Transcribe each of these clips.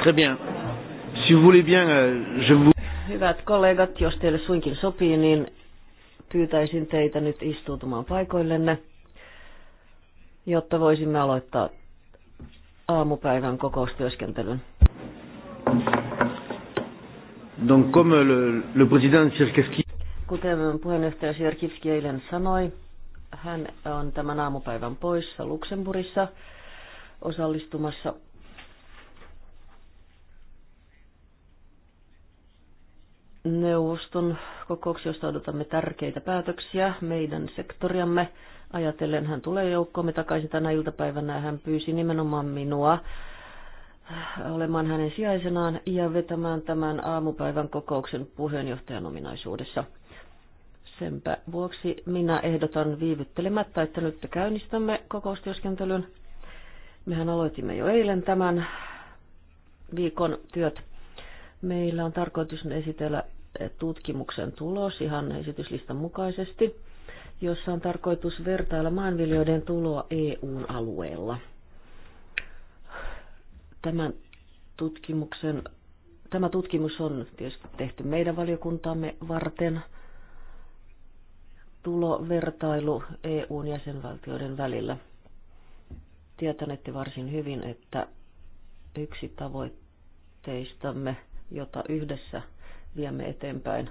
Très bien. Si vous voulez bien, euh, je vous... Hyvät kollegat, jos teille suinkin sopii, niin pyytäisin teitä nyt istuutumaan paikoillenne, jotta voisimme aloittaa aamupäivän kokoustyöskentelyn. Donc, comme le, le président Sirkeski... Kuten puheenjohtaja Sirkivski eilen sanoi, hän on tämän aamupäivän poissa Luxemburissa osallistumassa neuvoston kokouksi, josta odotamme tärkeitä päätöksiä meidän sektoriamme. Ajatellen hän tulee joukkoomme takaisin tänä iltapäivänä hän pyysi nimenomaan minua olemaan hänen sijaisenaan ja vetämään tämän aamupäivän kokouksen puheenjohtajan ominaisuudessa. Senpä vuoksi minä ehdotan viivyttelemättä, että nyt käynnistämme kokoustyöskentelyn. Mehän aloitimme jo eilen tämän viikon työt Meillä on tarkoitus esitellä tutkimuksen tulos ihan esityslistan mukaisesti, jossa on tarkoitus vertailla maanviljoiden tuloa EUn alueella. Tämän tutkimuksen, tämä tutkimus on tietysti tehty meidän valiokuntamme varten. Tulovertailu EUn jäsenvaltioiden välillä. Tietänette varsin hyvin, että yksi tavoitteistamme – jota yhdessä viemme eteenpäin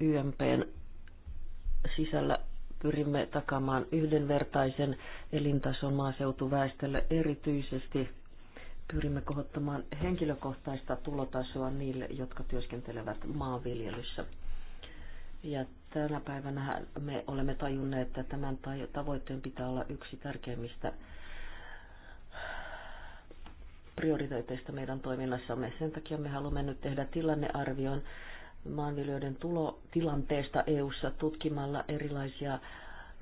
YMPn sisällä pyrimme takamaan yhdenvertaisen elintason maaseutuväestölle erityisesti. Pyrimme kohottamaan henkilökohtaista tulotasoa niille, jotka työskentelevät maanviljelyssä. Ja tänä päivänä me olemme tajunneet, että tämän tavoitteen pitää olla yksi tärkeimmistä prioriteeteista meidän toiminnassamme. Sen takia me haluamme nyt tehdä tilannearvion maanviljelijöiden tulotilanteesta EU-ssa tutkimalla erilaisia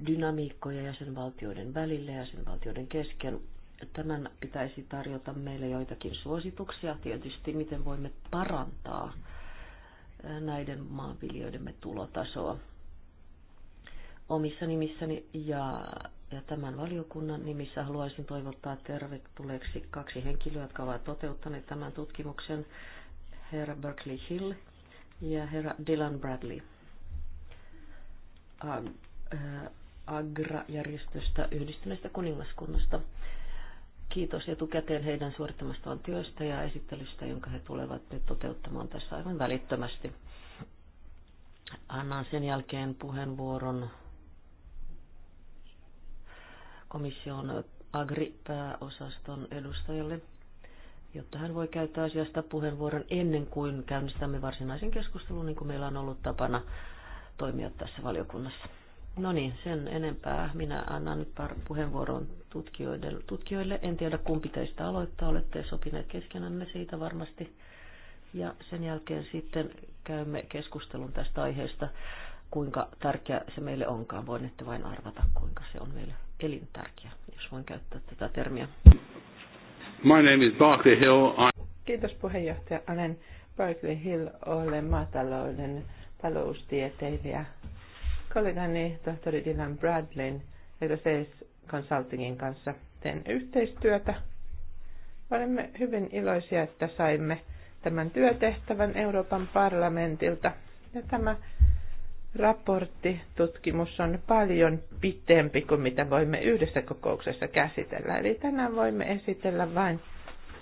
dynamiikkoja jäsenvaltioiden välillä ja jäsenvaltioiden kesken. Tämän pitäisi tarjota meille joitakin suosituksia tietysti, miten voimme parantaa näiden maanviljelijöidemme tulotasoa omissa nimissäni ja ja tämän valiokunnan nimissä haluaisin toivottaa tervetulleeksi kaksi henkilöä, jotka ovat toteuttaneet tämän tutkimuksen, herra Berkeley Hill ja herra Dylan Bradley. Eh, agra-järjestöstä yhdistyneestä kuningaskunnasta. Kiitos etukäteen heidän suorittamastaan työstä ja esittelystä, jonka he tulevat nyt toteuttamaan tässä aivan välittömästi. Annan sen jälkeen puheenvuoron komission agripääosaston edustajalle, jotta hän voi käyttää asiasta puheenvuoron ennen kuin käynnistämme varsinaisen keskustelun, niin kuin meillä on ollut tapana toimia tässä valiokunnassa. No niin, sen enempää. Minä annan nyt puheenvuoron tutkijoille. tutkijoille. En tiedä, kumpi teistä aloittaa. Olette sopineet keskenänne siitä varmasti. Ja sen jälkeen sitten käymme keskustelun tästä aiheesta, kuinka tärkeä se meille onkaan. Voin vain arvata, kuinka se on meille elintärkeä, jos voin käyttää tätä termiä. My name is Barclay Hill. I'm... Kiitos puheenjohtaja. Olen Barclay Hill, olen maatalouden taloustieteilijä. Kollegani tohtori Dylan Bradlin Ecosays Consultingin kanssa teen yhteistyötä. Olemme hyvin iloisia, että saimme tämän työtehtävän Euroopan parlamentilta. Ja tämä raporttitutkimus on paljon pitempi kuin mitä voimme yhdessä kokouksessa käsitellä. Eli tänään voimme esitellä vain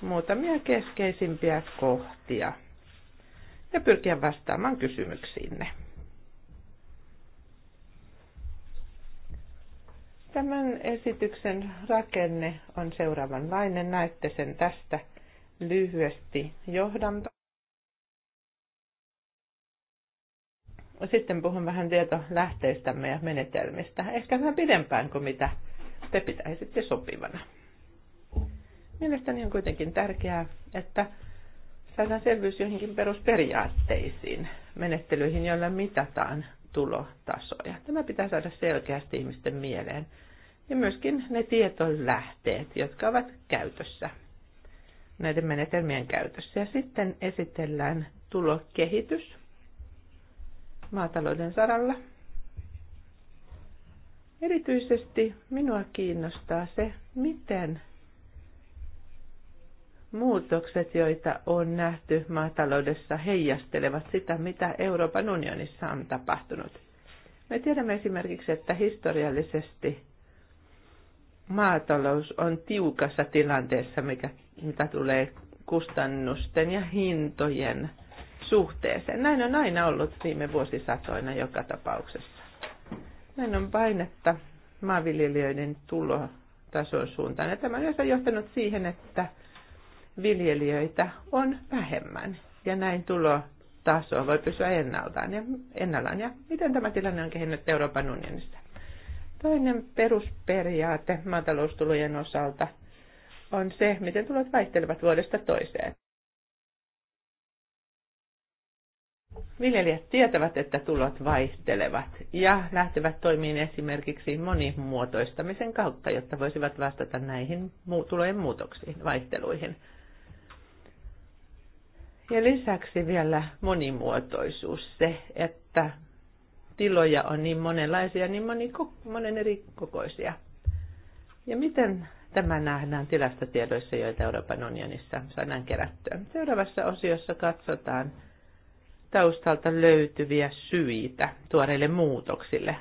muutamia keskeisimpiä kohtia ja pyrkiä vastaamaan kysymyksiinne. Tämän esityksen rakenne on seuraavanlainen. Näette sen tästä lyhyesti johdanto. Sitten puhun vähän tietolähteistämme ja menetelmistä. Ehkä vähän pidempään kuin mitä te pitäisitte sopivana. Mielestäni on kuitenkin tärkeää, että saadaan selvyys joihinkin perusperiaatteisiin, menettelyihin, joilla mitataan tulotasoja. Tämä pitää saada selkeästi ihmisten mieleen. Ja myöskin ne tietolähteet, jotka ovat käytössä, näiden menetelmien käytössä. Ja sitten esitellään tulokehitys maatalouden saralla. Erityisesti minua kiinnostaa se, miten muutokset, joita on nähty maataloudessa, heijastelevat sitä, mitä Euroopan unionissa on tapahtunut. Me tiedämme esimerkiksi, että historiallisesti maatalous on tiukassa tilanteessa, mikä, mitä tulee kustannusten ja hintojen suhteeseen. Näin on aina ollut viime vuosisatoina joka tapauksessa. Näin on painetta maanviljelijöiden tulotason suuntaan. Ja tämä on myös johtanut siihen, että viljelijöitä on vähemmän ja näin tulotaso voi pysyä ennaltaan ja, ennallaan. Ja miten tämä tilanne on kehittynyt Euroopan unionissa? Toinen perusperiaate maataloustulojen osalta on se, miten tulot vaihtelevat vuodesta toiseen. Viljelijät tietävät, että tulot vaihtelevat ja lähtevät toimiin esimerkiksi monimuotoistamisen kautta, jotta voisivat vastata näihin tulojen muutoksiin, vaihteluihin. Ja lisäksi vielä monimuotoisuus, se, että tiloja on niin monenlaisia, niin moni, monen eri kokoisia. Ja miten tämä nähdään tilastotiedoissa, joita Euroopan unionissa saadaan kerättyä? Seuraavassa osiossa katsotaan taustalta löytyviä syitä tuoreille muutoksille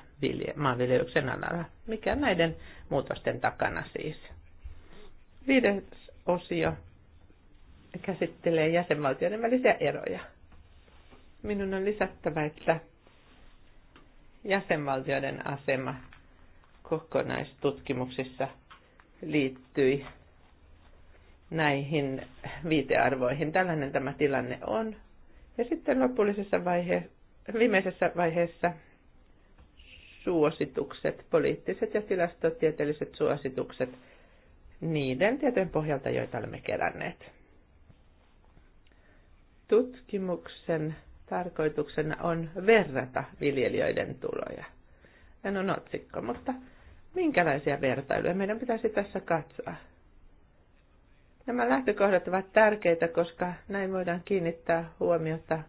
maanviljelyksen alalla. Mikä näiden muutosten takana siis? Viides osio käsittelee jäsenvaltioiden välisiä eroja. Minun on lisättävä, että jäsenvaltioiden asema kokonaistutkimuksissa liittyi näihin viitearvoihin. Tällainen tämä tilanne on. Ja sitten lopullisessa vaihe, viimeisessä vaiheessa suositukset, poliittiset ja tilastotieteelliset suositukset niiden tietojen pohjalta, joita olemme keränneet. Tutkimuksen tarkoituksena on verrata viljelijöiden tuloja. Tämä on otsikko, mutta minkälaisia vertailuja meidän pitäisi tässä katsoa? Nämä lähtökohdat ovat tärkeitä, koska näin voidaan kiinnittää huomiota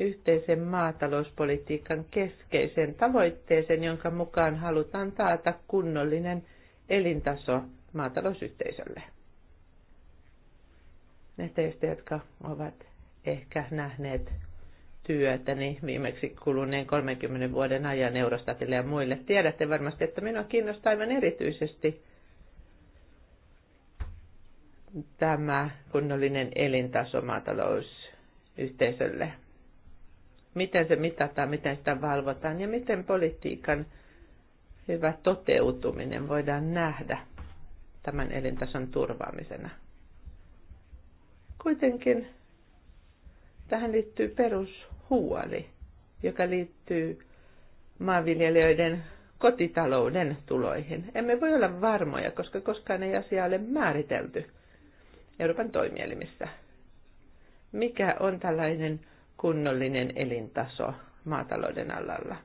yhteisen maatalouspolitiikan keskeiseen tavoitteeseen, jonka mukaan halutaan taata kunnollinen elintaso maatalousyhteisölle. Ne teistä, jotka ovat ehkä nähneet työtäni viimeksi kuluneen 30 vuoden ajan Eurostatille ja muille, tiedätte varmasti, että minua kiinnostaa aivan erityisesti tämä kunnollinen elintaso maatalousyhteisölle? Miten se mitataan, miten sitä valvotaan ja miten politiikan hyvä toteutuminen voidaan nähdä tämän elintason turvaamisena? Kuitenkin tähän liittyy perushuoli, joka liittyy maanviljelijöiden kotitalouden tuloihin. Emme voi olla varmoja, koska koskaan ei asiaa ole määritelty. Euroopan toimielimissä. Mikä on tällainen kunnollinen elintaso maatalouden alalla?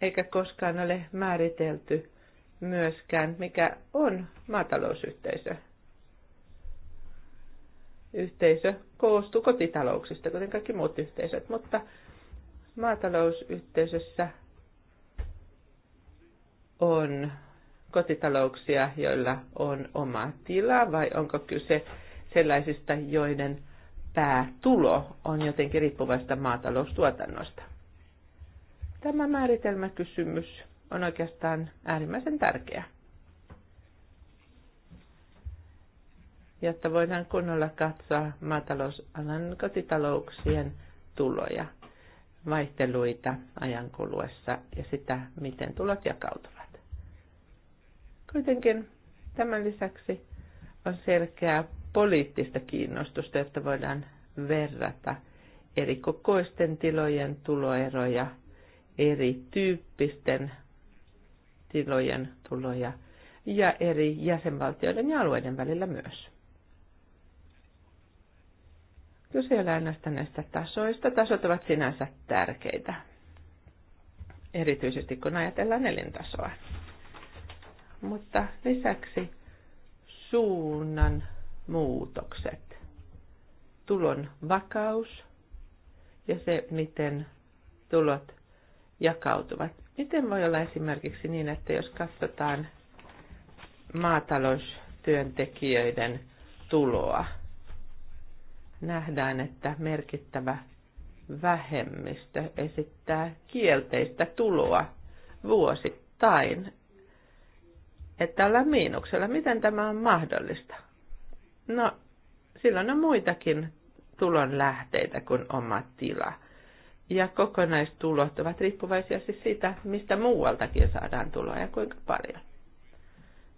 Eikä koskaan ole määritelty myöskään, mikä on maatalousyhteisö. Yhteisö koostuu kotitalouksista, kuten kaikki muut yhteisöt, mutta maatalousyhteisössä on kotitalouksia, joilla on oma tila, vai onko kyse sellaisista, joiden päätulo on jotenkin riippuvaista maataloustuotannosta? Tämä määritelmäkysymys on oikeastaan äärimmäisen tärkeä. jotta voidaan kunnolla katsoa maatalousalan kotitalouksien tuloja, vaihteluita ajankuluessa ja sitä, miten tulot jakautuvat. Kuitenkin tämän lisäksi on selkeää poliittista kiinnostusta, että voidaan verrata eri kokoisten tilojen tuloeroja, eri tyyppisten tilojen tuloja ja eri jäsenvaltioiden ja alueiden välillä myös. Kyse ei ole ainoastaan näistä tasoista. Tasot ovat sinänsä tärkeitä, erityisesti kun ajatellaan elintasoa mutta lisäksi suunnan muutokset, tulon vakaus ja se, miten tulot jakautuvat. Miten voi olla esimerkiksi niin, että jos katsotaan maataloustyöntekijöiden tuloa, nähdään, että merkittävä vähemmistö esittää kielteistä tuloa vuosittain että tällä miinuksella. Miten tämä on mahdollista? No, silloin on muitakin tulonlähteitä kuin oma tila. Ja kokonaistulot ovat riippuvaisia siis siitä, mistä muualtakin saadaan tuloa ja kuinka paljon.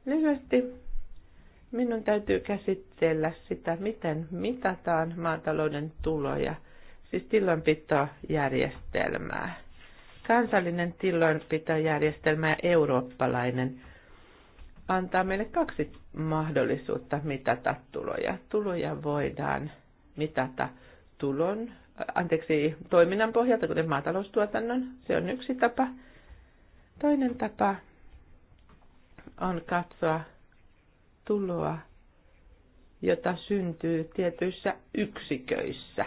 Lyhyesti minun täytyy käsitellä sitä, miten mitataan maatalouden tuloja, siis tilanpitojärjestelmää. Kansallinen tilanpitojärjestelmä ja eurooppalainen – antaa meille kaksi mahdollisuutta mitata tuloja. Tuloja voidaan mitata tulon, anteeksi, toiminnan pohjalta, kuten maataloustuotannon. Se on yksi tapa. Toinen tapa on katsoa tuloa, jota syntyy tietyissä yksiköissä.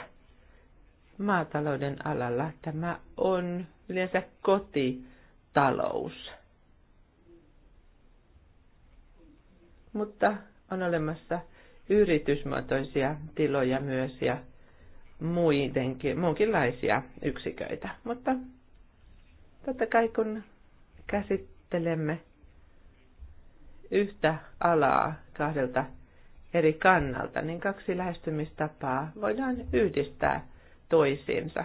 Maatalouden alalla tämä on yleensä kotitalous mutta on olemassa yritysmuotoisia tiloja myös ja muidenkin, muunkinlaisia yksiköitä. Mutta totta kai kun käsittelemme yhtä alaa kahdelta eri kannalta, niin kaksi lähestymistapaa voidaan yhdistää toisiinsa.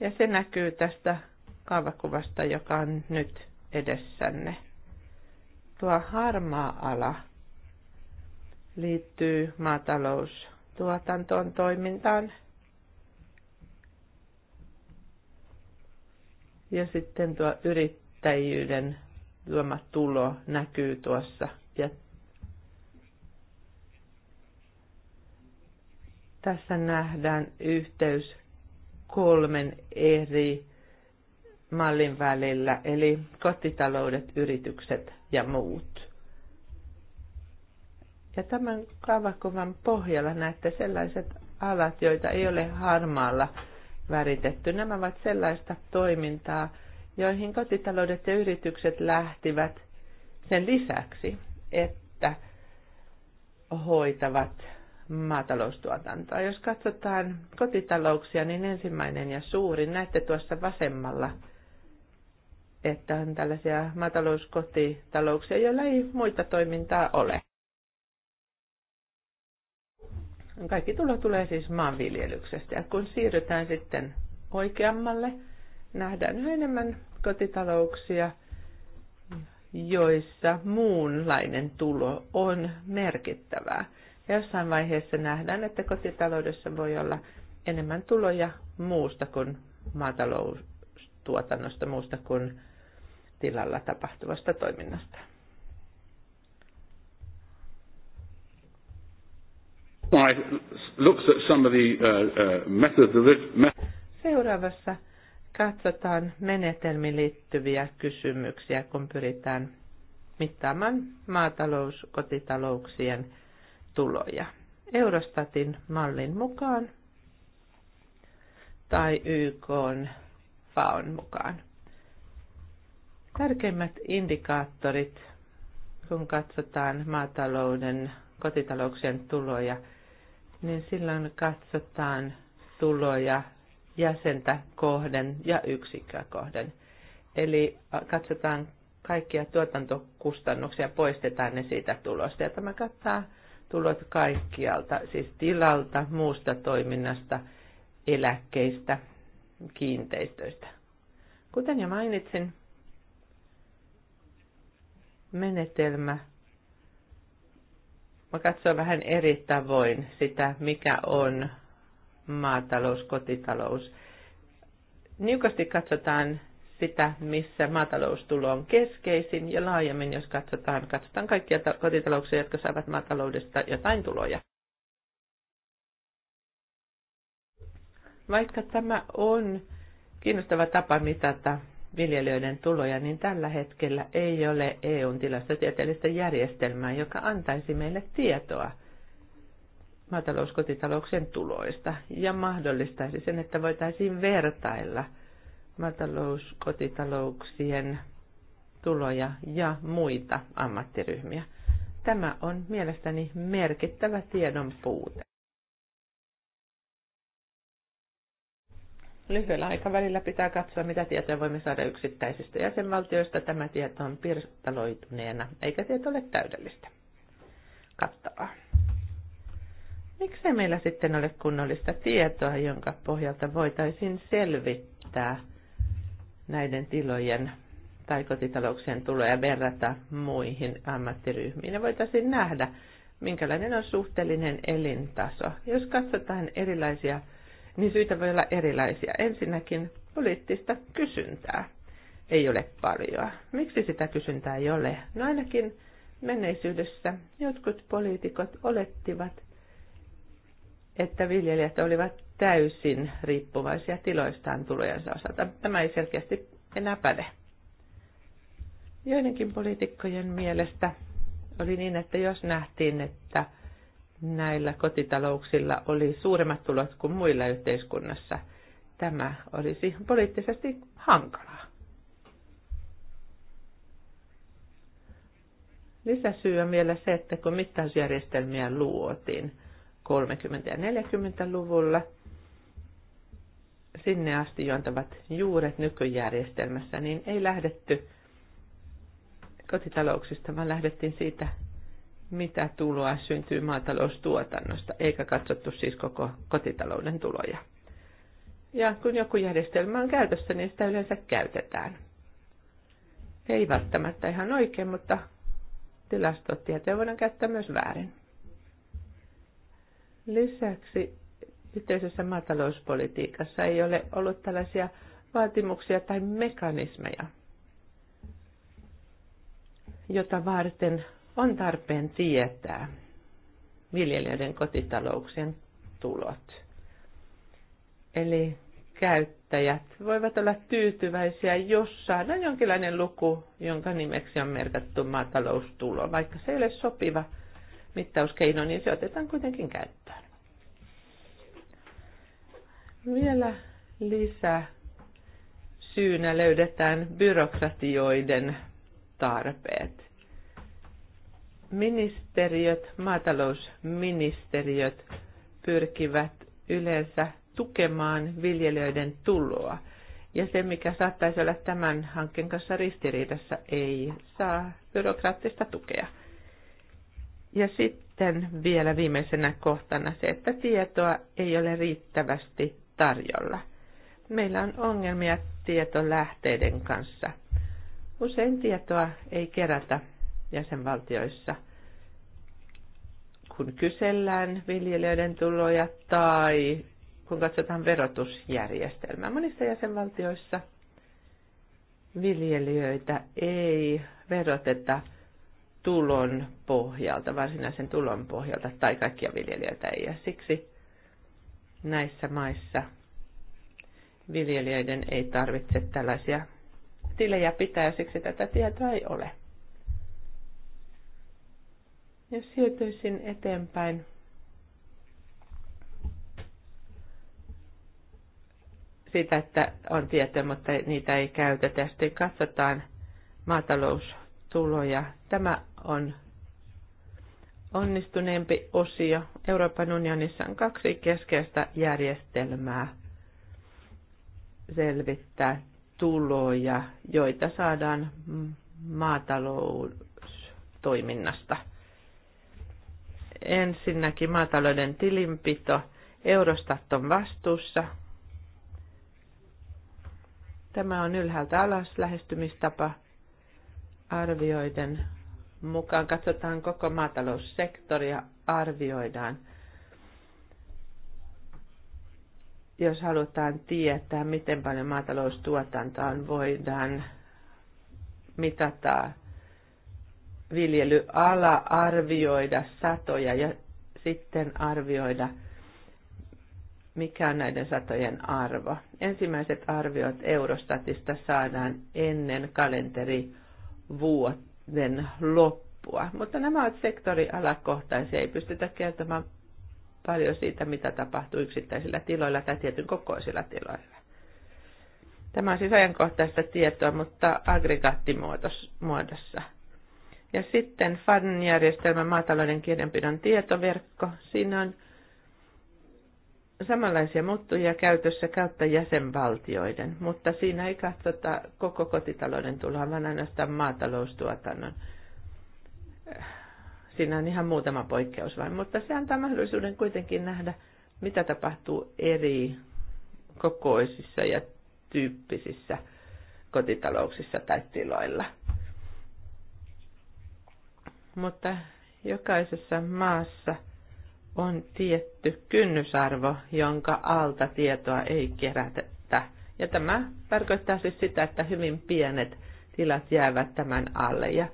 Ja se näkyy tästä kaavakuvasta, joka on nyt edessänne. Tuo harmaa ala liittyy maataloustuotantoon toimintaan. Ja sitten tuo yrittäjyyden luoma tulo näkyy tuossa. Ja tässä nähdään yhteys kolmen eri mallin välillä, eli kotitaloudet, yritykset ja muut. Ja tämän kaavakuvan pohjalla näette sellaiset alat, joita ei ole harmaalla väritetty. Nämä ovat sellaista toimintaa, joihin kotitaloudet ja yritykset lähtivät sen lisäksi, että hoitavat maataloustuotantoa. Jos katsotaan kotitalouksia, niin ensimmäinen ja suurin, näette tuossa vasemmalla – että on tällaisia maatalouskotitalouksia, joilla ei muita toimintaa ole. Kaikki tulo tulee siis maanviljelyksestä ja kun siirrytään sitten oikeammalle, nähdään yhä enemmän kotitalouksia, joissa muunlainen tulo on merkittävää. Ja jossain vaiheessa nähdään, että kotitaloudessa voi olla enemmän tuloja muusta kuin maataloustuotannosta, muusta kuin tilalla tapahtuvasta toiminnasta. Uh, uh, Seuraavassa katsotaan menetelmiin liittyviä kysymyksiä, kun pyritään mittaamaan maatalouskotitalouksien tuloja. Eurostatin mallin mukaan tai YK FAON mukaan. Tärkeimmät indikaattorit, kun katsotaan maatalouden kotitalouksien tuloja, niin silloin katsotaan tuloja jäsentä kohden ja yksikköä kohden. Eli äh, katsotaan kaikkia tuotantokustannuksia, poistetaan ne siitä tulosta. Ja tämä kattaa tulot kaikkialta, siis tilalta, muusta toiminnasta, eläkkeistä, kiinteistöistä. Kuten jo mainitsin, menetelmä katsoa vähän eri tavoin sitä, mikä on maatalous, kotitalous. Niukasti katsotaan sitä, missä maataloustulo on keskeisin ja laajemmin, jos katsotaan, katsotaan kaikkia kotitalouksia, jotka saavat maataloudesta jotain tuloja. Vaikka tämä on kiinnostava tapa mitata viljelijöiden tuloja, niin tällä hetkellä ei ole EUn tilastotieteellistä järjestelmää, joka antaisi meille tietoa maatalouskotitalouksien tuloista ja mahdollistaisi sen, että voitaisiin vertailla maatalouskotitalouksien tuloja ja muita ammattiryhmiä. Tämä on mielestäni merkittävä tiedon puute. Lyhyellä aikavälillä pitää katsoa, mitä tietoja voimme saada yksittäisistä jäsenvaltioista. Tämä tieto on pirstaloituneena, eikä tieto ole täydellistä. Kattavaa. Miksei meillä sitten ole kunnollista tietoa, jonka pohjalta voitaisiin selvittää näiden tilojen tai kotitalouksien tuloja verrata muihin ammattiryhmiin. Ja voitaisiin nähdä, minkälainen on suhteellinen elintaso. Jos katsotaan erilaisia niin syitä voi olla erilaisia. Ensinnäkin poliittista kysyntää ei ole paljon. Miksi sitä kysyntää ei ole? No ainakin menneisyydessä jotkut poliitikot olettivat, että viljelijät olivat täysin riippuvaisia tiloistaan tulojensa osalta. Tämä ei selkeästi enää päde. Joidenkin poliitikkojen mielestä oli niin, että jos nähtiin, että näillä kotitalouksilla oli suuremmat tulot kuin muilla yhteiskunnassa. Tämä olisi poliittisesti hankalaa. Lisäsyy on vielä se, että kun mittausjärjestelmiä luotiin 30- ja 40-luvulla, sinne asti juontavat juuret nykyjärjestelmässä, niin ei lähdetty kotitalouksista, vaan lähdettiin siitä, mitä tuloa syntyy maataloustuotannosta, eikä katsottu siis koko kotitalouden tuloja. Ja kun joku järjestelmä on käytössä, niin sitä yleensä käytetään. Ei välttämättä ihan oikein, mutta tilastotietoja voidaan käyttää myös väärin. Lisäksi yhteisessä maatalouspolitiikassa ei ole ollut tällaisia vaatimuksia tai mekanismeja, jota varten on tarpeen tietää viljelijöiden kotitalouksien tulot. Eli käyttäjät voivat olla tyytyväisiä, jos saadaan jonkinlainen luku, jonka nimeksi on merkattu maataloustulo. Vaikka se ei ole sopiva mittauskeino, niin se otetaan kuitenkin käyttöön. Vielä lisää syynä löydetään byrokratioiden tarpeet ministeriöt, maatalousministeriöt pyrkivät yleensä tukemaan viljelijöiden tuloa. Ja se, mikä saattaisi olla tämän hankkeen kanssa ristiriidassa, ei saa byrokraattista tukea. Ja sitten vielä viimeisenä kohtana se, että tietoa ei ole riittävästi tarjolla. Meillä on ongelmia tietolähteiden kanssa. Usein tietoa ei kerätä jäsenvaltioissa, kun kysellään viljelijöiden tuloja tai kun katsotaan verotusjärjestelmää. Monissa jäsenvaltioissa viljelijöitä ei veroteta tulon pohjalta, varsinaisen tulon pohjalta, tai kaikkia viljelijöitä ei. Ja siksi näissä maissa viljelijöiden ei tarvitse tällaisia tilejä pitää, ja siksi tätä tietoa ei ole ja siirtyisin eteenpäin sitä, että on tietoja, mutta niitä ei käytetä. Sitten katsotaan maataloustuloja. Tämä on onnistuneempi osio. Euroopan unionissa on kaksi keskeistä järjestelmää selvittää tuloja, joita saadaan maataloustoiminnasta – Ensinnäkin maatalouden tilinpito. Eurostat on vastuussa. Tämä on ylhäältä alas lähestymistapa arvioiden mukaan. Katsotaan koko maataloussektoria, arvioidaan. Jos halutaan tietää, miten paljon maataloustuotantoa voidaan mitata viljelyala arvioida satoja ja sitten arvioida, mikä on näiden satojen arvo. Ensimmäiset arviot Eurostatista saadaan ennen kalenterivuoden loppua, mutta nämä ovat sektorialakohtaisia, ei pystytä kertomaan paljon siitä, mitä tapahtuu yksittäisillä tiloilla tai tietyn kokoisilla tiloilla. Tämä on siis ajankohtaista tietoa, mutta aggregaattimuodossa. Ja sitten FAN-järjestelmä, maatalouden kirjanpidon tietoverkko. Siinä on samanlaisia muuttujia käytössä kautta jäsenvaltioiden, mutta siinä ei katsota koko kotitalouden tuloa, vaan ainoastaan maataloustuotannon. Siinä on ihan muutama poikkeus vain, mutta se antaa mahdollisuuden kuitenkin nähdä, mitä tapahtuu eri kokoisissa ja tyyppisissä kotitalouksissa tai tiloilla – mutta jokaisessa maassa on tietty kynnysarvo, jonka alta tietoa ei kerätä. Ja tämä tarkoittaa siis sitä, että hyvin pienet tilat jäävät tämän alle. Ja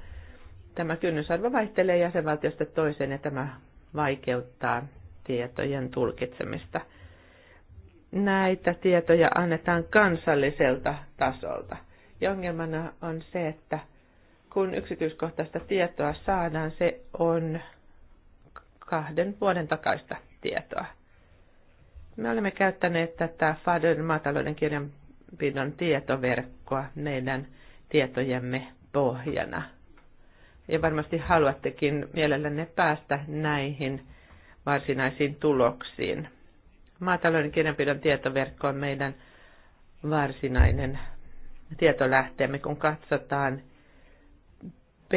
tämä kynnysarvo vaihtelee jäsenvaltiosta toiseen ja tämä vaikeuttaa tietojen tulkitsemista. Näitä tietoja annetaan kansalliselta tasolta. Ja ongelmana on se, että kun yksityiskohtaista tietoa saadaan, se on kahden vuoden takaista tietoa. Me olemme käyttäneet tätä FADEN maatalouden kirjanpidon tietoverkkoa meidän tietojemme pohjana. Ja varmasti haluattekin mielellänne päästä näihin varsinaisiin tuloksiin. Maatalouden kirjanpidon tietoverkko on meidän varsinainen tietolähteemme, kun katsotaan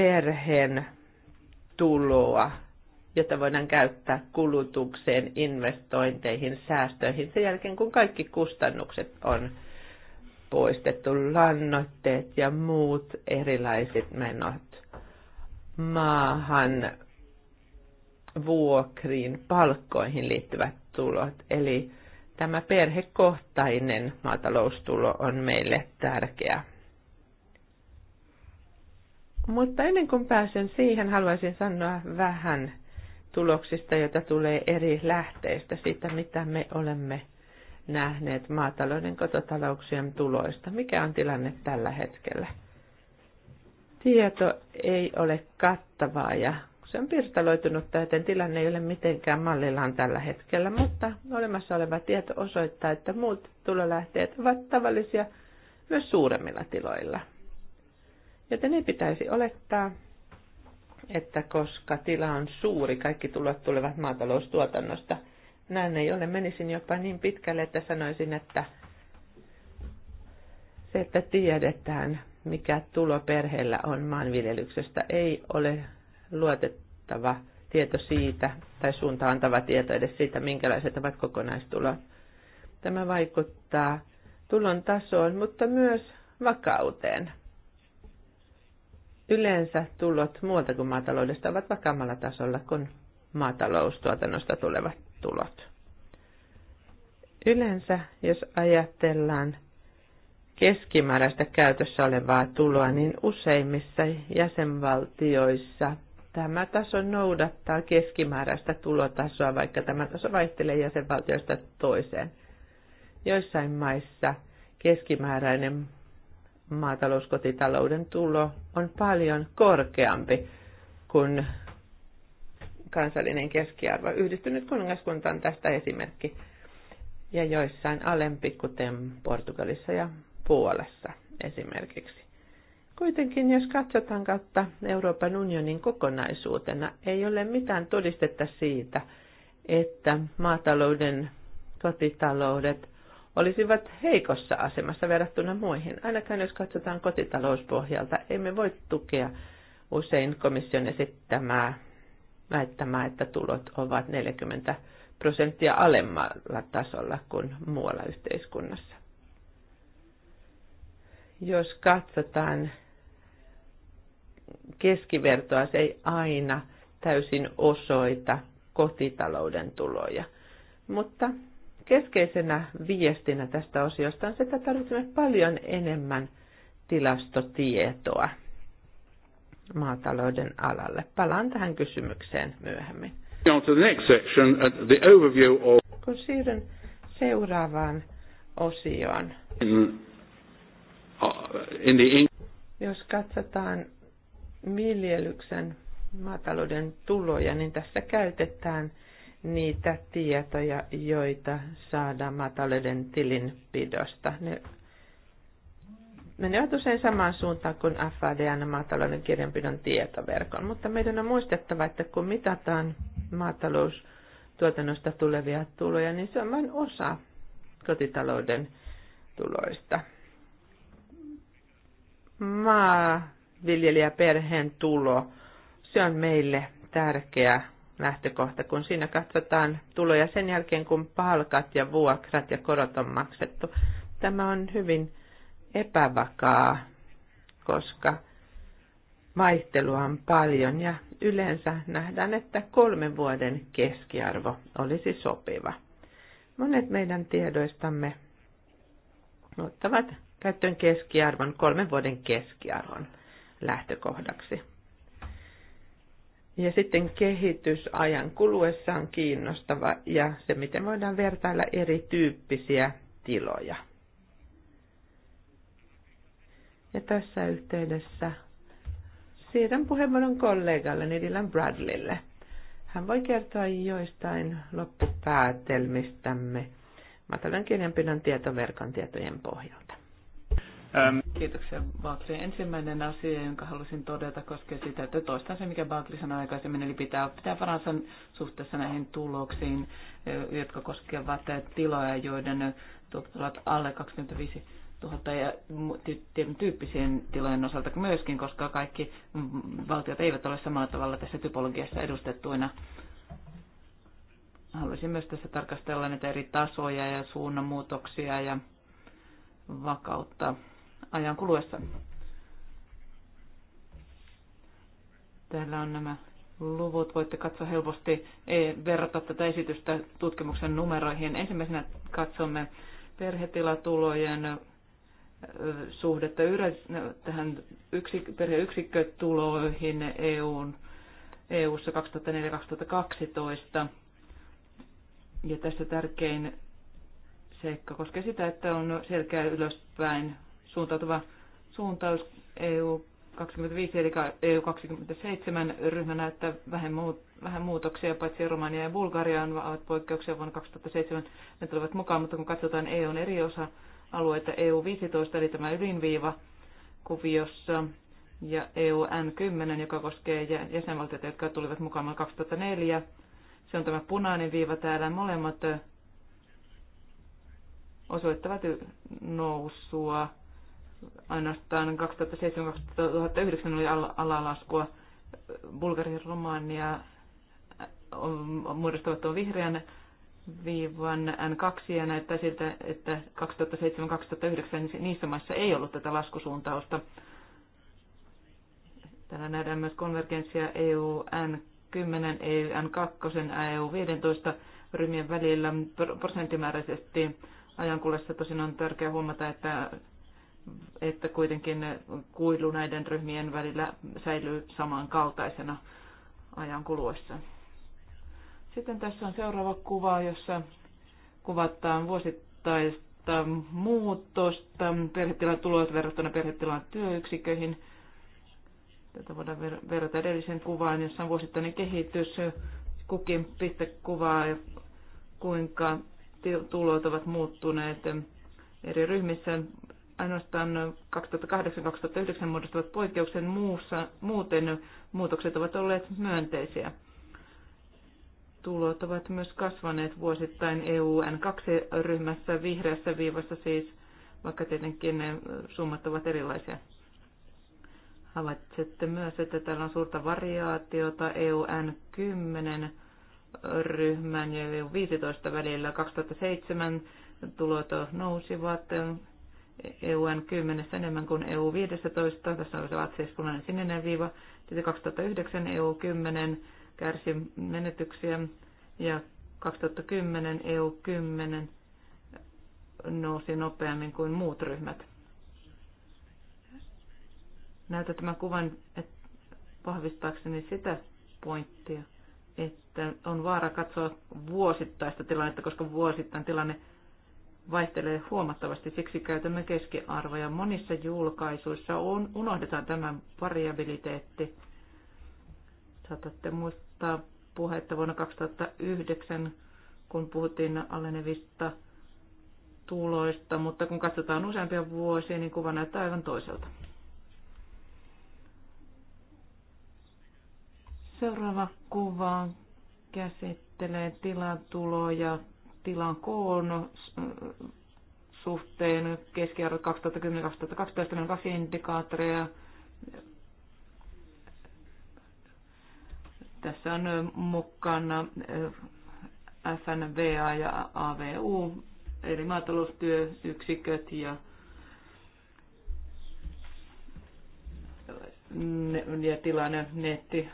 perheen tuloa, jota voidaan käyttää kulutukseen, investointeihin, säästöihin sen jälkeen, kun kaikki kustannukset on poistettu, lannoitteet ja muut erilaiset menot maahan, vuokriin, palkkoihin liittyvät tulot. Eli tämä perhekohtainen maataloustulo on meille tärkeä mutta ennen kuin pääsen siihen, haluaisin sanoa vähän tuloksista, joita tulee eri lähteistä, siitä mitä me olemme nähneet maatalouden kototalouksien tuloista. Mikä on tilanne tällä hetkellä? Tieto ei ole kattavaa ja se on pirstaloitunut, joten tilanne ei ole mitenkään mallillaan tällä hetkellä, mutta olemassa oleva tieto osoittaa, että muut tulolähteet ovat tavallisia myös suuremmilla tiloilla – Joten ei pitäisi olettaa, että koska tila on suuri, kaikki tulot tulevat maataloustuotannosta. Näin ei ole. Menisin jopa niin pitkälle, että sanoisin, että se, että tiedetään, mikä tulo perheellä on maanviljelyksestä, ei ole luotettava tieto siitä tai suuntaantava tieto edes siitä, minkälaiset ovat kokonaistulot. Tämä vaikuttaa tulon tasoon, mutta myös vakauteen. Yleensä tulot muualta kuin maataloudesta ovat vakaammalla tasolla kuin maataloustuotannosta tulevat tulot. Yleensä, jos ajatellaan keskimääräistä käytössä olevaa tuloa, niin useimmissa jäsenvaltioissa tämä taso noudattaa keskimääräistä tulotasoa, vaikka tämä taso vaihtelee jäsenvaltioista toiseen. Joissain maissa keskimääräinen maatalouskotitalouden tulo on paljon korkeampi kuin kansallinen keskiarvo. Yhdistynyt kuningaskunta on tästä esimerkki ja joissain alempi, kuten Portugalissa ja Puolassa esimerkiksi. Kuitenkin jos katsotaan kautta Euroopan unionin kokonaisuutena, ei ole mitään todistetta siitä, että maatalouden kotitaloudet olisivat heikossa asemassa verrattuna muihin. Ainakaan jos katsotaan kotitalouspohjalta, emme voi tukea usein komission esittämää väittämää, että tulot ovat 40 prosenttia alemmalla tasolla kuin muualla yhteiskunnassa. Jos katsotaan keskivertoa, se ei aina täysin osoita kotitalouden tuloja, mutta keskeisenä viestinä tästä osiosta on se, että tarvitsemme paljon enemmän tilastotietoa maatalouden alalle. Palaan tähän kysymykseen myöhemmin. Uh, Kun siirryn seuraavaan osioon, uh, jos katsotaan viljelyksen maatalouden tuloja, niin tässä käytetään – niitä tietoja, joita saadaan maatalouden tilinpidosta. Ne menevät usein samaan suuntaan kuin FADN maatalouden kirjanpidon tietoverkon, mutta meidän on muistettava, että kun mitataan maataloustuotannosta tulevia tuloja, niin se on vain osa kotitalouden tuloista. Ma-villijä-perheen tulo, se on meille tärkeä lähtökohta, kun siinä katsotaan tuloja sen jälkeen, kun palkat ja vuokrat ja korot on maksettu. Tämä on hyvin epävakaa, koska vaihtelua on paljon ja yleensä nähdään, että kolmen vuoden keskiarvo olisi sopiva. Monet meidän tiedoistamme ottavat käyttöön keskiarvon, kolmen vuoden keskiarvon lähtökohdaksi. Ja sitten kehitysajan kuluessa on kiinnostava ja se, miten voidaan vertailla erityyppisiä tiloja. Ja tässä yhteydessä siirrän puheenvuoron kollegalle Dylan Bradleylle. Hän voi kertoa joistain loppupäätelmistämme matalan kirjanpidon tietoverkon tietojen pohjalta. Um. Kiitoksia Baakli. Ensimmäinen asia, jonka halusin todeta, koskee sitä, että toistan se, mikä Baakli sanoi aikaisemmin, eli pitää, pitää paransa suhteessa näihin tuloksiin, e, jotka koskevat tiloja, joiden tuotot ovat alle 25 000 ja tyyppisiin tilojen osalta myöskin, koska kaikki valtiot eivät ole samalla tavalla tässä typologiassa edustettuina. Haluaisin myös tässä tarkastella näitä eri tasoja ja suunnanmuutoksia ja vakautta ajan kuluessa. Täällä on nämä luvut. Voitte katsoa helposti, e- verrata tätä esitystä tutkimuksen numeroihin. Ensimmäisenä katsomme perhetilatulojen suhdetta tähän perheyksikkötuloihin EUn, EU-ssa 2004-2012. Ja tässä tärkein seikka koskee sitä, että on selkeä ylöspäin suuntautuva suuntaus EU 25 eli EU 27 ryhmänä, että vähän, muut, vähän muutoksia, paitsi Romania ja Bulgaria ovat poikkeuksia vuonna 2007, ne tulevat mukaan, mutta kun katsotaan EUn eri osa-alueita, EU 15 eli tämä ydinviiva kuviossa ja EU N10, joka koskee jäsenvaltioita, jotka tulivat mukaan vuonna 2004, se on tämä punainen viiva täällä, molemmat osoittavat nousua Ainoastaan 2007-2009 oli alalaskua. Bulgaria Romania äh, muodostavat tuon vihreän viivan N2 ja näyttää siltä, että 2007-2009 niissä maissa ei ollut tätä laskusuuntausta. Täällä nähdään myös konvergenssia EU N10, EU N2, EU 15 ryhmien välillä prosenttimääräisesti Ajankulessa tosin on tärkeää huomata, että että kuitenkin kuilu näiden ryhmien välillä säilyy samankaltaisena ajan kuluessa. Sitten tässä on seuraava kuva, jossa kuvataan vuosittaista muutosta perhetilan tulos verrattuna perhetilan työyksiköihin. Tätä voidaan verrata edelliseen kuvaan, jossa on vuosittainen kehitys. Kukin piste kuvaa, kuinka tulot ovat muuttuneet eri ryhmissä ainoastaan 2008-2009 muodostavat poikkeuksen, muussa, muuten muutokset ovat olleet myönteisiä. Tulot ovat myös kasvaneet vuosittain EUN2-ryhmässä vihreässä viivassa siis, vaikka tietenkin ne summat ovat erilaisia. Havaitsette myös, että täällä on suurta variaatiota EUN10 ryhmän ja EU15 välillä 2007 tulot nousivat EUn 10 enemmän kuin EU 15. Tässä on se siis punainen sininen viiva. Sitten 2009 EU 10 kärsi menetyksiä ja 2010 EU 10 nousi nopeammin kuin muut ryhmät. Näytän tämän kuvan että vahvistaakseni sitä pointtia, että on vaara katsoa vuosittaista tilannetta, koska vuosittain tilanne vaihtelee huomattavasti, siksi käytämme keskiarvoja. Monissa julkaisuissa on, unohdetaan tämä variabiliteetti. Saatatte muistaa puhetta vuonna 2009, kun puhuttiin alenevista tuloista, mutta kun katsotaan useampia vuosia, niin kuva näyttää aivan toiselta. Seuraava kuva käsittelee tilatuloja tilan koon suhteen keskiarvo 2010-2012 on kaksi indikaattoria. Tässä on mukana eh, FNVA ja AVU, eli maataloustyöyksiköt ja ja tilanne netti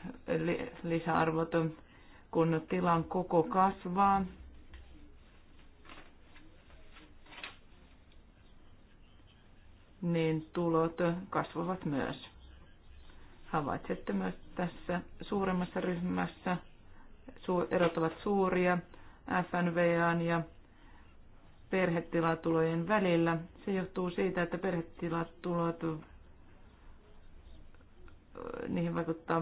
lisäarvot, kun tilan koko kasvaa, niin tulot kasvavat myös. Havaitsette myös tässä suuremmassa ryhmässä, erot ovat suuria FNVA ja perhetilatulojen välillä. Se johtuu siitä, että perhetilatulot niihin vaikuttaa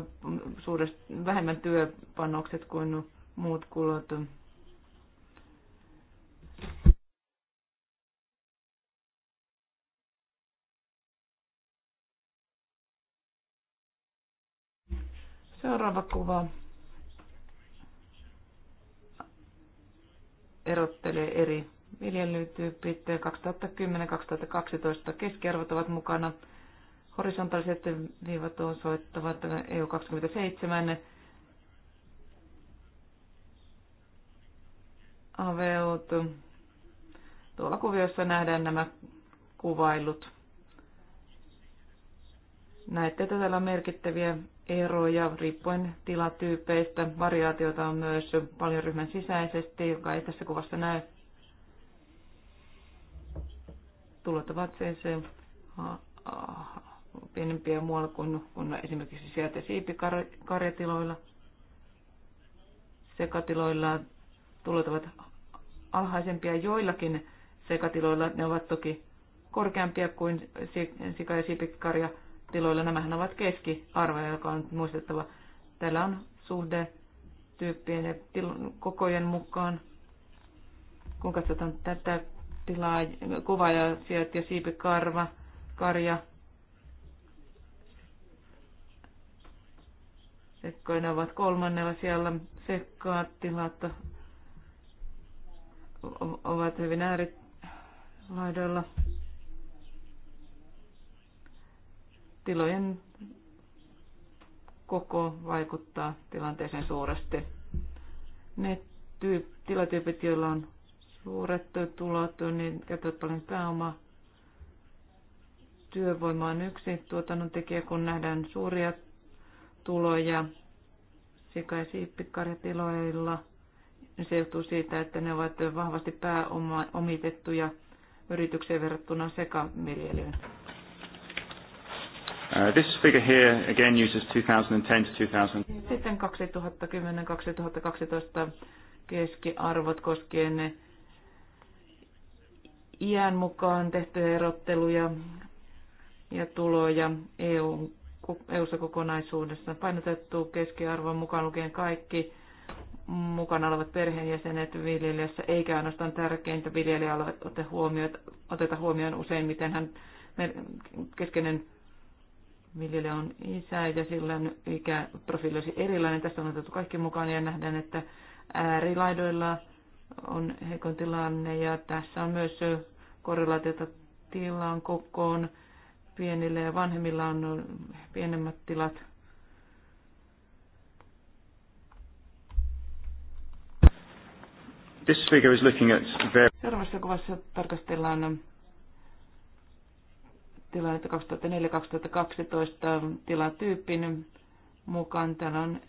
suuresti vähemmän työpanokset kuin muut kulut. Seuraava kuva erottelee eri viljelytyypit. 2010-2012 keskiarvot ovat mukana. Horisontaaliset viivat soittava EU27 aveut. Tuolla kuviossa nähdään nämä kuvailut. Näette, että täällä on merkittäviä eroja riippuen tilatyypeistä. Variaatiota on myös paljon ryhmän sisäisesti, joka ei tässä kuvassa näy. Tulot ovat siis eh, pienempiä muualla kuin, kuin esimerkiksi sieltä siipikarjatiloilla. Sekatiloilla tulot ovat alhaisempia joillakin sekatiloilla. Ne ovat toki korkeampia kuin sika- ja siipikarjatiloilla tiloilla. Nämähän ovat keskiarvoja, joka on muistettava. Täällä on suhde tyyppien ja kokojen mukaan. Kun katsotaan tätä tilaa, kuva ja sieltä ja siipikarva, karja, Sekkoina ovat kolmannella siellä. Sekkaat tilat ovat hyvin äärilaidoilla. Tilojen koko vaikuttaa tilanteeseen suuresti. Ne tyyp, tilatyypit, joilla on suuret tulot, niin käyttävät paljon pääomaa. Työvoima on yksi tuotannon tekijä, kun nähdään suuria tuloja sika- ja siippikarjatiloilla. Se johtuu siitä, että ne ovat vahvasti pääomitettuja yritykseen verrattuna sekaviljelyyn. Uh, this figure here again uses 2010 to 2000. Sitten 2010-2012 keskiarvot koskien iän mukaan tehtyjä erotteluja ja tuloja EU, eu kokonaisuudessaan. Painotettu keskiarvon mukaan lukien kaikki mukana olevat perheenjäsenet viljelijässä, eikä ainoastaan tärkeintä viljelijä oteta huomioon, oteta huomioon useimmiten hän keskeinen Millille on isä ja silloin ikäprofiili olisi erilainen. Tästä on otettu kaikki mukaan ja nähdään, että äärilaidoilla on heikon tilanne ja tässä on myös korrelaatiota tilaan kokoon. pienille ja vanhemmilla on pienemmät tilat. This figure is looking at... Seuraavassa kuvassa tarkastellaan tilannetta 2004-2012 tilatyypin mukaan. Täällä on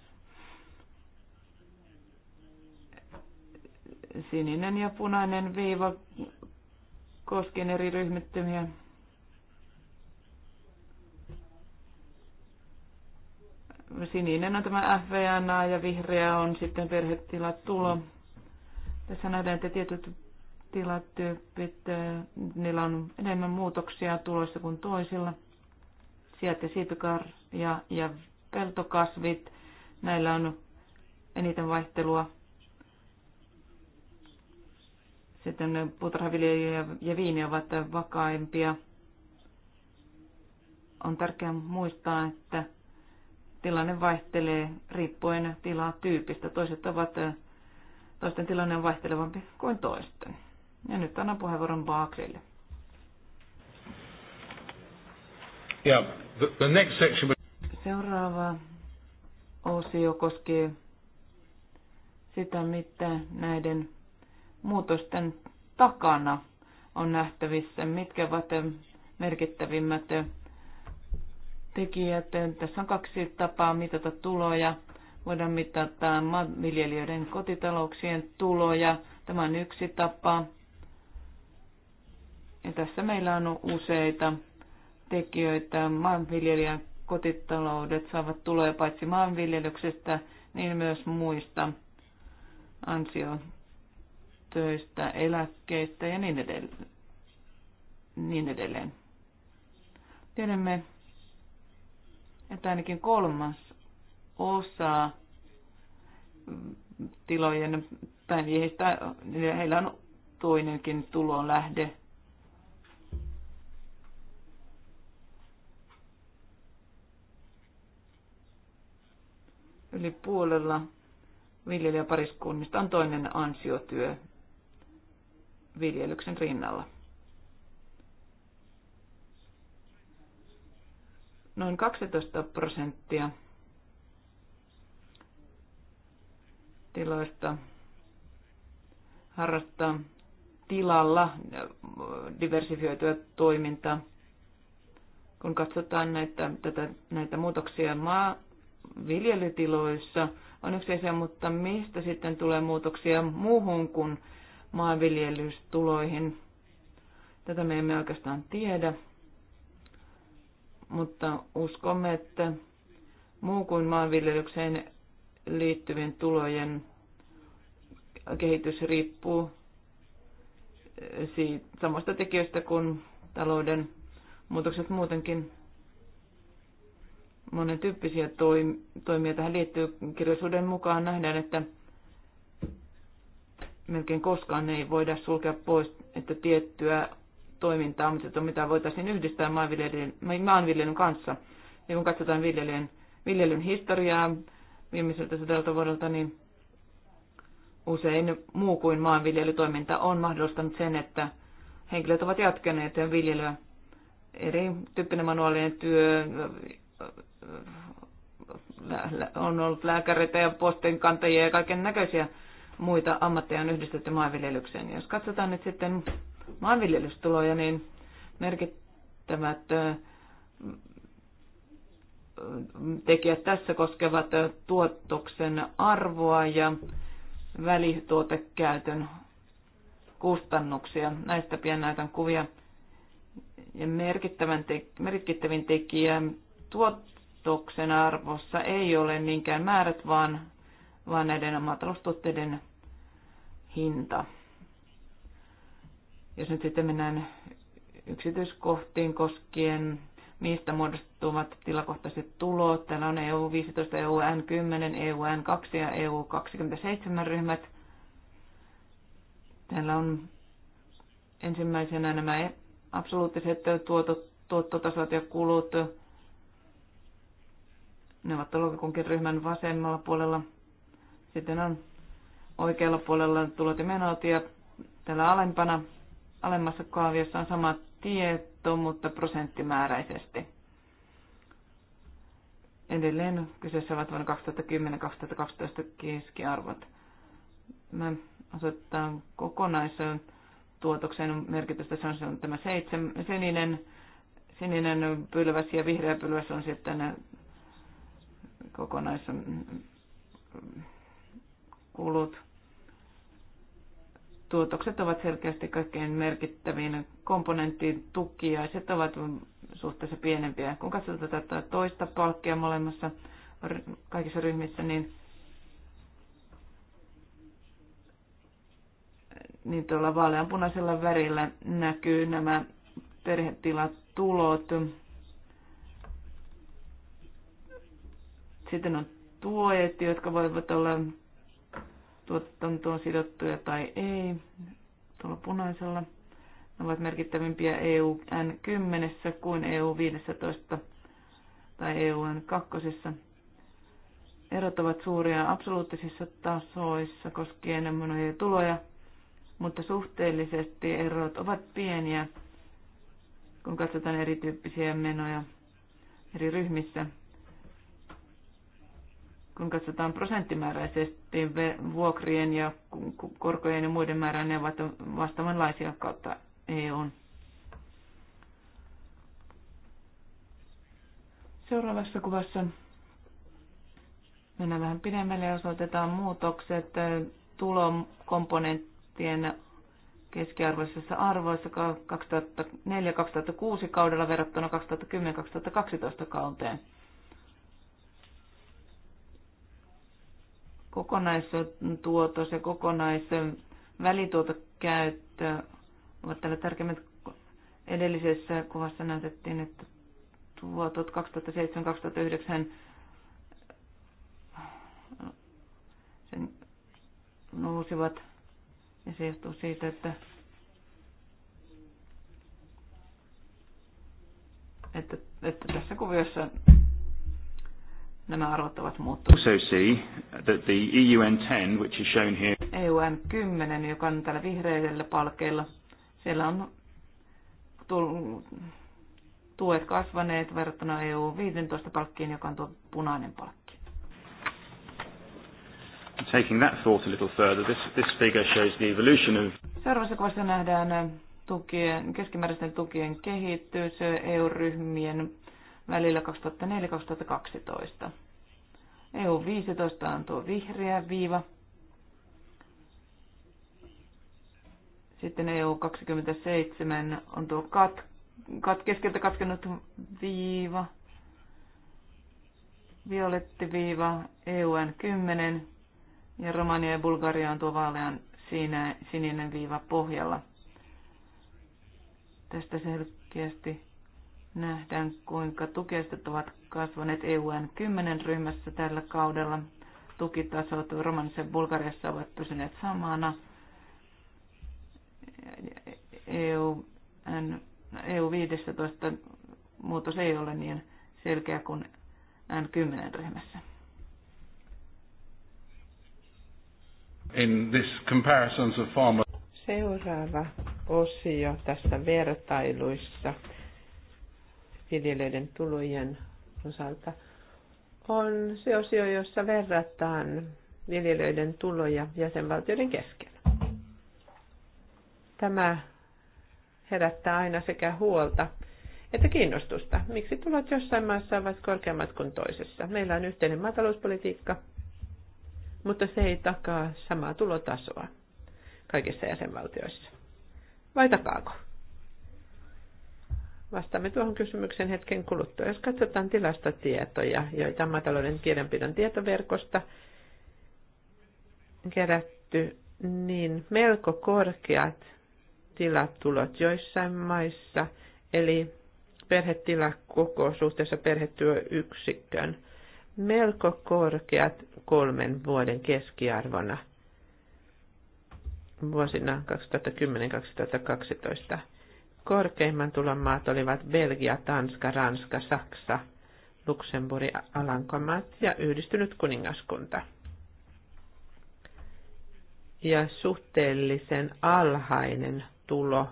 sininen ja punainen viiva koskien eri ryhmittymiä. Sininen on tämä FVNA ja vihreä on sitten perhetila tulo. Tässä nähdään, että tietyt tilatyypit, niillä on enemmän muutoksia tulossa kuin toisilla. Sieltä siipikarja ja peltokasvit, näillä on eniten vaihtelua. Sitten puutarhaviljely ja viini ovat vakaimpia. On tärkeää muistaa, että tilanne vaihtelee riippuen tilaa tyypistä. Toiset ovat, toisten tilanne on vaihtelevampi kuin toisten. Ja nyt annan puheenvuoron Baaklille. Yeah, the, the next section... Seuraava osio koskee sitä, mitä näiden muutosten takana on nähtävissä, mitkä ovat merkittävimmät tekijät. Tässä on kaksi tapaa mitata tuloja. Voidaan mitata viljelijöiden kotitalouksien tuloja. Tämä on yksi tapa. Ja tässä meillä on useita tekijöitä. Maanviljelijän kotitaloudet saavat tuloja paitsi maanviljelyksestä, niin myös muista ansiotöistä, eläkkeistä ja niin edelleen. Niin edelleen. Tiedämme, että ainakin kolmas osa tilojen päivistä, heillä on toinenkin tulonlähde Yli puolella viljelijäpariskunnista on toinen ansiotyö viljelyksen rinnalla. Noin 12 prosenttia tiloista harrastaa tilalla diversifioitua toimintaa. Kun katsotaan näitä, tätä, näitä muutoksia maa, viljelytiloissa on yksi asia, mutta mistä sitten tulee muutoksia muuhun kuin maanviljelystuloihin? Tätä me emme oikeastaan tiedä, mutta uskomme, että muu kuin maanviljelykseen liittyvien tulojen kehitys riippuu siitä, samasta tekijöistä kuin talouden muutokset muutenkin monen tyyppisiä toimia tähän liittyy. Kirjallisuuden mukaan nähdään, että melkein koskaan ei voida sulkea pois, että tiettyä toimintaa, mutta mitä voitaisiin yhdistää maanviljelyn, maanviljelyn kanssa. Ja kun katsotaan viljelyn, viljelyn historiaa viimeiseltä sadalta vuodelta, niin usein muu kuin maanviljelytoiminta on mahdollistanut sen, että henkilöt ovat jatkaneet viljelyä. Eri tyyppinen manuaalinen työ, on ollut lääkäreitä ja postinkantajia ja kaiken näköisiä muita ammatteja on yhdistetty maanviljelykseen. Jos katsotaan nyt sitten maanviljelystuloja, niin merkittävät tekijät tässä koskevat tuotoksen arvoa ja välituotekäytön kustannuksia. Näistä pian näytän kuvia. Ja merkittävän te- merkittävin tekijä tuot- arvostuksen arvossa ei ole niinkään määrät, vaan, vaan näiden maataloustuotteiden hinta. Jos nyt sitten mennään yksityiskohtiin koskien, mistä muodostuvat tilakohtaiset tulot. Täällä on EU15, EUN10, EUN2 ja EU27 ryhmät. Täällä on ensimmäisenä nämä absoluuttiset tuotot, tuottotasot ja kulut ne ovat kunkin ryhmän vasemmalla puolella. Sitten on oikealla puolella tulot ja menot ja täällä alempana, alemmassa kaaviossa on sama tieto, mutta prosenttimääräisesti. Edelleen kyseessä ovat vuonna 2010-2012 keskiarvot. Mä kokonaisen tuotoksen merkitystä. Se on, se on tämä seitsem, sininen, sininen pylväs ja vihreä pylväs on sitten kokonaiskulut. Mm, Tuotokset ovat selkeästi kaikkein merkittävin komponentti tukiaiset ovat suhteessa pienempiä. Kun katsotaan tätä toista palkkia molemmissa kaikissa ryhmissä, niin niin tuolla vaaleanpunaisella värillä näkyy nämä perhetilatulot. tulot Sitten on tuojat, jotka voivat olla tuotantoon sidottuja tai ei. Tuolla punaisella ne ovat merkittävimpiä EU N10 kuin EU 15 tai EU N2. Erot ovat suuria absoluuttisissa tasoissa koskien menoja ja tuloja, mutta suhteellisesti erot ovat pieniä, kun katsotaan erityyppisiä menoja eri ryhmissä kun katsotaan prosenttimääräisesti vuokrien ja korkojen ja muiden määrää, ne ovat vastaavanlaisia kautta EU. Seuraavassa kuvassa mennään vähän pidemmälle ja osoitetaan muutokset äh, tulokomponenttien keskiarvoisessa arvoissa 2004-2006 kaudella verrattuna 2010-2012 kauteen. kokonaistuotos ja kokonaisvälituotokäyttö ovat täällä tärkeimmät. Edellisessä kuvassa näytettiin, että tuotot 2007-2009 sen nousivat ja se johtuu siitä, että että, että tässä kuviossa nämä arvot ovat muuttuneet. Also EUN 10, EUN 10, joka on täällä vihreillä palkeilla, siellä on tuet kasvaneet verrattuna EU 15 palkkiin, joka on tuo punainen palkki. Taking that thought a little further, this, this figure shows the evolution of... Seuraavassa kuvassa nähdään tukien, keskimääräisten tukien kehitys EU-ryhmien välillä 2004-2012. EU-15 on tuo vihreä viiva. Sitten EU-27 on tuo kat, kat, keskeltä katkenut viiva. Violetti viiva, EUN 10 ja Romania ja Bulgaria on tuo vaalean siinä, sininen viiva pohjalla. Tästä selkeästi Nähdään, kuinka tukiaiset ovat kasvaneet EUn 10 ryhmässä tällä kaudella. Tukitasot Romanissa ja Bulgariassa ovat pysyneet samana. EU, EU 15 muutos ei ole niin selkeä kuin N10 ryhmässä. In this comparisons of former... Seuraava osio tässä vertailuissa viljelijöiden tulojen osalta on se osio, jossa verrataan viljelijöiden tuloja jäsenvaltioiden kesken. Tämä herättää aina sekä huolta että kiinnostusta. Miksi tulot jossain maassa ovat korkeammat kuin toisessa? Meillä on yhteinen maatalouspolitiikka, mutta se ei takaa samaa tulotasoa kaikissa jäsenvaltioissa. Vai takaako? Vastaamme tuohon kysymykseen hetken kuluttua. Jos katsotaan tilastotietoja, joita maatalouden kirjanpidon tietoverkosta kerätty, niin melko korkeat tilatulot joissain maissa, eli koko suhteessa perhetyöyksikkön melko korkeat kolmen vuoden keskiarvona vuosina 2010-2012 Korkeimman tulon maat olivat Belgia, Tanska, Ranska, Saksa, Luxemburg, Alankomaat ja yhdistynyt kuningaskunta. Ja suhteellisen alhainen tulo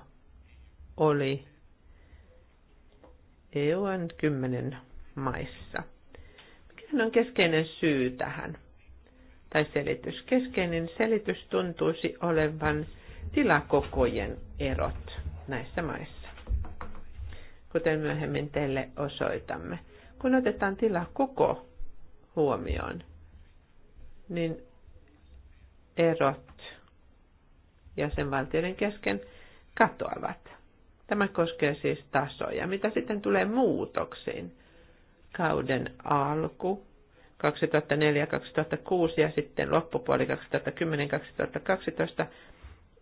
oli EUn kymmenen maissa. Mikä on keskeinen syy tähän? Tai selitys. Keskeinen selitys tuntuisi olevan tilakokojen erot näissä maissa, kuten myöhemmin teille osoitamme. Kun otetaan tila koko huomioon, niin erot jäsenvaltioiden kesken katoavat. Tämä koskee siis tasoja. Mitä sitten tulee muutoksiin? Kauden alku 2004-2006 ja sitten loppupuoli 2010-2012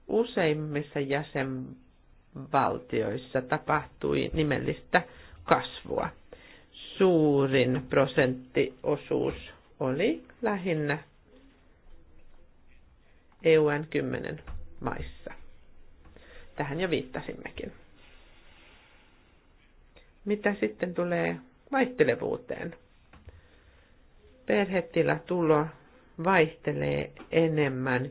useimmissa jäsen valtioissa tapahtui nimellistä kasvua. Suurin prosenttiosuus oli lähinnä EUn 10 maissa. Tähän jo viittasimmekin. Mitä sitten tulee vaihtelevuuteen? Perhetilatulo vaihtelee enemmän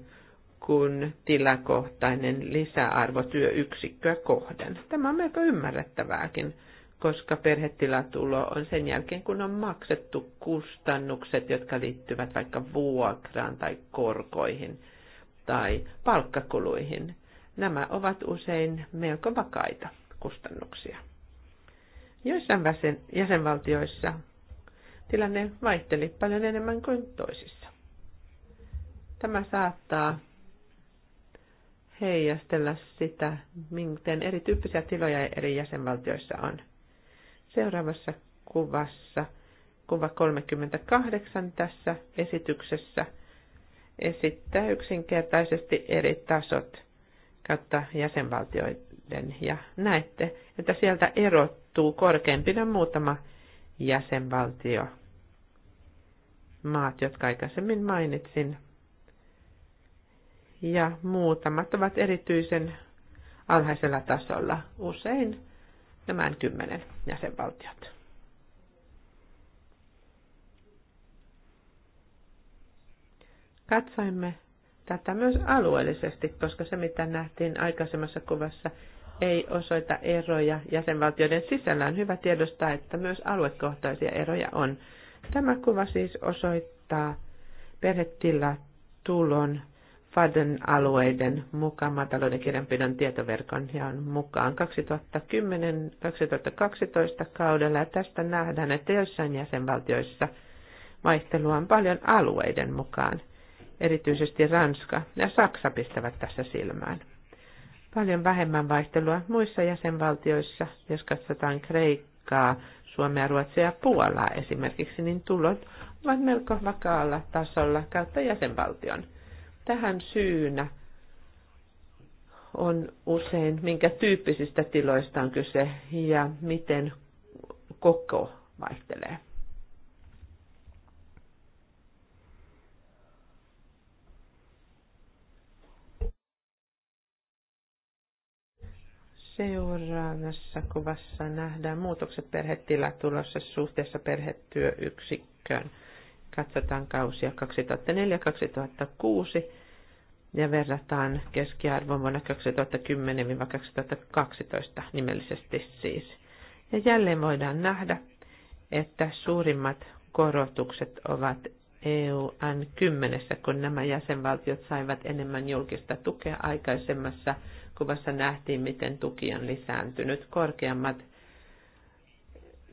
kuin tilakohtainen lisäarvo työyksikköä kohden. Tämä on melko ymmärrettävääkin, koska perhetilatulo on sen jälkeen, kun on maksettu kustannukset, jotka liittyvät vaikka vuokraan tai korkoihin tai palkkakuluihin. Nämä ovat usein melko vakaita kustannuksia. Joissain jäsenvaltioissa tilanne vaihteli paljon enemmän kuin toisissa. Tämä saattaa heijastella sitä, miten erityyppisiä tiloja eri jäsenvaltioissa on. Seuraavassa kuvassa, kuva 38 tässä esityksessä, esittää yksinkertaisesti eri tasot kautta jäsenvaltioiden. Ja näette, että sieltä erottuu korkeimpina muutama jäsenvaltio. Maat, jotka aikaisemmin mainitsin, ja muutamat ovat erityisen alhaisella tasolla, usein nämä kymmenen jäsenvaltiot. Katsoimme tätä myös alueellisesti, koska se mitä nähtiin aikaisemmassa kuvassa ei osoita eroja jäsenvaltioiden sisällä. On hyvä tiedostaa, että myös aluekohtaisia eroja on. Tämä kuva siis osoittaa perhetilatulon tulon FADen alueiden mukaan maatalouden kirjanpidon tietoverkon on mukaan 2010-2012 kaudella. Ja tästä nähdään, että joissain jäsenvaltioissa vaihtelua on paljon alueiden mukaan. Erityisesti Ranska ja Saksa pistävät tässä silmään. Paljon vähemmän vaihtelua muissa jäsenvaltioissa, jos katsotaan Kreikkaa, Suomea, Ruotsia ja Puolaa esimerkiksi, niin tulot ovat melko vakaalla tasolla kautta jäsenvaltion – Tähän syynä on usein, minkä tyyppisistä tiloista on kyse ja miten koko vaihtelee. Seuraavassa kuvassa nähdään muutokset tulossa suhteessa perhetyöyksikköön. Katsotaan kausia 2004-2006 ja verrataan keskiarvon vuonna 2010-2012 nimellisesti siis. Ja jälleen voidaan nähdä, että suurimmat korotukset ovat EUn kymmenessä, kun nämä jäsenvaltiot saivat enemmän julkista tukea aikaisemmassa kuvassa nähtiin, miten tuki on lisääntynyt. Korkeammat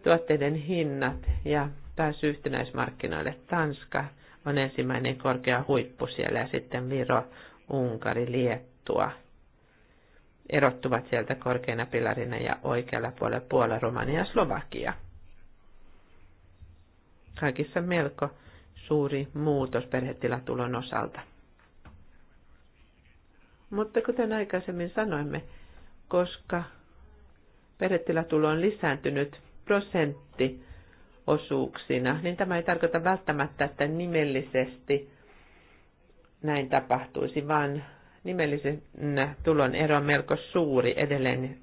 tuotteiden hinnat ja pääsy yhtenäismarkkinoille Tanska on ensimmäinen korkea huippu siellä ja sitten Viro, Unkari, Liettua erottuvat sieltä korkeina pilarina ja oikealla puolella Puola, Romania ja Slovakia. Kaikissa melko suuri muutos perhetilatulon osalta. Mutta kuten aikaisemmin sanoimme, koska on lisääntynyt prosentti osuuksina, niin tämä ei tarkoita välttämättä, että nimellisesti näin tapahtuisi, vaan nimellisen tulon ero on melko suuri edelleen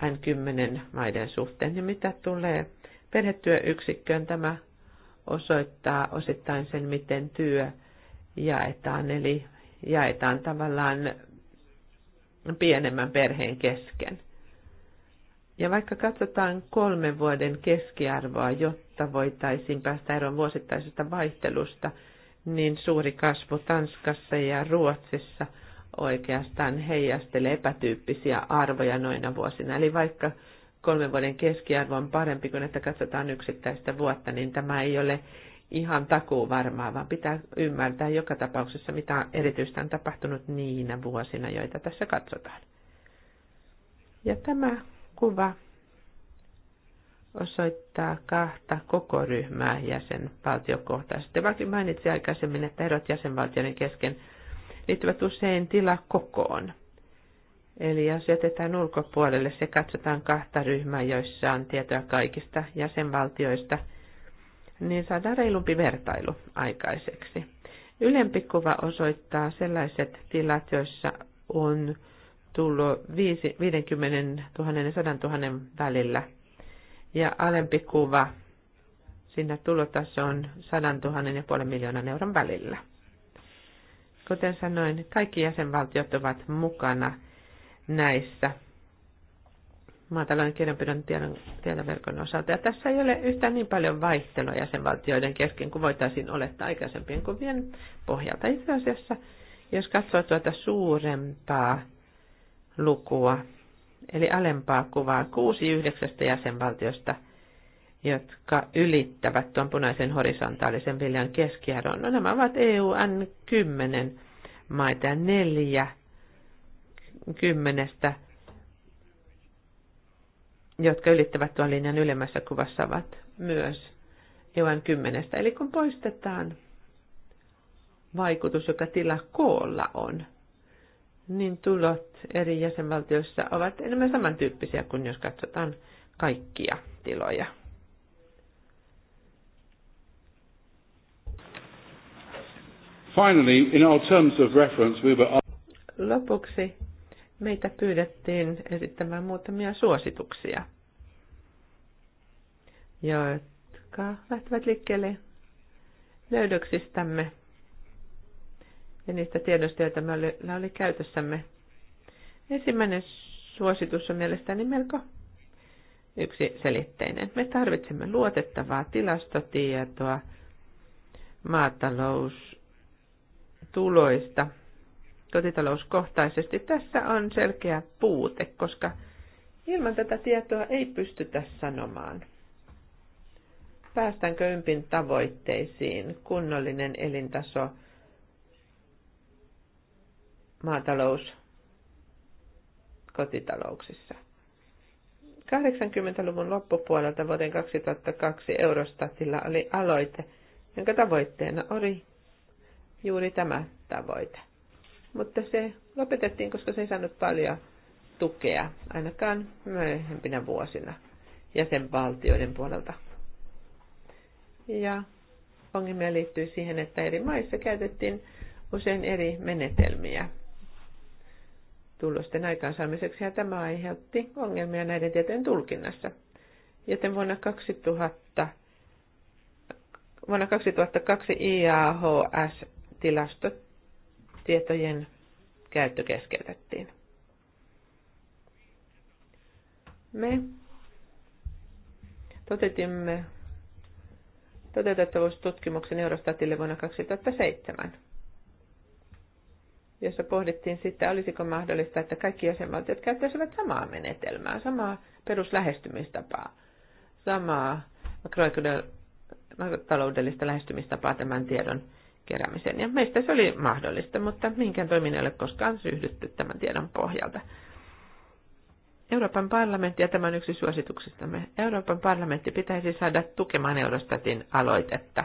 N10 maiden suhteen. Ja mitä tulee perhetyöyksikköön, tämä osoittaa osittain sen, miten työ jaetaan, eli jaetaan tavallaan pienemmän perheen kesken. Ja vaikka katsotaan kolmen vuoden keskiarvoa, jotta voitaisiin päästä eroon vuosittaisesta vaihtelusta, niin suuri kasvu Tanskassa ja Ruotsissa oikeastaan heijastelee epätyyppisiä arvoja noina vuosina. Eli vaikka kolmen vuoden keskiarvo on parempi kuin että katsotaan yksittäistä vuotta, niin tämä ei ole ihan takuu varmaa, vaan pitää ymmärtää joka tapauksessa, mitä erityistä on tapahtunut niinä vuosina, joita tässä katsotaan. Ja tämä Kuva osoittaa kahta koko ryhmää jäsenvaltiokohtaisesti. Vaikka mainitsin aikaisemmin, että erot jäsenvaltioiden kesken liittyvät usein tila kokoon. Eli jos jätetään ulkopuolelle, se katsotaan kahta ryhmää, joissa on tietoa kaikista jäsenvaltioista, niin saadaan reilumpi vertailu aikaiseksi. Ylempi kuva osoittaa sellaiset tilat, joissa on tulo 50 000 ja 100 000 välillä. Ja alempi kuva, sinne tulotaso on 100 000 ja puolen miljoonan euron välillä. Kuten sanoin, kaikki jäsenvaltiot ovat mukana näissä maatalouden kirjanpidon tietoverkon osalta. Ja tässä ei ole yhtään niin paljon vaihtelua jäsenvaltioiden kesken kuin voitaisiin olettaa aikaisempien kuvien pohjalta. Itse asiassa, jos katsoo tuota suurempaa lukua, eli alempaa kuvaa, kuusi yhdeksästä jäsenvaltiosta, jotka ylittävät tuon punaisen horisontaalisen viljan keskiarvon. No nämä ovat EUn 10 maita ja neljä kymmenestä, jotka ylittävät tuon linjan ylemmässä kuvassa ovat myös EUn kymmenestä. Eli kun poistetaan vaikutus, joka tila koolla on, niin tulot eri jäsenvaltioissa ovat enemmän samantyyppisiä kuin jos katsotaan kaikkia tiloja. Finally, in our terms of reference, we were... Lopuksi meitä pyydettiin esittämään muutamia suosituksia, jotka lähtevät liikkeelle löydöksistämme ja niistä tiedoista, joita meillä oli käytössämme. Ensimmäinen suositus on mielestäni melko yksi selitteinen. Me tarvitsemme luotettavaa tilastotietoa maataloustuloista kotitalouskohtaisesti. Tässä on selkeä puute, koska ilman tätä tietoa ei pystytä sanomaan. Päästäänkö ympin tavoitteisiin, kunnollinen elintaso – maatalous kotitalouksissa. 80-luvun loppupuolelta vuoden 2002 Eurostatilla oli aloite, jonka tavoitteena oli juuri tämä tavoite. Mutta se lopetettiin, koska se ei saanut paljon tukea, ainakaan myöhempinä vuosina jäsenvaltioiden puolelta. Ja ongelmia liittyy siihen, että eri maissa käytettiin usein eri menetelmiä tulosten aikaansaamiseksi ja tämä aiheutti ongelmia näiden tieteen tulkinnassa. Joten vuonna 2000 Vuonna 2002 IAHS-tilastotietojen käyttö keskeytettiin. Me toteutimme toteutettavuustutkimuksen Eurostatille vuonna 2007 jossa pohdittiin sitä, olisiko mahdollista, että kaikki jäsenvaltiot käyttäisivät samaa menetelmää, samaa peruslähestymistapaa, samaa makrotaloudellista lähestymistapaa tämän tiedon keräämiseen. Ja meistä se oli mahdollista, mutta minkään ole koskaan syhdytty tämän tiedon pohjalta. Euroopan parlamentti, ja tämä on yksi suosituksistamme, Euroopan parlamentti pitäisi saada tukemaan Eurostatin aloitetta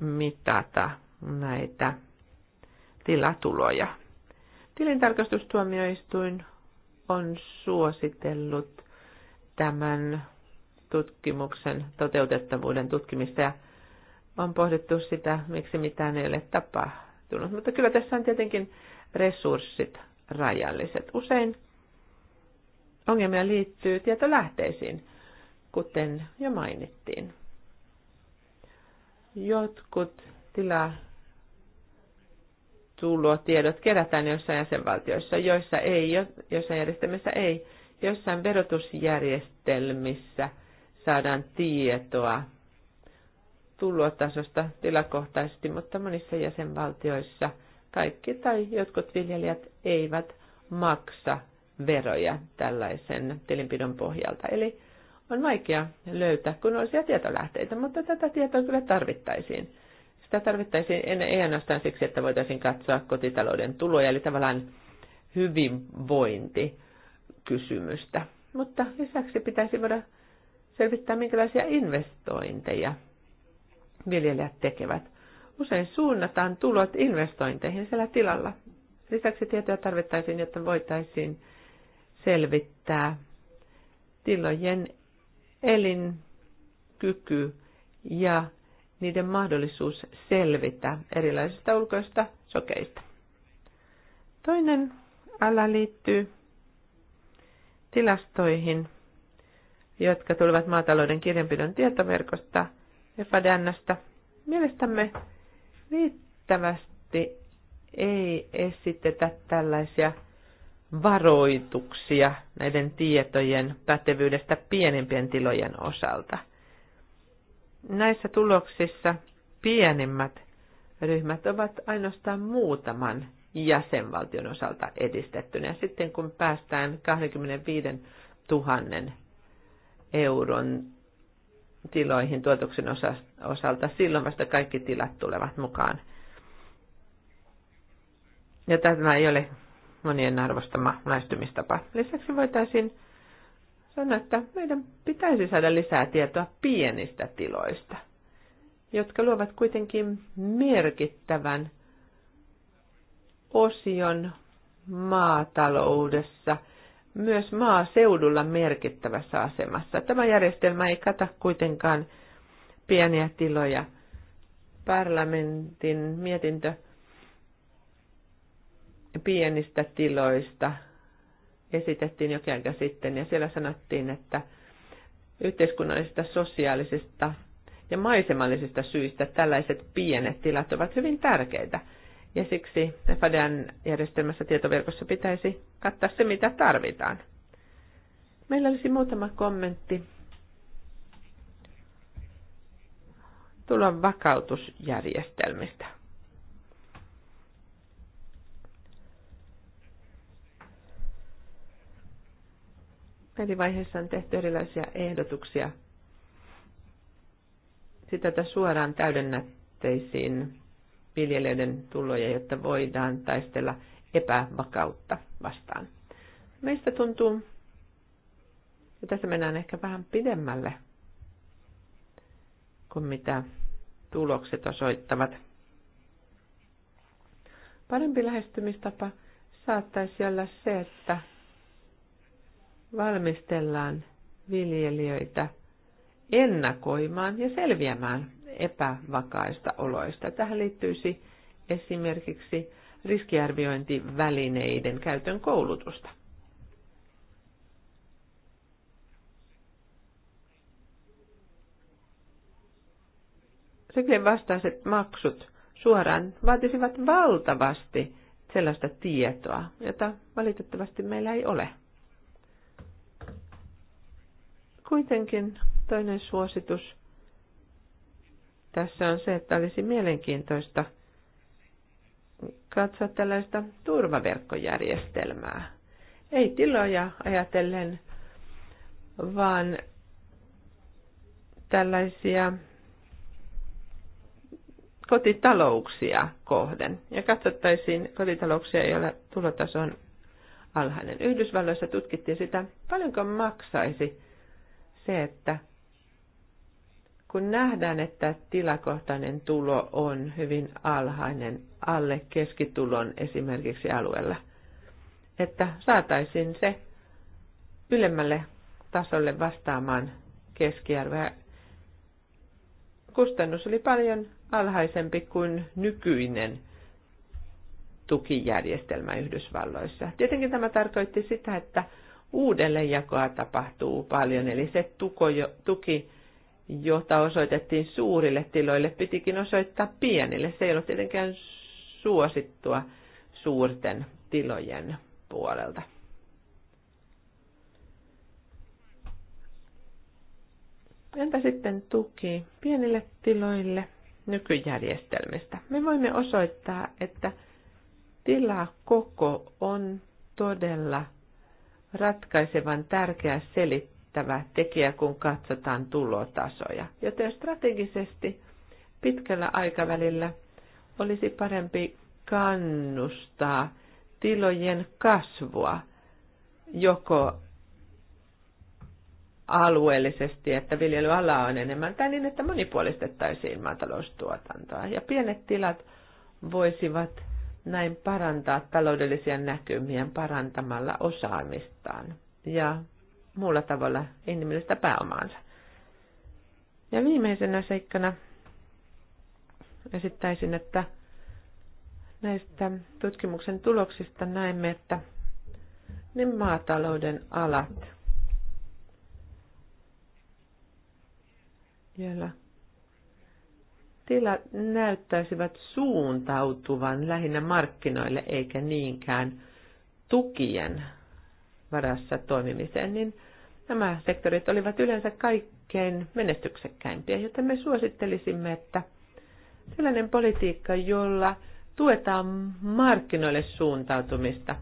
mitata näitä tilatuloja. Tilintarkastustuomioistuin on suositellut tämän tutkimuksen toteutettavuuden tutkimista ja on pohdittu sitä, miksi mitään ei ole tapahtunut. Mutta kyllä tässä on tietenkin resurssit rajalliset. Usein ongelmia liittyy tietolähteisiin, kuten jo mainittiin. Jotkut tilaa tiedot kerätään joissain jäsenvaltioissa, joissa ei, joissain järjestelmissä ei. Joissain verotusjärjestelmissä saadaan tietoa tulotasosta tilakohtaisesti, mutta monissa jäsenvaltioissa kaikki tai jotkut viljelijät eivät maksa veroja tällaisen tilinpidon pohjalta. Eli on vaikea löytää kunnollisia tietolähteitä, mutta tätä tietoa kyllä tarvittaisiin. Sitä tarvittaisiin ei ainoastaan siksi, että voitaisiin katsoa kotitalouden tuloja, eli tavallaan hyvinvointikysymystä. Mutta lisäksi pitäisi voida selvittää, minkälaisia investointeja viljelijät tekevät. Usein suunnataan tulot investointeihin siellä tilalla. Lisäksi tietoja tarvittaisiin, jotta voitaisiin selvittää tilojen elinkyky ja niiden mahdollisuus selvitä erilaisista ulkoista sokeista. Toinen ala liittyy tilastoihin, jotka tulevat maatalouden kirjanpidon tietoverkosta ja FADANasta. Mielestämme riittävästi ei esitetä tällaisia varoituksia näiden tietojen pätevyydestä pienempien tilojen osalta. Näissä tuloksissa pienimmät ryhmät ovat ainoastaan muutaman jäsenvaltion osalta edistettynä. Sitten kun päästään 25 000 euron tiloihin tuotoksen osalta, silloin vasta kaikki tilat tulevat mukaan. Ja tämä ei ole monien arvostama lähestymistapa. Lisäksi voitaisiin sanoi, että meidän pitäisi saada lisää tietoa pienistä tiloista, jotka luovat kuitenkin merkittävän osion maataloudessa, myös maaseudulla merkittävässä asemassa. Tämä järjestelmä ei kata kuitenkaan pieniä tiloja. Parlamentin mietintö pienistä tiloista – esitettiin jokin aika sitten, ja siellä sanottiin, että yhteiskunnallisista, sosiaalisista ja maisemallisista syistä tällaiset pienet tilat ovat hyvin tärkeitä. Ja siksi FADEAN järjestelmässä tietoverkossa pitäisi kattaa se, mitä tarvitaan. Meillä olisi muutama kommentti tulon vakautusjärjestelmistä. Eri vaiheissa on tehty erilaisia ehdotuksia sitä, tätä suoraan täydennätteisiin viljelijöiden tuloja, jotta voidaan taistella epävakautta vastaan. Meistä tuntuu, ja tässä mennään ehkä vähän pidemmälle kuin mitä tulokset osoittavat. Parempi lähestymistapa saattaisi olla se, että valmistellaan viljelijöitä ennakoimaan ja selviämään epävakaista oloista. Tähän liittyisi esimerkiksi riskiarviointivälineiden käytön koulutusta. Sekin vastaiset maksut suoraan vaatisivat valtavasti sellaista tietoa, jota valitettavasti meillä ei ole. Kuitenkin toinen suositus tässä on se, että olisi mielenkiintoista katsoa tällaista turvaverkkojärjestelmää. Ei tiloja ajatellen, vaan tällaisia kotitalouksia kohden. Ja katsottaisiin kotitalouksia, joilla tulotaso on alhainen. Yhdysvalloissa tutkittiin sitä, paljonko maksaisi se, että kun nähdään, että tilakohtainen tulo on hyvin alhainen alle keskitulon esimerkiksi alueella, että saataisiin se ylemmälle tasolle vastaamaan keskiarvoa. Kustannus oli paljon alhaisempi kuin nykyinen tukijärjestelmä Yhdysvalloissa. Tietenkin tämä tarkoitti sitä, että uudelleenjakoa tapahtuu paljon, eli se tuki, jota osoitettiin suurille tiloille, pitikin osoittaa pienille. Se ei ollut tietenkään suosittua suurten tilojen puolelta. Entä sitten tuki pienille tiloille nykyjärjestelmistä? Me voimme osoittaa, että tilakoko on todella – ratkaisevan tärkeä selittävä tekijä, kun katsotaan tulotasoja. Joten strategisesti pitkällä aikavälillä olisi parempi kannustaa tilojen kasvua joko alueellisesti, että viljelyala on enemmän, tai niin, että monipuolistettaisiin maataloustuotantoa. Ja pienet tilat voisivat näin parantaa taloudellisia näkymiä parantamalla osaamistaan ja muulla tavalla inhimillistä pääomaansa. Ja viimeisenä seikkana esittäisin, että näistä tutkimuksen tuloksista näemme, että ne maatalouden alat, joilla tilat näyttäisivät suuntautuvan lähinnä markkinoille eikä niinkään tukien varassa toimimiseen, niin nämä sektorit olivat yleensä kaikkein menestyksekkäimpiä, joten me suosittelisimme, että sellainen politiikka, jolla tuetaan markkinoille suuntautumista,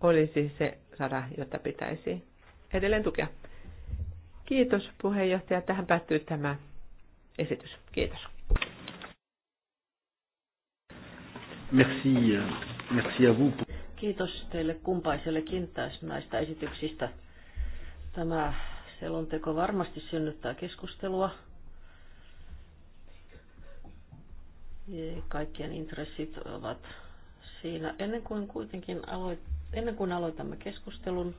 olisi se sara, jota pitäisi edelleen tukea. Kiitos puheenjohtaja. Tähän päättyy tämä esitys. Kiitos. Merci, merci à vous. Kiitos teille kumpaisellekin näistä esityksistä. Tämä selonteko varmasti synnyttää keskustelua. Kaikkien intressit ovat siinä. Ennen kuin, kuitenkin aloit, ennen kuin aloitamme keskustelun,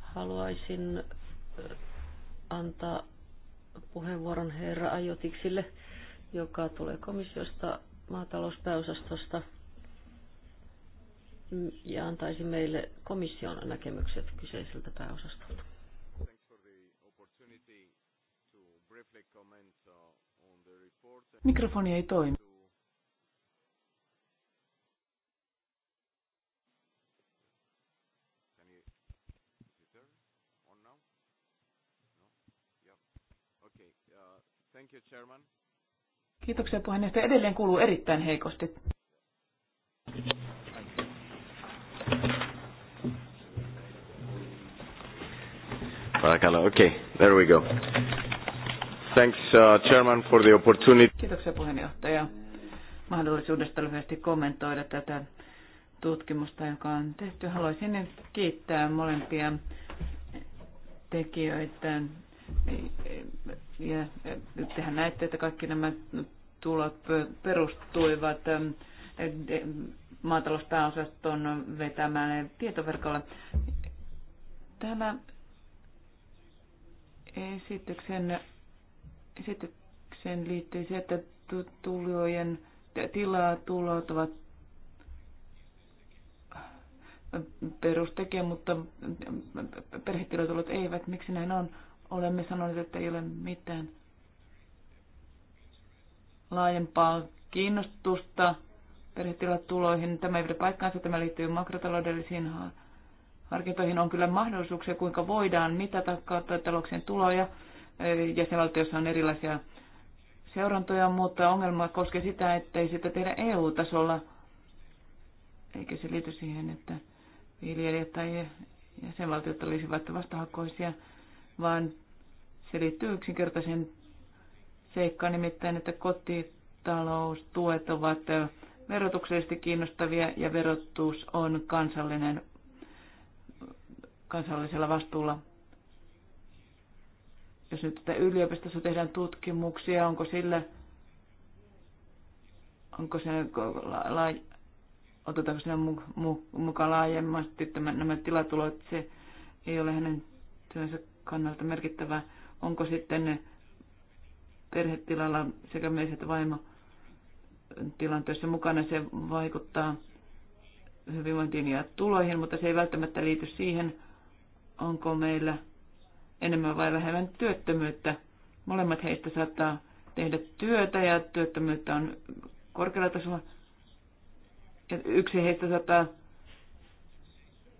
haluaisin äh, antaa puheenvuoron herra Ajotiksille, joka tulee komissiosta maatalouspääosastosta mm, ja antaisi meille komission näkemykset kyseiseltä pääosastolta. Mikrofoni ei toimi. Thank you, Chairman. Kiitoksia puheenjohtaja. Edelleen kuuluu erittäin heikosti. Parakalo, okay, there we go. Thanks, uh, Chairman, for the opportunity. Kiitoksia puheenjohtaja mahdollisuudesta lyhyesti kommentoida tätä tutkimusta, joka on tehty. Haluaisin kiittää molempia tekijöitä ja tehän näette, että kaikki nämä tulot perustuivat maatalouspääosaston vetämään tietoverkolla. Tämä esityksen, esityksen liittyy se, että tulojen tilaa tulot ovat perustekijä, mutta perhetilatulot eivät. Miksi näin on? olemme sanoneet, että ei ole mitään laajempaa kiinnostusta perhetilatuloihin. Tämä ei pidä paikkaansa, tämä liittyy makrotaloudellisiin harkintoihin. On kyllä mahdollisuuksia, kuinka voidaan mitata talouksien tuloja. Jäsenvaltiossa on erilaisia seurantoja, mutta ongelma koskee sitä, että ei sitä tehdä EU-tasolla, eikä se liity siihen, että viljelijät tai jäsenvaltiot olisivat vastahakoisia vaan se liittyy yksinkertaisen seikkaan, nimittäin, että kotitaloustuet ovat verotuksellisesti kiinnostavia ja verotus on kansallinen, kansallisella vastuulla. Jos nyt tätä yliopistossa tehdään tutkimuksia, onko sillä onko se laaj, otetaanko sinne mukaan laajemmasti että nämä tilatulot, se ei ole hänen työnsä kannalta merkittävä, onko sitten perhetilalla sekä mies että vaimo tilanteessa mukana. Se vaikuttaa hyvinvointiin ja tuloihin, mutta se ei välttämättä liity siihen, onko meillä enemmän vai vähemmän työttömyyttä. Molemmat heistä saattaa tehdä työtä ja työttömyyttä on korkealla tasolla. Yksi heistä saattaa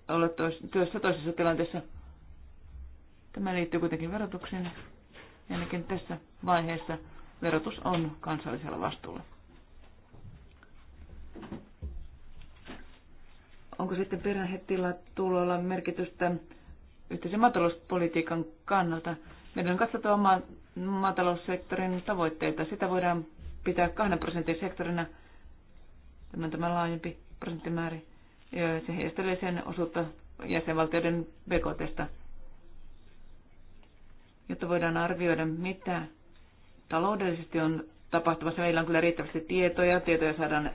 olla tois, työssä toisessa tilanteessa. Tämä liittyy kuitenkin verotukseen. Ainakin tässä vaiheessa verotus on kansallisella vastuulla. Onko sitten tulolla merkitystä yhteisen maatalouspolitiikan kannalta? Meidän on katsottava ma- maataloussektorin tavoitteita. Sitä voidaan pitää kahden prosentin sektorina, tämä, tämä laajempi prosenttimäärä. Ja se heijastelee sen osuutta jäsenvaltioiden BKTstä jotta voidaan arvioida, mitä taloudellisesti on tapahtumassa. Meillä on kyllä riittävästi tietoja. Tietoja saadaan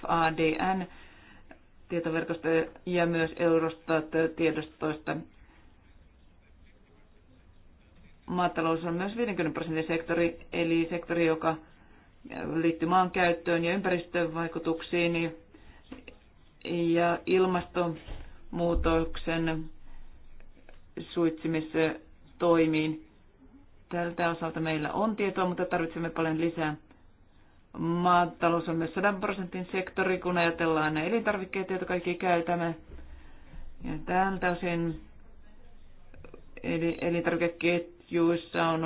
FADN tietoverkosta ja myös Eurostat-tiedostoista. Maatalous on myös 50 prosentin sektori, eli sektori, joka liittyy maankäyttöön ja ympäristövaikutuksiin ja ilmastonmuutoksen suitsimiseen toimiin. Tältä osalta meillä on tietoa, mutta tarvitsemme paljon lisää. Maatalous on myös 100 prosentin sektori, kun ajatellaan ne elintarvikkeet, joita kaikki käytämme. Ja tältä osin elintarvikeketjuissa on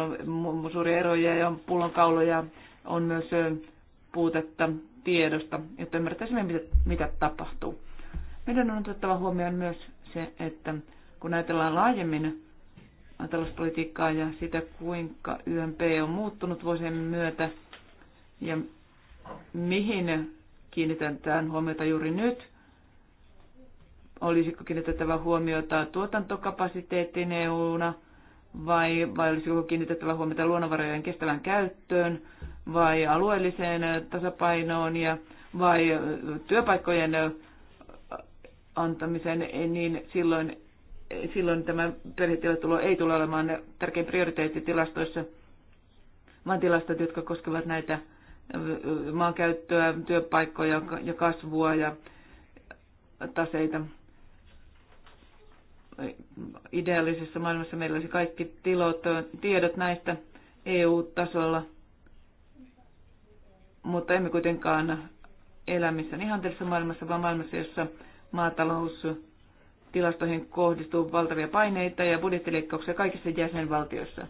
suuria eroja ja pullonkauloja on myös puutetta tiedosta, jotta ymmärtäisimme, mitä, mitä tapahtuu. Meidän on otettava huomioon myös se, että kun ajatellaan laajemmin maatalouspolitiikkaa ja sitä, kuinka YMP on muuttunut vuosien myötä ja mihin kiinnitetään huomiota juuri nyt. Olisiko kiinnitettävä huomiota tuotantokapasiteettiin EUna vai, vai olisiko kiinnitettävä huomiota luonnonvarojen kestävään käyttöön vai alueelliseen tasapainoon ja, vai työpaikkojen antamiseen, niin silloin silloin tämä perhetilatulo ei tule olemaan tärkein prioriteetti tilastoissa, vaan tilastot, jotka koskevat näitä maankäyttöä, työpaikkoja ja kasvua ja taseita. Ideaalisessa maailmassa meillä olisi kaikki tilot, tiedot näistä EU-tasolla, mutta emme kuitenkaan elämissä ihan tässä maailmassa, vaan maailmassa, jossa maatalous tilastoihin kohdistuu valtavia paineita ja budjettileikkauksia kaikissa jäsenvaltioissa.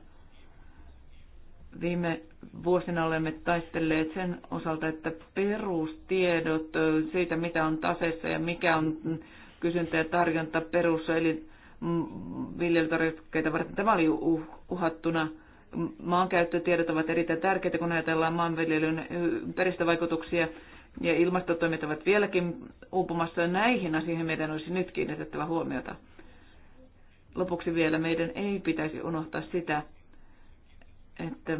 Viime vuosina olemme taistelleet sen osalta, että perustiedot siitä, mitä on taseessa ja mikä on kysyntä ja tarjonta perussa, eli viljelytarvikkeita varten. Tämä oli uhattuna. Maankäyttötiedot ovat erittäin tärkeitä, kun ajatellaan maanviljelyn ympäristövaikutuksia ja ilmastotoimet ovat vieläkin uupumassa. Näihin asioihin meidän olisi nyt kiinnitettävä huomiota. Lopuksi vielä meidän ei pitäisi unohtaa sitä, että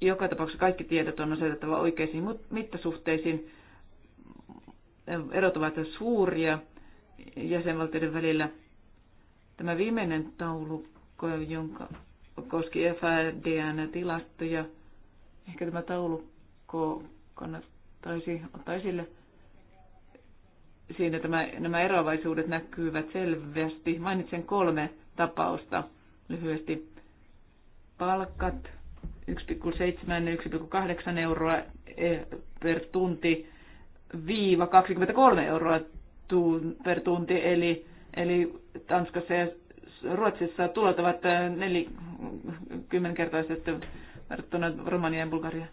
joka tapauksessa kaikki tiedot on asetettava oikeisiin mittasuhteisiin. Erot ovat suuria jäsenvaltioiden välillä. Tämä viimeinen taulukko, jonka koski fadn tilastoja, ehkä tämä taulukko kannattaa taisi ottaa Siinä tämä, nämä eroavaisuudet näkyvät selvästi. Mainitsen kolme tapausta lyhyesti. Palkat 1,7-1,8 euroa eh, per tunti viiva 23 euroa per tunti, eli, eli Tanskassa ja Ruotsissa tulot ovat 40-kertaiset eh, verrattuna Romania ja Bulgaria.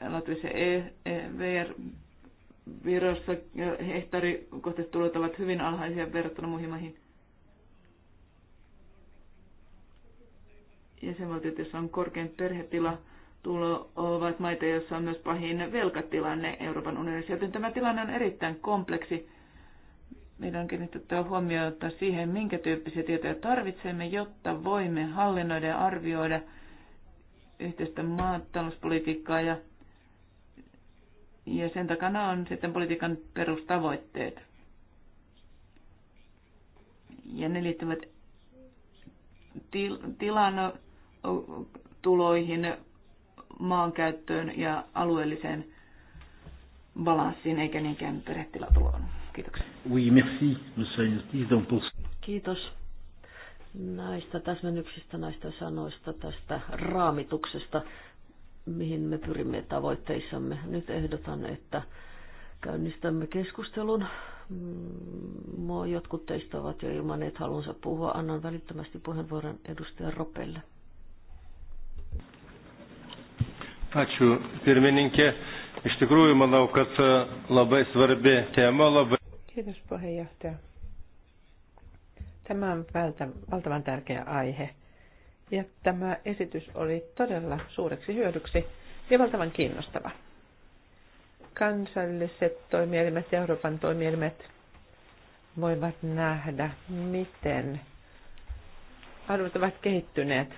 Latviassa EVR e, Virossa hehtaarikohtaiset tulot ovat hyvin alhaisia verrattuna muihin maihin. Jäsenvaltiot, joissa on korkein perhetila, tulo ovat maita, joissa on myös pahin velkatilanne Euroopan unionissa, joten tämä tilanne on erittäin kompleksi. Meidän on kiinnitettävä huomiota siihen, minkä tyyppisiä tietoja tarvitsemme, jotta voimme hallinnoida ja arvioida yhteistä maatalouspolitiikkaa ja ja sen takana on sitten politiikan perustavoitteet. Ja ne liittyvät til, tilan tuloihin, maankäyttöön ja alueelliseen balanssiin, eikä niinkään perhetilatuloon. Kiitoksia. Oui, merci, Kiitos näistä täsmennyksistä, näistä sanoista, tästä raamituksesta mihin me pyrimme tavoitteissamme. Nyt ehdotan, että käynnistämme keskustelun. Mm, jotkut teistä ovat jo ilmaneet halunsa puhua. Annan välittömästi puheenvuoron edustaja Ropelle. Ačiū pirmininkė. Iš tikrųjų, manau, kad e, labai svarbi Labai... Kiitos puheenjohtaja. Tämä on valtavan tärkeä aihe ja tämä esitys oli todella suureksi hyödyksi ja valtavan kiinnostava. Kansalliset toimielimet ja Euroopan toimielimet voivat nähdä, miten arvot ovat kehittyneet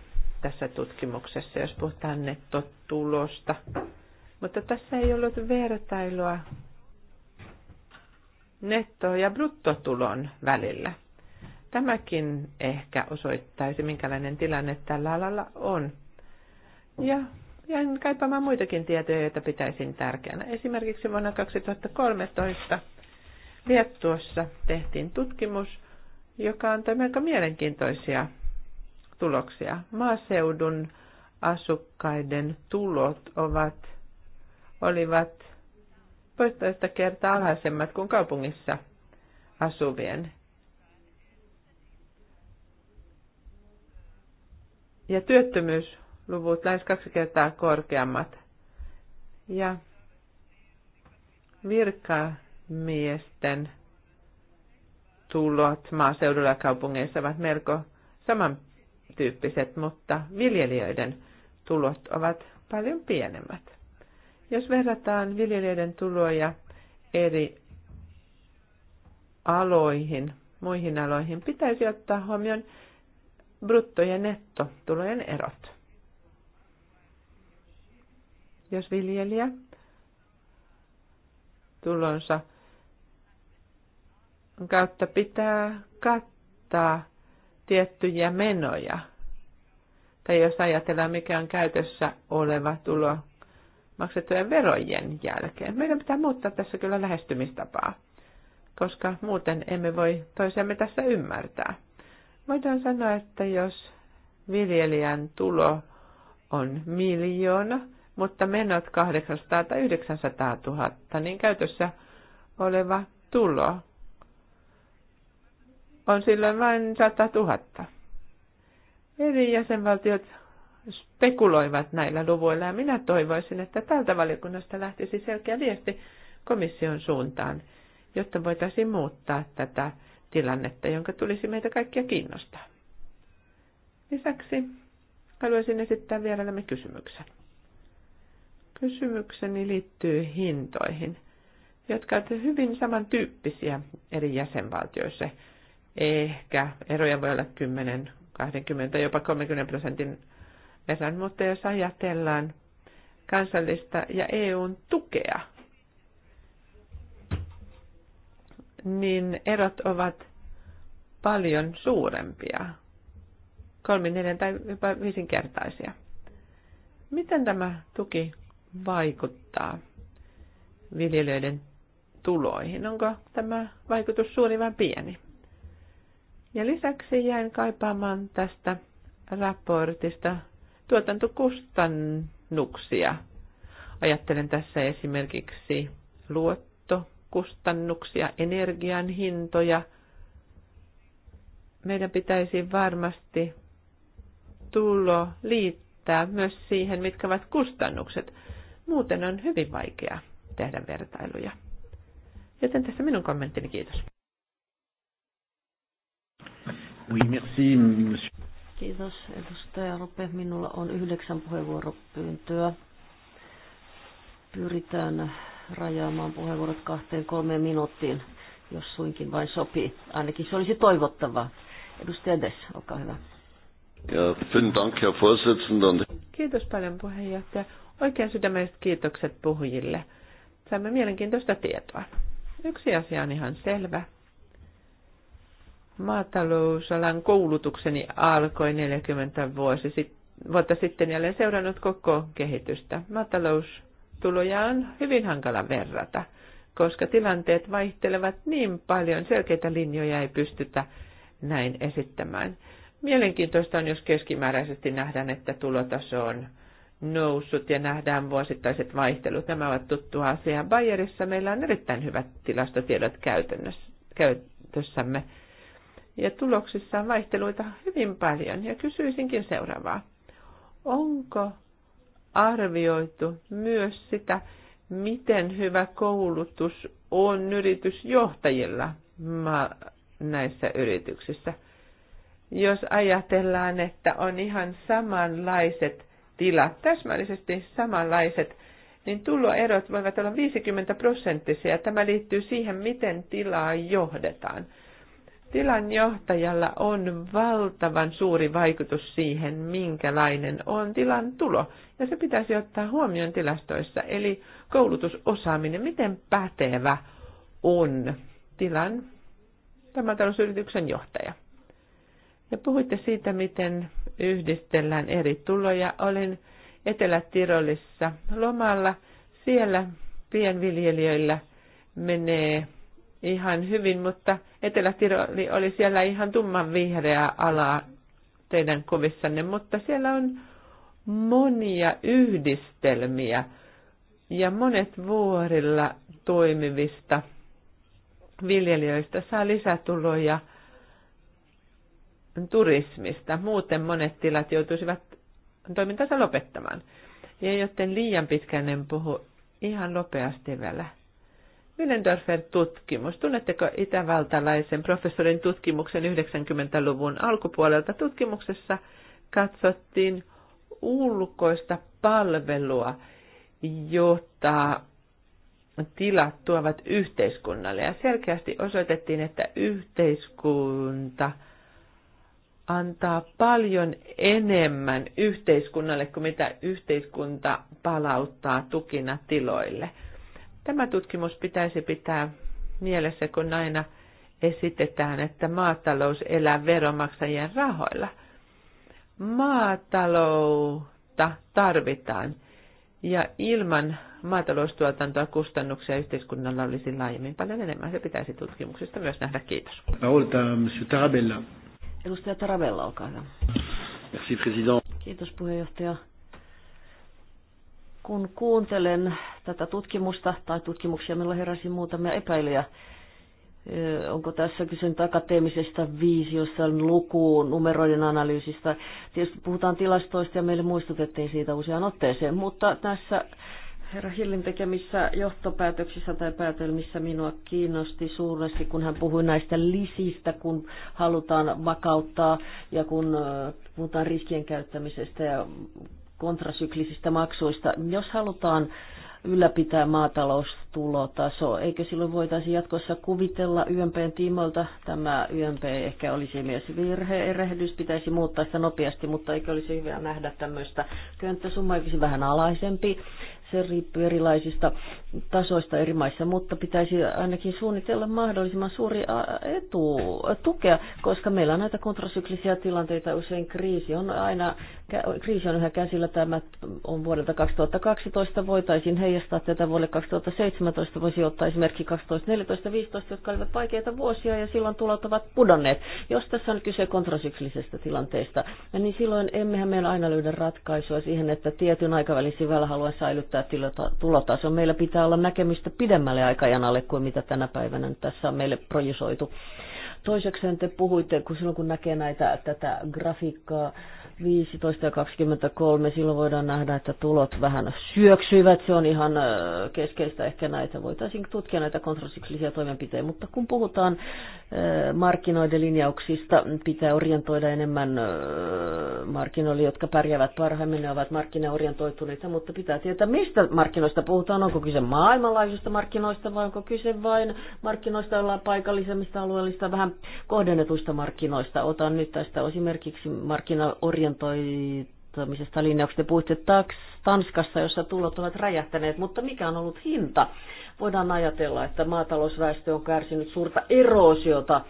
tässä tutkimuksessa, jos puhutaan nettotulosta. Mutta tässä ei ollut vertailua netto- ja bruttotulon välillä. Tämäkin ehkä osoittaisi, minkälainen tilanne tällä alalla on. Ja jäin kaipaamaan muitakin tietoja, joita pitäisin tärkeänä. Esimerkiksi vuonna 2013 Liettuossa tehtiin tutkimus, joka antoi melko mielenkiintoisia tuloksia. Maaseudun asukkaiden tulot ovat, olivat poistoista kertaa alhaisemmat kuin kaupungissa asuvien. ja työttömyysluvut lähes kaksi kertaa korkeammat. Ja virkamiesten tulot maaseudulla ja kaupungeissa ovat melko samantyyppiset, mutta viljelijöiden tulot ovat paljon pienemmät. Jos verrataan viljelijöiden tuloja eri aloihin, muihin aloihin, pitäisi ottaa huomioon brutto- ja nettotulojen erot. Jos viljelijä tulonsa kautta pitää kattaa tiettyjä menoja, tai jos ajatellaan, mikä on käytössä oleva tulo maksettujen verojen jälkeen. Meidän pitää muuttaa tässä kyllä lähestymistapaa, koska muuten emme voi toisiamme tässä ymmärtää. Voidaan sanoa, että jos viljelijän tulo on miljoona, mutta menot 800 tai 900 000, niin käytössä oleva tulo on silloin vain 100 000. Eri jäsenvaltiot spekuloivat näillä luvuilla ja minä toivoisin, että tältä valiokunnasta lähtisi selkeä viesti komission suuntaan, jotta voitaisiin muuttaa tätä tilannetta, jonka tulisi meitä kaikkia kiinnostaa. Lisäksi haluaisin esittää nämä kysymyksen. Kysymykseni liittyy hintoihin, jotka ovat hyvin samantyyppisiä eri jäsenvaltioissa. Ehkä eroja voi olla 10, 20, jopa 30 prosentin verran, mutta jos ajatellaan kansallista ja EUn tukea niin erot ovat paljon suurempia, kolmi, neljä tai jopa viisinkertaisia. Miten tämä tuki vaikuttaa viljelijöiden tuloihin? Onko tämä vaikutus suuri vai pieni? Ja lisäksi jäin kaipaamaan tästä raportista tuotantokustannuksia. Ajattelen tässä esimerkiksi luot kustannuksia, energian hintoja. Meidän pitäisi varmasti tulo liittää myös siihen, mitkä ovat kustannukset. Muuten on hyvin vaikea tehdä vertailuja. Joten tässä minun kommenttini, kiitos. Oui, merci, Kiitos, edustaja Rope. Minulla on yhdeksän puheenvuoropyyntöä. Pyritään rajaamaan puheenvuorot kahteen kolmeen minuuttiin, jos suinkin vain sopii. Ainakin se olisi toivottavaa. Edustaja Des, olkaa hyvä. Ja, Dank, Herr Kiitos paljon puheenjohtaja. Oikein sydämelliset kiitokset puhujille. Saimme mielenkiintoista tietoa. Yksi asia on ihan selvä. Maatalousalan koulutukseni alkoi 40 vuosi sit, vuotta sitten jälleen seurannut koko kehitystä. Maatalous tuloja on hyvin hankala verrata, koska tilanteet vaihtelevat niin paljon, selkeitä linjoja ei pystytä näin esittämään. Mielenkiintoista on, jos keskimääräisesti nähdään, että tulotaso on noussut ja nähdään vuosittaiset vaihtelut. Nämä ovat tuttua asiaa. Bayerissa meillä on erittäin hyvät tilastotiedot käytössämme. Ja tuloksissa on vaihteluita hyvin paljon. Ja kysyisinkin seuraavaa. Onko arvioitu myös sitä, miten hyvä koulutus on yritysjohtajilla näissä yrityksissä. Jos ajatellaan, että on ihan samanlaiset tilat, täsmällisesti samanlaiset, niin tuloerot voivat olla 50 prosenttisia. Tämä liittyy siihen, miten tilaa johdetaan. Tilanjohtajalla on valtavan suuri vaikutus siihen, minkälainen on tilan tulo. Ja se pitäisi ottaa huomioon tilastoissa, eli koulutusosaaminen, miten pätevä on tilan tämän talousyrityksen johtaja. Ja puhuitte siitä, miten yhdistellään eri tuloja. Olin Etelä-Tirolissa lomalla. Siellä pienviljelijöillä menee ihan hyvin, mutta Etelä-Tiroli oli siellä ihan tumman vihreää alaa teidän kuvissanne, mutta siellä on monia yhdistelmiä ja monet vuorilla toimivista viljelijöistä saa lisätuloja turismista. Muuten monet tilat joutuisivat toimintansa lopettamaan. Ja joten liian pitkään en puhu ihan nopeasti vielä. Willendorfer tutkimus. Tunnetteko itävaltalaisen professorin tutkimuksen 90-luvun alkupuolelta? Tutkimuksessa katsottiin ulkoista palvelua, jota tilat tuovat yhteiskunnalle. Ja selkeästi osoitettiin, että yhteiskunta antaa paljon enemmän yhteiskunnalle kuin mitä yhteiskunta palauttaa tukina tiloille – Tämä tutkimus pitäisi pitää mielessä, kun aina esitetään, että maatalous elää veromaksajien rahoilla. Maataloutta tarvitaan ja ilman maataloustuotantoa kustannuksia yhteiskunnalla olisi laajemmin paljon enemmän. Se pitäisi tutkimuksesta myös nähdä. Kiitos. Edustaja Tarabella, olkaa hyvä. Merci, Kiitos puheenjohtaja kun kuuntelen tätä tutkimusta tai tutkimuksia, minulla heräsi muutamia epäilyjä. Onko tässä kysynyt akateemisesta viisiosta, lukuun, numeroiden analyysistä? Tietysti puhutaan tilastoista ja meille muistutettiin siitä useaan otteeseen, mutta tässä herra Hillin tekemissä johtopäätöksissä tai päätelmissä minua kiinnosti suuresti, kun hän puhui näistä lisistä, kun halutaan vakauttaa ja kun puhutaan riskien käyttämisestä ja kontrasyklisistä maksuista. Jos halutaan ylläpitää maataloustulotaso. Eikö silloin voitaisi jatkossa kuvitella YMPn tiimoilta? Tämä YMP ehkä olisi myös virhe, erehdys pitäisi muuttaa sitä nopeasti, mutta eikö olisi hyvä nähdä tämmöistä könttäsumma, olisi vähän alaisempi. Se riippuu erilaisista tasoista eri maissa, mutta pitäisi ainakin suunnitella mahdollisimman suuri etu, tukea, koska meillä on näitä kontrasyklisiä tilanteita usein. Kriisi on aina, kriisi on yhä käsillä. Tämä on vuodelta 2012. Voitaisiin heijastaa tätä vuodelle 2017. Voisi ottaa esimerkiksi 2014, 15, jotka olivat vaikeita vuosia ja silloin tulot ovat pudonneet. Jos tässä on kyse kontrasyklisestä tilanteesta, niin silloin emmehän meillä aina löydä ratkaisua siihen, että tietyn aikavälin sivällä haluan säilyttää tämä tulotaso. Meillä pitää olla näkemistä pidemmälle aikajanalle kuin mitä tänä päivänä tässä on meille projisoitu. Toisekseen te puhuitte, kun silloin kun näkee näitä, tätä grafiikkaa, 15 ja 23, silloin voidaan nähdä, että tulot vähän syöksyivät. Se on ihan keskeistä ehkä näitä. Voitaisiin tutkia näitä kontrasiklisia toimenpiteitä, mutta kun puhutaan markkinoiden linjauksista, pitää orientoida enemmän markkinoille, jotka pärjäävät parhaimmin. Ne ovat markkinaorientoituneita, mutta pitää tietää, mistä markkinoista puhutaan. Onko kyse maailmanlaajuisista markkinoista vai onko kyse vain markkinoista, joilla paikallisemmista alueellista vähän kohdennetuista markkinoista. Otan nyt tästä esimerkiksi markkinaorientoituneita toimisesta linjauksesta. Puhuitte taks, Tanskassa, jossa tulot ovat räjähtäneet, mutta mikä on ollut hinta? Voidaan ajatella, että maatalousväestö on kärsinyt suurta eroosiota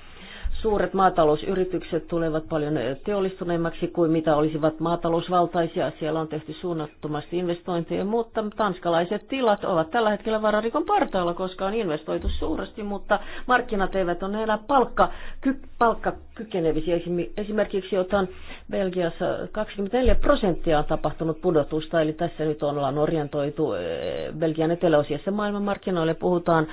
Suuret maatalousyritykset tulevat paljon teollistuneemmaksi kuin mitä olisivat maatalousvaltaisia. Siellä on tehty suunnattomasti investointeja, mutta tanskalaiset tilat ovat tällä hetkellä vararikon partaalla, koska on investoitu suuresti, mutta markkinat eivät ole enää palkka, ky, palkkakykenevisiä. Esimerkiksi otan Belgiassa 24 prosenttia on tapahtunut pudotusta, eli tässä nyt ollaan orientoitu eh, Belgian eteläosiassa maailmanmarkkinoille. Puhutaan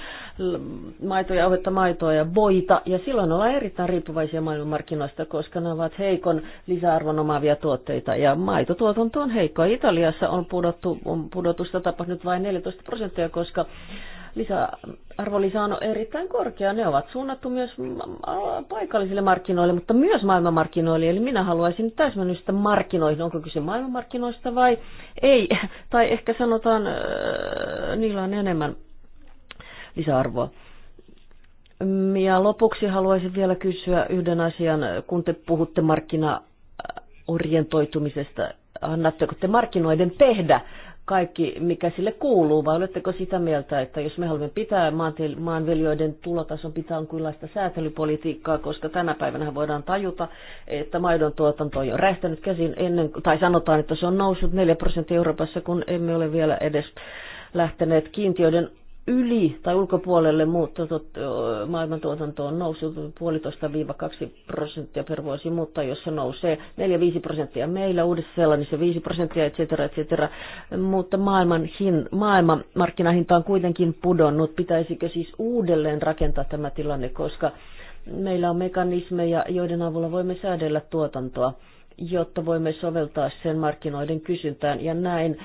maitoja, ohetta maitoa ja voita, ja silloin ollaan eri osittain riippuvaisia maailmanmarkkinoista, koska ne ovat heikon lisäarvon omaavia tuotteita. Ja maitotuotanto on heikkoa. Italiassa on, pudottu, on pudotusta tapahtunut vain 14 prosenttia, koska lisä, arvonlisä on erittäin korkea. Ne ovat suunnattu myös paikallisille markkinoille, mutta myös maailmanmarkkinoille. Eli minä haluaisin täsmennystä markkinoihin. Onko kyse maailmanmarkkinoista vai ei? Tai ehkä sanotaan, äh, niillä on enemmän lisäarvoa. Ja lopuksi haluaisin vielä kysyä yhden asian, kun te puhutte markkinaorientoitumisesta. Annatteko te markkinoiden tehdä kaikki, mikä sille kuuluu, vai oletteko sitä mieltä, että jos me haluamme pitää maanviljoiden tulotason, pitää on onkinlaista säätelypolitiikkaa, koska tänä päivänä voidaan tajuta, että maidon tuotanto on jo räjähtänyt käsin ennen, tai sanotaan, että se on noussut 4 prosenttia Euroopassa, kun emme ole vielä edes lähteneet kiintiöiden yli tai ulkopuolelle muutto, maailman tuotanto on noussut puolitoista viiva kaksi prosenttia per vuosi, mutta jos se nousee 4-5 prosenttia meillä, uudessa sellaisessa 5 prosenttia, et cetera, et cetera. Mutta maailman, hin, maailman markkinahinta on kuitenkin pudonnut. Pitäisikö siis uudelleen rakentaa tämä tilanne, koska meillä on mekanismeja, joiden avulla voimme säädellä tuotantoa, jotta voimme soveltaa sen markkinoiden kysyntään ja näin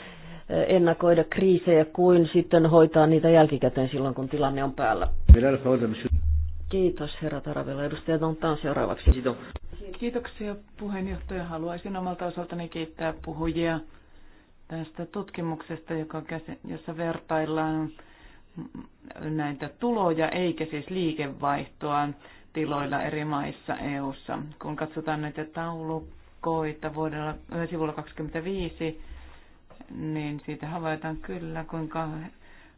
ennakoida kriisejä kuin sitten hoitaa niitä jälkikäteen silloin, kun tilanne on päällä. Kiitos herra Taravilla. Edustaja Dontan seuraavaksi. Kiitoksia puheenjohtaja. Haluaisin omalta osaltani kiittää puhujia tästä tutkimuksesta, joka käsi, jossa vertaillaan näitä tuloja eikä siis liikevaihtoa tiloilla eri maissa EU:ssa. Kun katsotaan näitä taulukoita vuodella, sivulla 25, niin siitä havaitaan kyllä, kuinka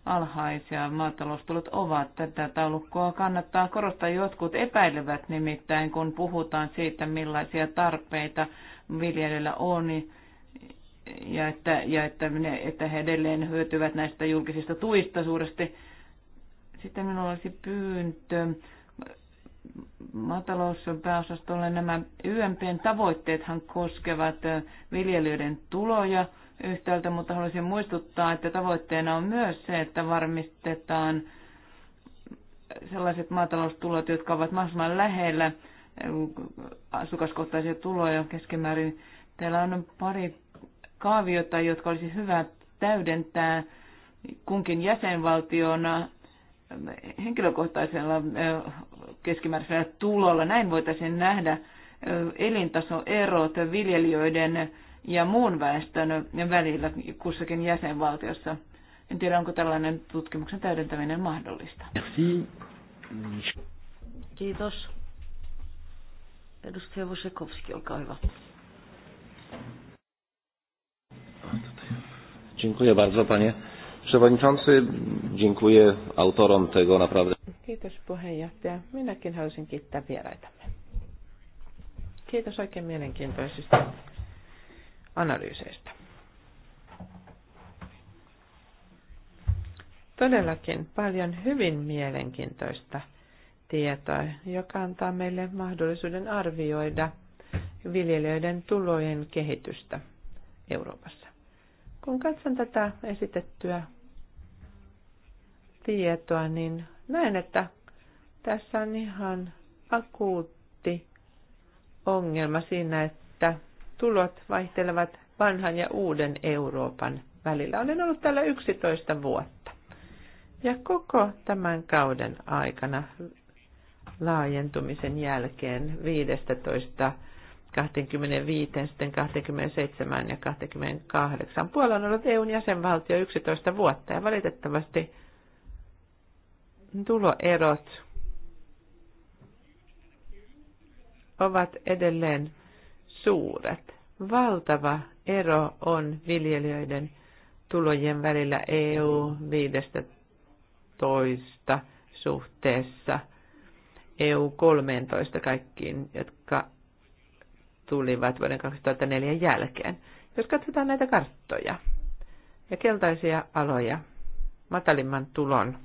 alhaisia maataloustulot ovat. Tätä taulukkoa kannattaa korostaa. Jotkut epäilevät nimittäin, kun puhutaan siitä, millaisia tarpeita viljelijöillä on, ja että, ja että, ne, että he edelleen hyötyvät näistä julkisista tuista suuresti. Sitten minulla olisi pyyntö maatalouspääosastolle nämä YMPn tavoitteethan koskevat viljelijöiden tuloja – yhtäältä, mutta haluaisin muistuttaa, että tavoitteena on myös se, että varmistetaan sellaiset maataloustulot, jotka ovat mahdollisimman lähellä asukaskohtaisia tuloja keskimäärin. Täällä on pari kaaviota, jotka olisi hyvä täydentää kunkin jäsenvaltiona henkilökohtaisella keskimääräisellä tulolla. Näin voitaisiin nähdä elintasoerot viljelijöiden ja muun väestön välillä kussakin jäsenvaltiossa. En tiedä, onko tällainen tutkimuksen täydentäminen mahdollista. Kiitos. Edustaja Vosekovski, olkaa hyvä. Dziękuję bardzo, panie przewodniczący. Dziękuję autorom tego naprawdę. Kiitos puheenjohtaja. Minäkin haluaisin kiittää vieraitamme. Kiitos oikein mielenkiintoisista analyyseistä. Todellakin paljon hyvin mielenkiintoista tietoa, joka antaa meille mahdollisuuden arvioida viljelijöiden tulojen kehitystä Euroopassa. Kun katson tätä esitettyä tietoa, niin näen, että tässä on ihan akuutti ongelma siinä, että tulot vaihtelevat vanhan ja uuden Euroopan välillä. Olen ollut täällä 11 vuotta. Ja koko tämän kauden aikana laajentumisen jälkeen 15 25, sitten 27 ja 28. Puola on ollut EUn jäsenvaltio 11 vuotta ja valitettavasti tuloerot ovat edelleen suuret. Valtava ero on viljelijöiden tulojen välillä EU 15 suhteessa EU 13 kaikkiin, jotka tulivat vuoden 2004 jälkeen. Jos katsotaan näitä karttoja ja keltaisia aloja, matalimman tulon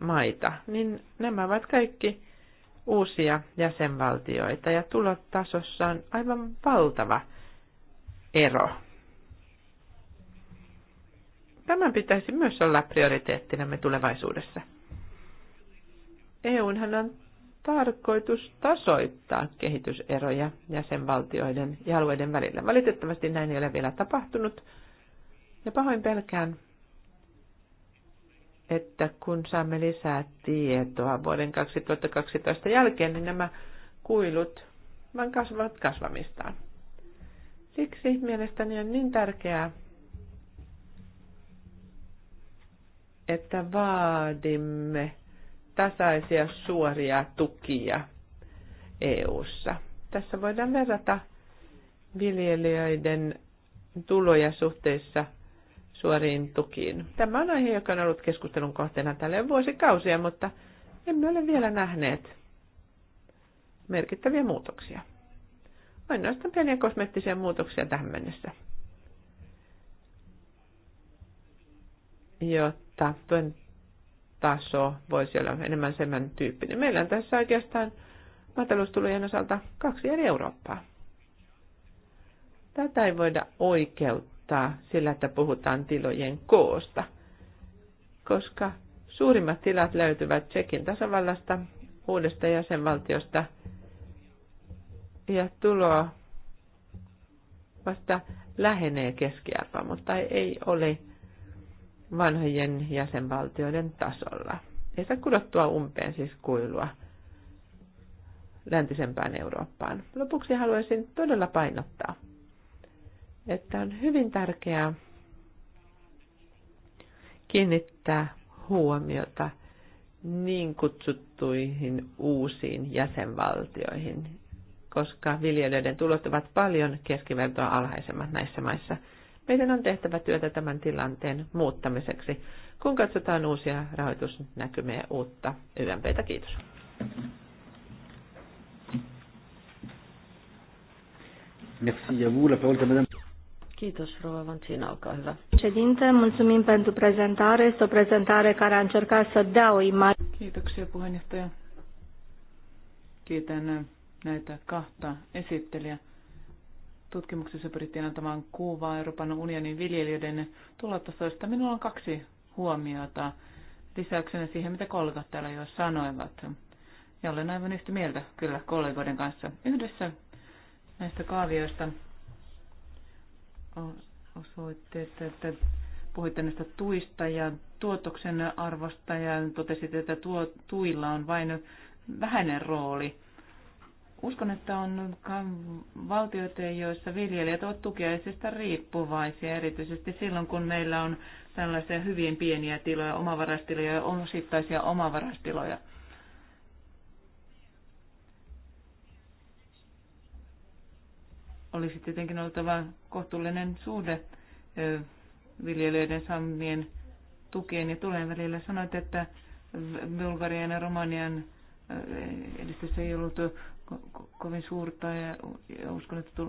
maita, niin nämä ovat kaikki uusia jäsenvaltioita ja tulotasossa on aivan valtava ero. Tämän pitäisi myös olla prioriteettinamme tulevaisuudessa. EUnhan on tarkoitus tasoittaa kehityseroja jäsenvaltioiden ja alueiden välillä. Valitettavasti näin ei ole vielä tapahtunut, ja pahoin pelkään, että kun saamme lisää tietoa vuoden 2012 jälkeen, niin nämä kuilut vain kasvavat kasvamistaan. Siksi mielestäni on niin tärkeää, että vaadimme tasaisia suoria tukia EU:ssa. Tässä voidaan verrata viljelijöiden tuloja suhteessa suoriin tukiin. Tämä on aihe, joka on ollut keskustelun kohteena tälle vuosikausia, mutta emme ole vielä nähneet merkittäviä muutoksia. Ainoastaan pieniä kosmeettisia muutoksia tähän mennessä. Jotta tuen taso voisi olla enemmän semmän tyyppinen. Meillä on tässä oikeastaan maataloustulojen osalta kaksi eri Eurooppaa. Tätä ei voida oikeuttaa tarkoittaa sillä, että puhutaan tilojen koosta, koska suurimmat tilat löytyvät Tsekin tasavallasta, uudesta jäsenvaltiosta ja tuloa vasta lähenee keski mutta ei ole vanhojen jäsenvaltioiden tasolla. Ei saa kudottua umpeen siis kuilua läntisempään Eurooppaan. Lopuksi haluaisin todella painottaa, että on hyvin tärkeää kiinnittää huomiota niin kutsuttuihin uusiin jäsenvaltioihin, koska viljelijöiden tulot ovat paljon keskivertoa alhaisemmat näissä maissa. Meidän on tehtävä työtä tämän tilanteen muuttamiseksi, kun katsotaan uusia rahoitusnäkymiä uutta YMPtä. Kiitos. Merci à vous. La parole est à madame. Kiitos, Rova Vantina, olkaa hyvä. Președinte, mulțumim pentru prezentare. Este o prezentare care a încercat să dea o imagine. Kiitoksia, puheenjohtaja. Kiitän näitä kahta esittelijää. Tutkimuksessa pyrittiin antamaan kuvaa Euroopan unionin viljelijöiden tulotasoista. Minulla on kaksi huomiota lisäyksenä siihen, mitä kollegat täällä jo sanoivat. Ja olen aivan yhtä mieltä kyllä kollegoiden kanssa. Yhdessä näistä kaavioista osoitteesta, että puhuitte näistä tuista ja tuotoksen arvosta ja totesit, että tuo, tuilla on vain vähäinen rooli. Uskon, että on valtioita, joissa viljelijät ovat tukiaisista riippuvaisia, erityisesti silloin, kun meillä on tällaisia hyvin pieniä tiloja, omavarastiloja ja osittaisia omavarastiloja. olisi tietenkin oltava kohtuullinen suhde viljelijöiden sammien tukien ja tulen välillä. Sanoit, että Bulgarian ja Romanian edistys ei ollut kovin suurta ja uskon, että,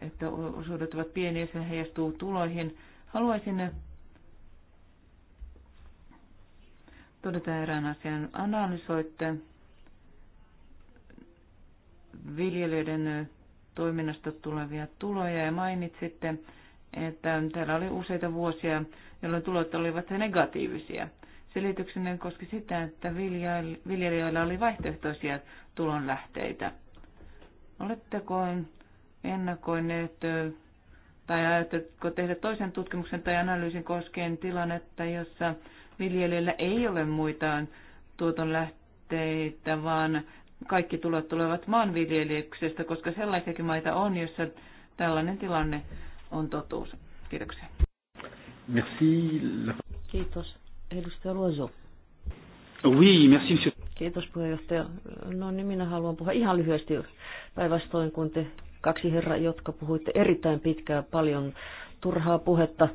että osuudet ovat pieniä ja se heijastuu tuloihin. Haluaisin todeta erään asian. Analysoitte viljelijöiden toiminnasta tulevia tuloja ja mainitsitte, että täällä oli useita vuosia, jolloin tulot olivat negatiivisia. Selityksenne koski sitä, että viljelijöillä oli vaihtoehtoisia tulonlähteitä. Oletteko ennakoineet tai ajatteko tehdä toisen tutkimuksen tai analyysin koskien tilannetta, jossa viljelijöillä ei ole muitaan tuotonlähteitä, vaan kaikki tulot tulevat maanviljelyksestä, koska sellaisiakin maita on, joissa tällainen tilanne on totuus. Kiitoksia. Merci. Kiitos. Edustaja Luozo. Oui, merci, monsieur. Kiitos puheenjohtaja. No niin, minä haluan puhua ihan lyhyesti päinvastoin, kuin te kaksi herraa, jotka puhuitte erittäin pitkään paljon turhaa puhetta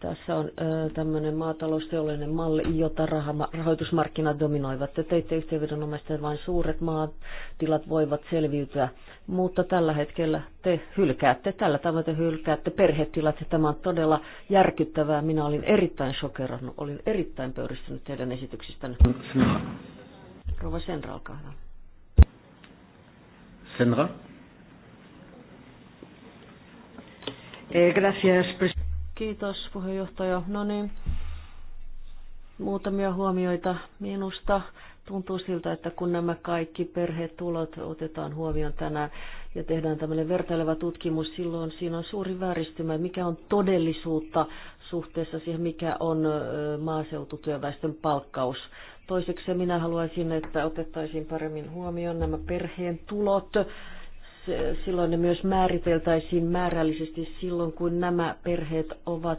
tässä on tämmöinen maatalousteollinen malli, jota rahoitusmarkkinat dominoivat. Te teitte yhteenvedonomaisesti vain suuret maatilat voivat selviytyä, mutta tällä hetkellä te hylkäätte, tällä tavalla te hylkäätte perhetilat, ja tämä on todella järkyttävää. Minä olin erittäin shokerannut, olin erittäin pöyristynyt teidän esityksistänne. Rova Senra, olkaa hyvä. Senra. Eh, gracias, presidente. Kiitos puheenjohtaja. No niin, muutamia huomioita minusta. Tuntuu siltä, että kun nämä kaikki perhetulot otetaan huomioon tänään ja tehdään tämmöinen vertaileva tutkimus, silloin siinä on suuri vääristymä, mikä on todellisuutta suhteessa siihen, mikä on maaseututyöväestön palkkaus. Toiseksi minä haluaisin, että otettaisiin paremmin huomioon nämä perheen tulot silloin ne myös määriteltäisiin määrällisesti silloin, kun nämä perheet ovat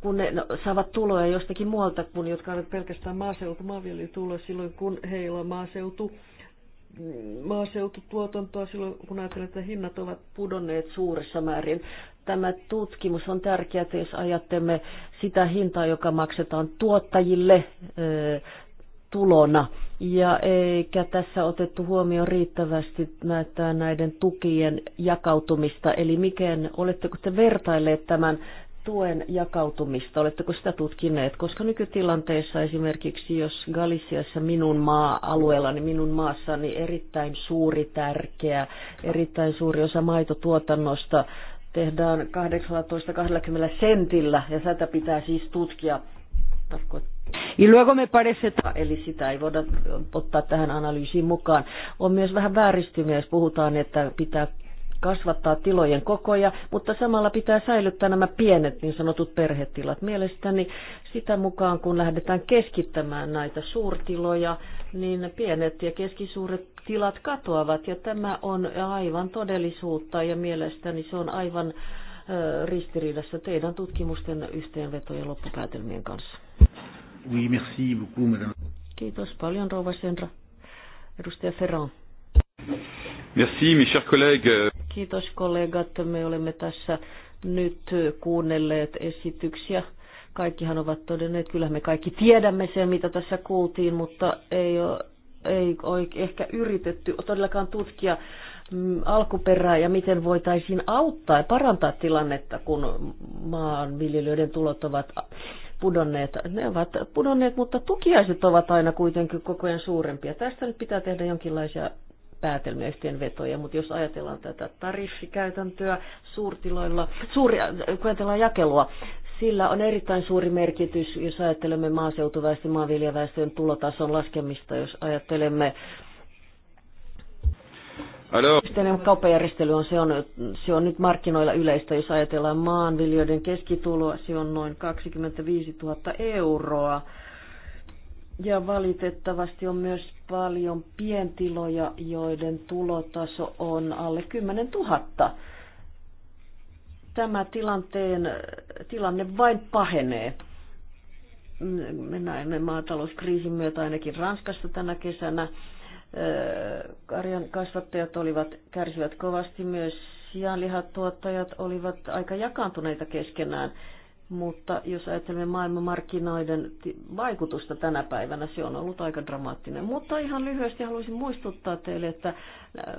kun ne no, saavat tuloja jostakin muualta kuin, jotka ovat pelkästään maaseutu, maanviljelytuloja silloin, kun heillä on maaseutu, maaseututuotantoa silloin, kun ajatellaan, että hinnat ovat pudonneet suuressa määrin. Tämä tutkimus on tärkeää, että jos ajattelemme sitä hintaa, joka maksetaan tuottajille, tulona. Ja eikä tässä otettu huomioon riittävästi näitä näiden tukien jakautumista. Eli miten, oletteko te vertailleet tämän tuen jakautumista, oletteko sitä tutkineet? Koska nykytilanteessa esimerkiksi, jos Galisiassa minun maa niin minun maassani erittäin suuri tärkeä, erittäin suuri osa maitotuotannosta tehdään 18-20 sentillä ja tätä pitää siis tutkia. Tarkoittaa Y luego me parece, eli sitä ei voida ottaa tähän analyysiin mukaan. On myös vähän vääristymiä, jos puhutaan, että pitää kasvattaa tilojen kokoja, mutta samalla pitää säilyttää nämä pienet niin sanotut perhetilat. Mielestäni sitä mukaan, kun lähdetään keskittämään näitä suurtiloja, niin pienet ja keskisuuret tilat katoavat ja tämä on aivan todellisuutta ja mielestäni se on aivan ristiriidassa teidän tutkimusten yhteenvetojen loppupäätelmien kanssa. Oui, merci beaucoup, madame. Kiitos paljon, rouva Senra. Edustaja Ferran. Merci, mes chers collègues. Kiitos kollegat. Me olemme tässä nyt kuunnelleet esityksiä. Kaikkihan ovat todenneet, kyllä me kaikki tiedämme sen, mitä tässä kuultiin, mutta ei ole, ei ole ehkä yritetty todellakaan tutkia mm, alkuperää ja miten voitaisiin auttaa ja parantaa tilannetta, kun maanviljelijöiden tulot ovat pudonneet. Ne ovat pudonneet, mutta tukiaiset ovat aina kuitenkin koko ajan suurempia. Tästä nyt pitää tehdä jonkinlaisia päätelmiä, vetoja, mutta jos ajatellaan tätä tariffikäytäntöä suurtiloilla, suuri, kun ajatellaan jakelua, sillä on erittäin suuri merkitys, jos ajattelemme maaseutuväestön, maanviljaväestön tulotason laskemista, jos ajattelemme Alors... Yhteinen kauppajärjestely on, se on, se on nyt markkinoilla yleistä, jos ajatellaan maanviljoiden keskituloa, se on noin 25 000 euroa. Ja valitettavasti on myös paljon pientiloja, joiden tulotaso on alle 10 000. Tämä tilanteen, tilanne vain pahenee. Me näemme maatalouskriisin myötä ainakin Ranskassa tänä kesänä Karjan kasvattajat olivat, kärsivät kovasti myös sianlihatuottajat olivat aika jakaantuneita keskenään mutta jos ajattelemme maailmanmarkkinoiden vaikutusta tänä päivänä, se on ollut aika dramaattinen. Mutta ihan lyhyesti haluaisin muistuttaa teille, että äh,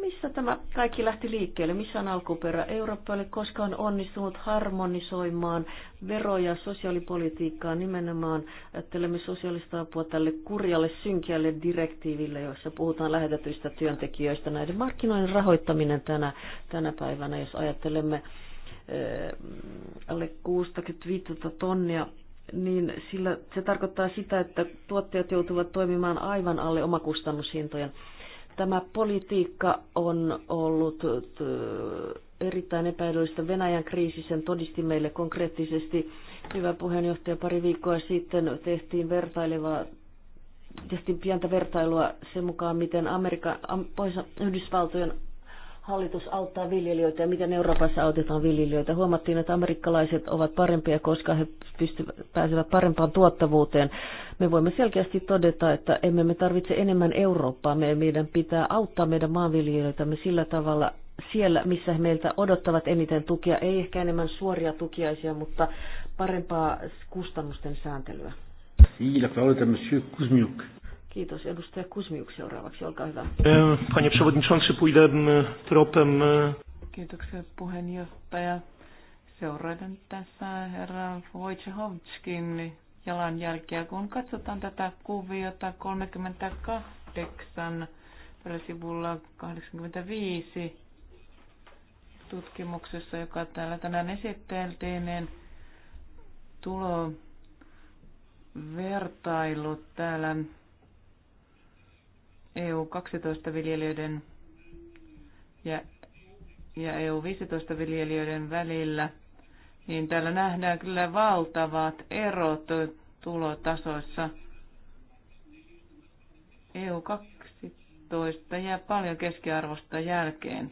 missä tämä kaikki lähti liikkeelle, missä on alkuperä. Eurooppa ei ole koskaan onnistunut harmonisoimaan veroja ja sosiaalipolitiikkaa nimenomaan. Ajattelemme sosiaalista apua tälle kurjalle, synkiälle direktiiville, jossa puhutaan lähetetyistä työntekijöistä. Näiden markkinoiden rahoittaminen tänä, tänä päivänä, jos ajattelemme Äh, alle 65 tonnia, niin sillä se tarkoittaa sitä, että tuottajat joutuvat toimimaan aivan alle omakustannushintojen. Tämä politiikka on ollut äh, erittäin epäilyllistä. Venäjän kriisi sen todisti meille konkreettisesti. Hyvä puheenjohtaja, pari viikkoa sitten tehtiin vertailevaa tehtiin pientä vertailua sen mukaan, miten Amerika, Yhdysvaltojen hallitus auttaa viljelijöitä ja miten Euroopassa autetaan viljelijöitä. Huomattiin, että amerikkalaiset ovat parempia, koska he pystyvät, pääsevät parempaan tuottavuuteen. Me voimme selkeästi todeta, että emme me tarvitse enemmän Eurooppaa. Me, meidän pitää auttaa meidän maanviljelijöitämme sillä tavalla siellä, missä he meiltä odottavat eniten tukia. Ei ehkä enemmän suoria tukiaisia, mutta parempaa kustannusten sääntelyä. Siinä Monsieur Kuzmiuk. Kiitos. Edustaja Kusmiuk seuraavaksi, olkaa hyvä. E, panie przewodniczący, pójdę tropem... E. Kiitoksia puheenjohtaja. Seuraan tässä herra Wojciechowskin jalanjälkiä. Kun katsotaan tätä kuviota 38 sivulla 85 tutkimuksessa, joka täällä tänään esitteltiin, niin tulovertailut täällä EU-12 viljelijöiden ja, ja EU-15 viljelijöiden välillä, niin täällä nähdään kyllä valtavat erot tulotasoissa. EU-12 jää paljon keskiarvosta jälkeen.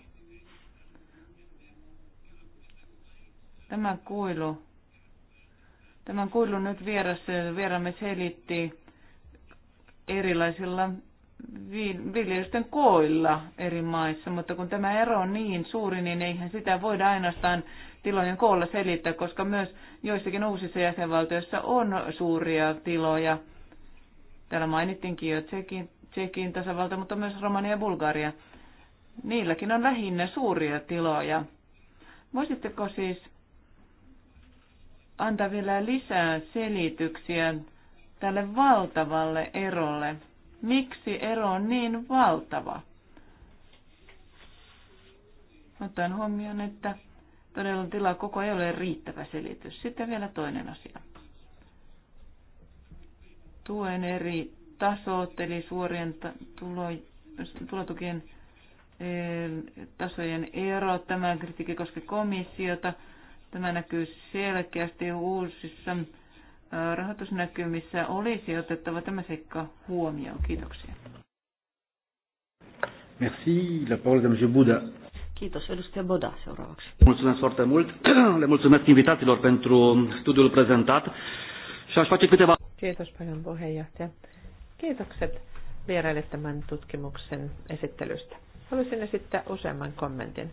Tämä kuilu, tämän kuilun nyt vieras, vieramme selitti erilaisilla viljelysten koilla eri maissa, mutta kun tämä ero on niin suuri, niin eihän sitä voida ainoastaan tilojen koolla selittää, koska myös joissakin uusissa jäsenvaltioissa on suuria tiloja. Täällä mainittiinkin jo Tsekin, Tsekin tasavalta, mutta myös Romania ja Bulgaria. Niilläkin on lähinnä suuria tiloja. Voisitteko siis antaa vielä lisää selityksiä tälle valtavalle erolle? Miksi ero on niin valtava? Otan huomioon, että todella tila koko ei ole riittävä selitys. Sitten vielä toinen asia. Tuen eri tasot, eli suorien tulo, tulotukien eh, tasojen ero. Tämä kritiikki koskee komissiota. Tämä näkyy selkeästi uusissa rahoitusnäkymissä olisi otettava tämä seikka huomioon. Kiitoksia. Merci. La parole est à Monsieur Buda. Kiitos. Edustaja Boda seuraavaksi. Mulțumesc foarte mult. Le mulțumesc invitațiilor pentru studiul prezentat. Și aș face câteva... Kiitos paljon puheenjohtaja. Kiitokset vieraille tämän tutkimuksen esittelystä. Haluaisin esittää useamman kommentin.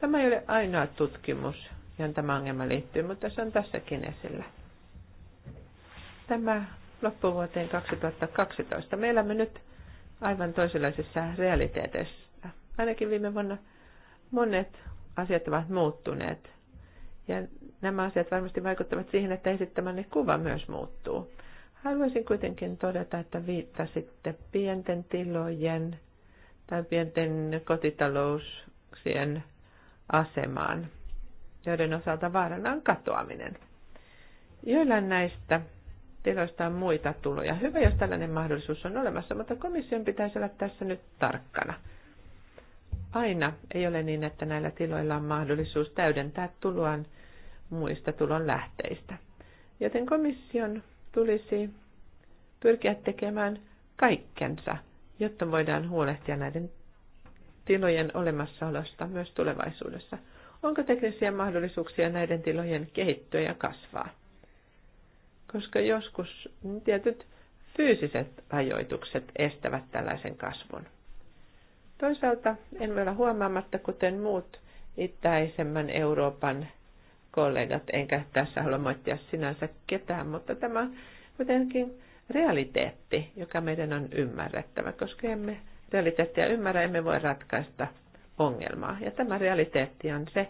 Tämä ei ole ainoa tutkimus, johon tämä ongelma liittyy, mutta se on tässäkin esillä tämä loppuvuoteen 2012. Me elämme nyt aivan toisenlaisessa realiteetissa. Ainakin viime vuonna monet asiat ovat muuttuneet. Ja nämä asiat varmasti vaikuttavat siihen, että esittämänne kuva myös muuttuu. Haluaisin kuitenkin todeta, että viittasitte pienten tilojen tai pienten kotitalouksien asemaan, joiden osalta vaarana on katoaminen. Joillain näistä tiloistaan muita tuloja. Hyvä, jos tällainen mahdollisuus on olemassa, mutta komission pitäisi olla tässä nyt tarkkana. Aina ei ole niin, että näillä tiloilla on mahdollisuus täydentää tuloaan muista tulonlähteistä. Joten komission tulisi pyrkiä tekemään kaikkensa, jotta voidaan huolehtia näiden tilojen olemassaolosta myös tulevaisuudessa. Onko teknisiä mahdollisuuksia näiden tilojen kehittyä ja kasvaa? koska joskus tietyt fyysiset rajoitukset estävät tällaisen kasvun. Toisaalta en vielä huomaamatta, kuten muut itäisemmän Euroopan kollegat, enkä tässä halua moittia sinänsä ketään, mutta tämä on kuitenkin realiteetti, joka meidän on ymmärrettävä, koska emme realiteettia ymmärrä, emme voi ratkaista ongelmaa. Ja tämä realiteetti on se,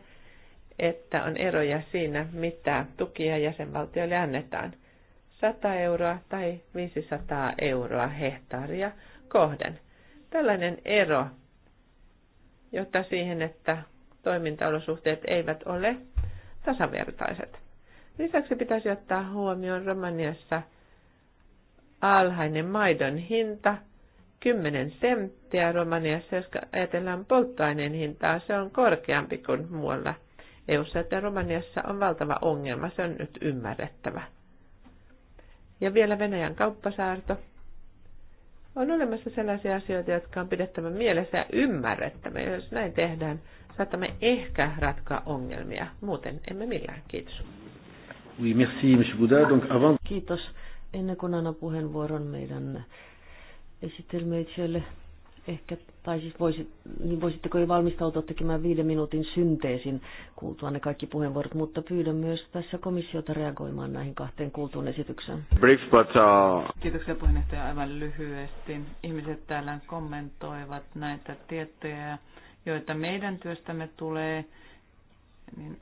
että on eroja siinä, mitä tukia jäsenvaltioille annetaan – 100 euroa tai 500 euroa hehtaaria kohden. Tällainen ero johtaa siihen, että toimintaolosuhteet eivät ole tasavertaiset. Lisäksi pitäisi ottaa huomioon Romaniassa alhainen maidon hinta, 10 senttiä Romaniassa, jos ajatellaan polttoaineen hintaa, se on korkeampi kuin muualla eu että Romaniassa on valtava ongelma, se on nyt ymmärrettävä. Ja vielä Venäjän kauppasaarto. On olemassa sellaisia asioita, jotka on pidettävä mielessä ja ymmärrettävä. Jos näin tehdään, saatamme ehkä ratkaa ongelmia. Muuten emme millään. Kiitos. Oui, merci, Donc, avant... Kiitos. Ennen kuin annan puheenvuoron meidän esitelmöitsijälle, Ehkä, tai siis voisit, niin voisitteko jo valmistautua tekemään viiden minuutin synteesin kuultua ne kaikki puheenvuorot, mutta pyydän myös tässä komissiota reagoimaan näihin kahteen kuultuun esitykseen. Brief, but, uh... Kiitoksia puheenjohtaja aivan lyhyesti. Ihmiset täällä kommentoivat näitä tietoja, joita meidän työstämme tulee, niin,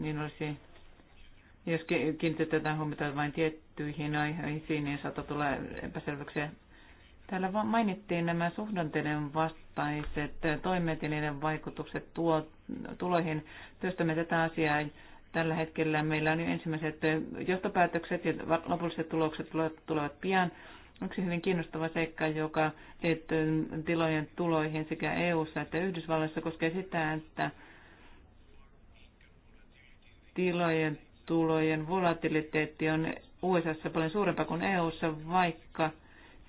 niin olisi jos kiinnitetään huomiota vain tiettyihin aiheisiin, niin saattaa tulla epäselvyyksiä Täällä mainittiin nämä suhdanteiden vastaiset toimet ja niiden vaikutukset tuo, tuloihin. Työstämme tätä asiaa tällä hetkellä. Meillä on jo ensimmäiset johtopäätökset ja lopulliset tulokset tulevat pian. Yksi hyvin kiinnostava seikka, joka liittyy tilojen tuloihin sekä EU-ssa että Yhdysvalloissa, koskee sitä, että tilojen tulojen volatiliteetti on USA paljon suurempaa kuin EU:ssa, vaikka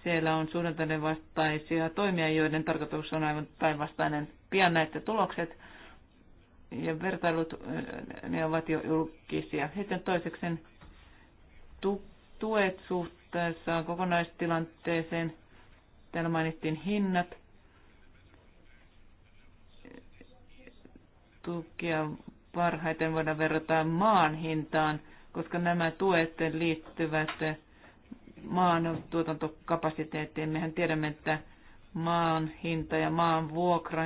siellä on suhdanteiden vastaisia toimia, joiden tarkoitus on aivan päinvastainen. Pian näette tulokset ja vertailut, ne ovat jo julkisia. Sitten toiseksi tuet suhteessa kokonaistilanteeseen. Täällä mainittiin hinnat. Tukia parhaiten voidaan verrata maan hintaan, koska nämä tuet liittyvät maan tuotantokapasiteettiin. Mehän tiedämme, että maan hinta ja maan vuokra,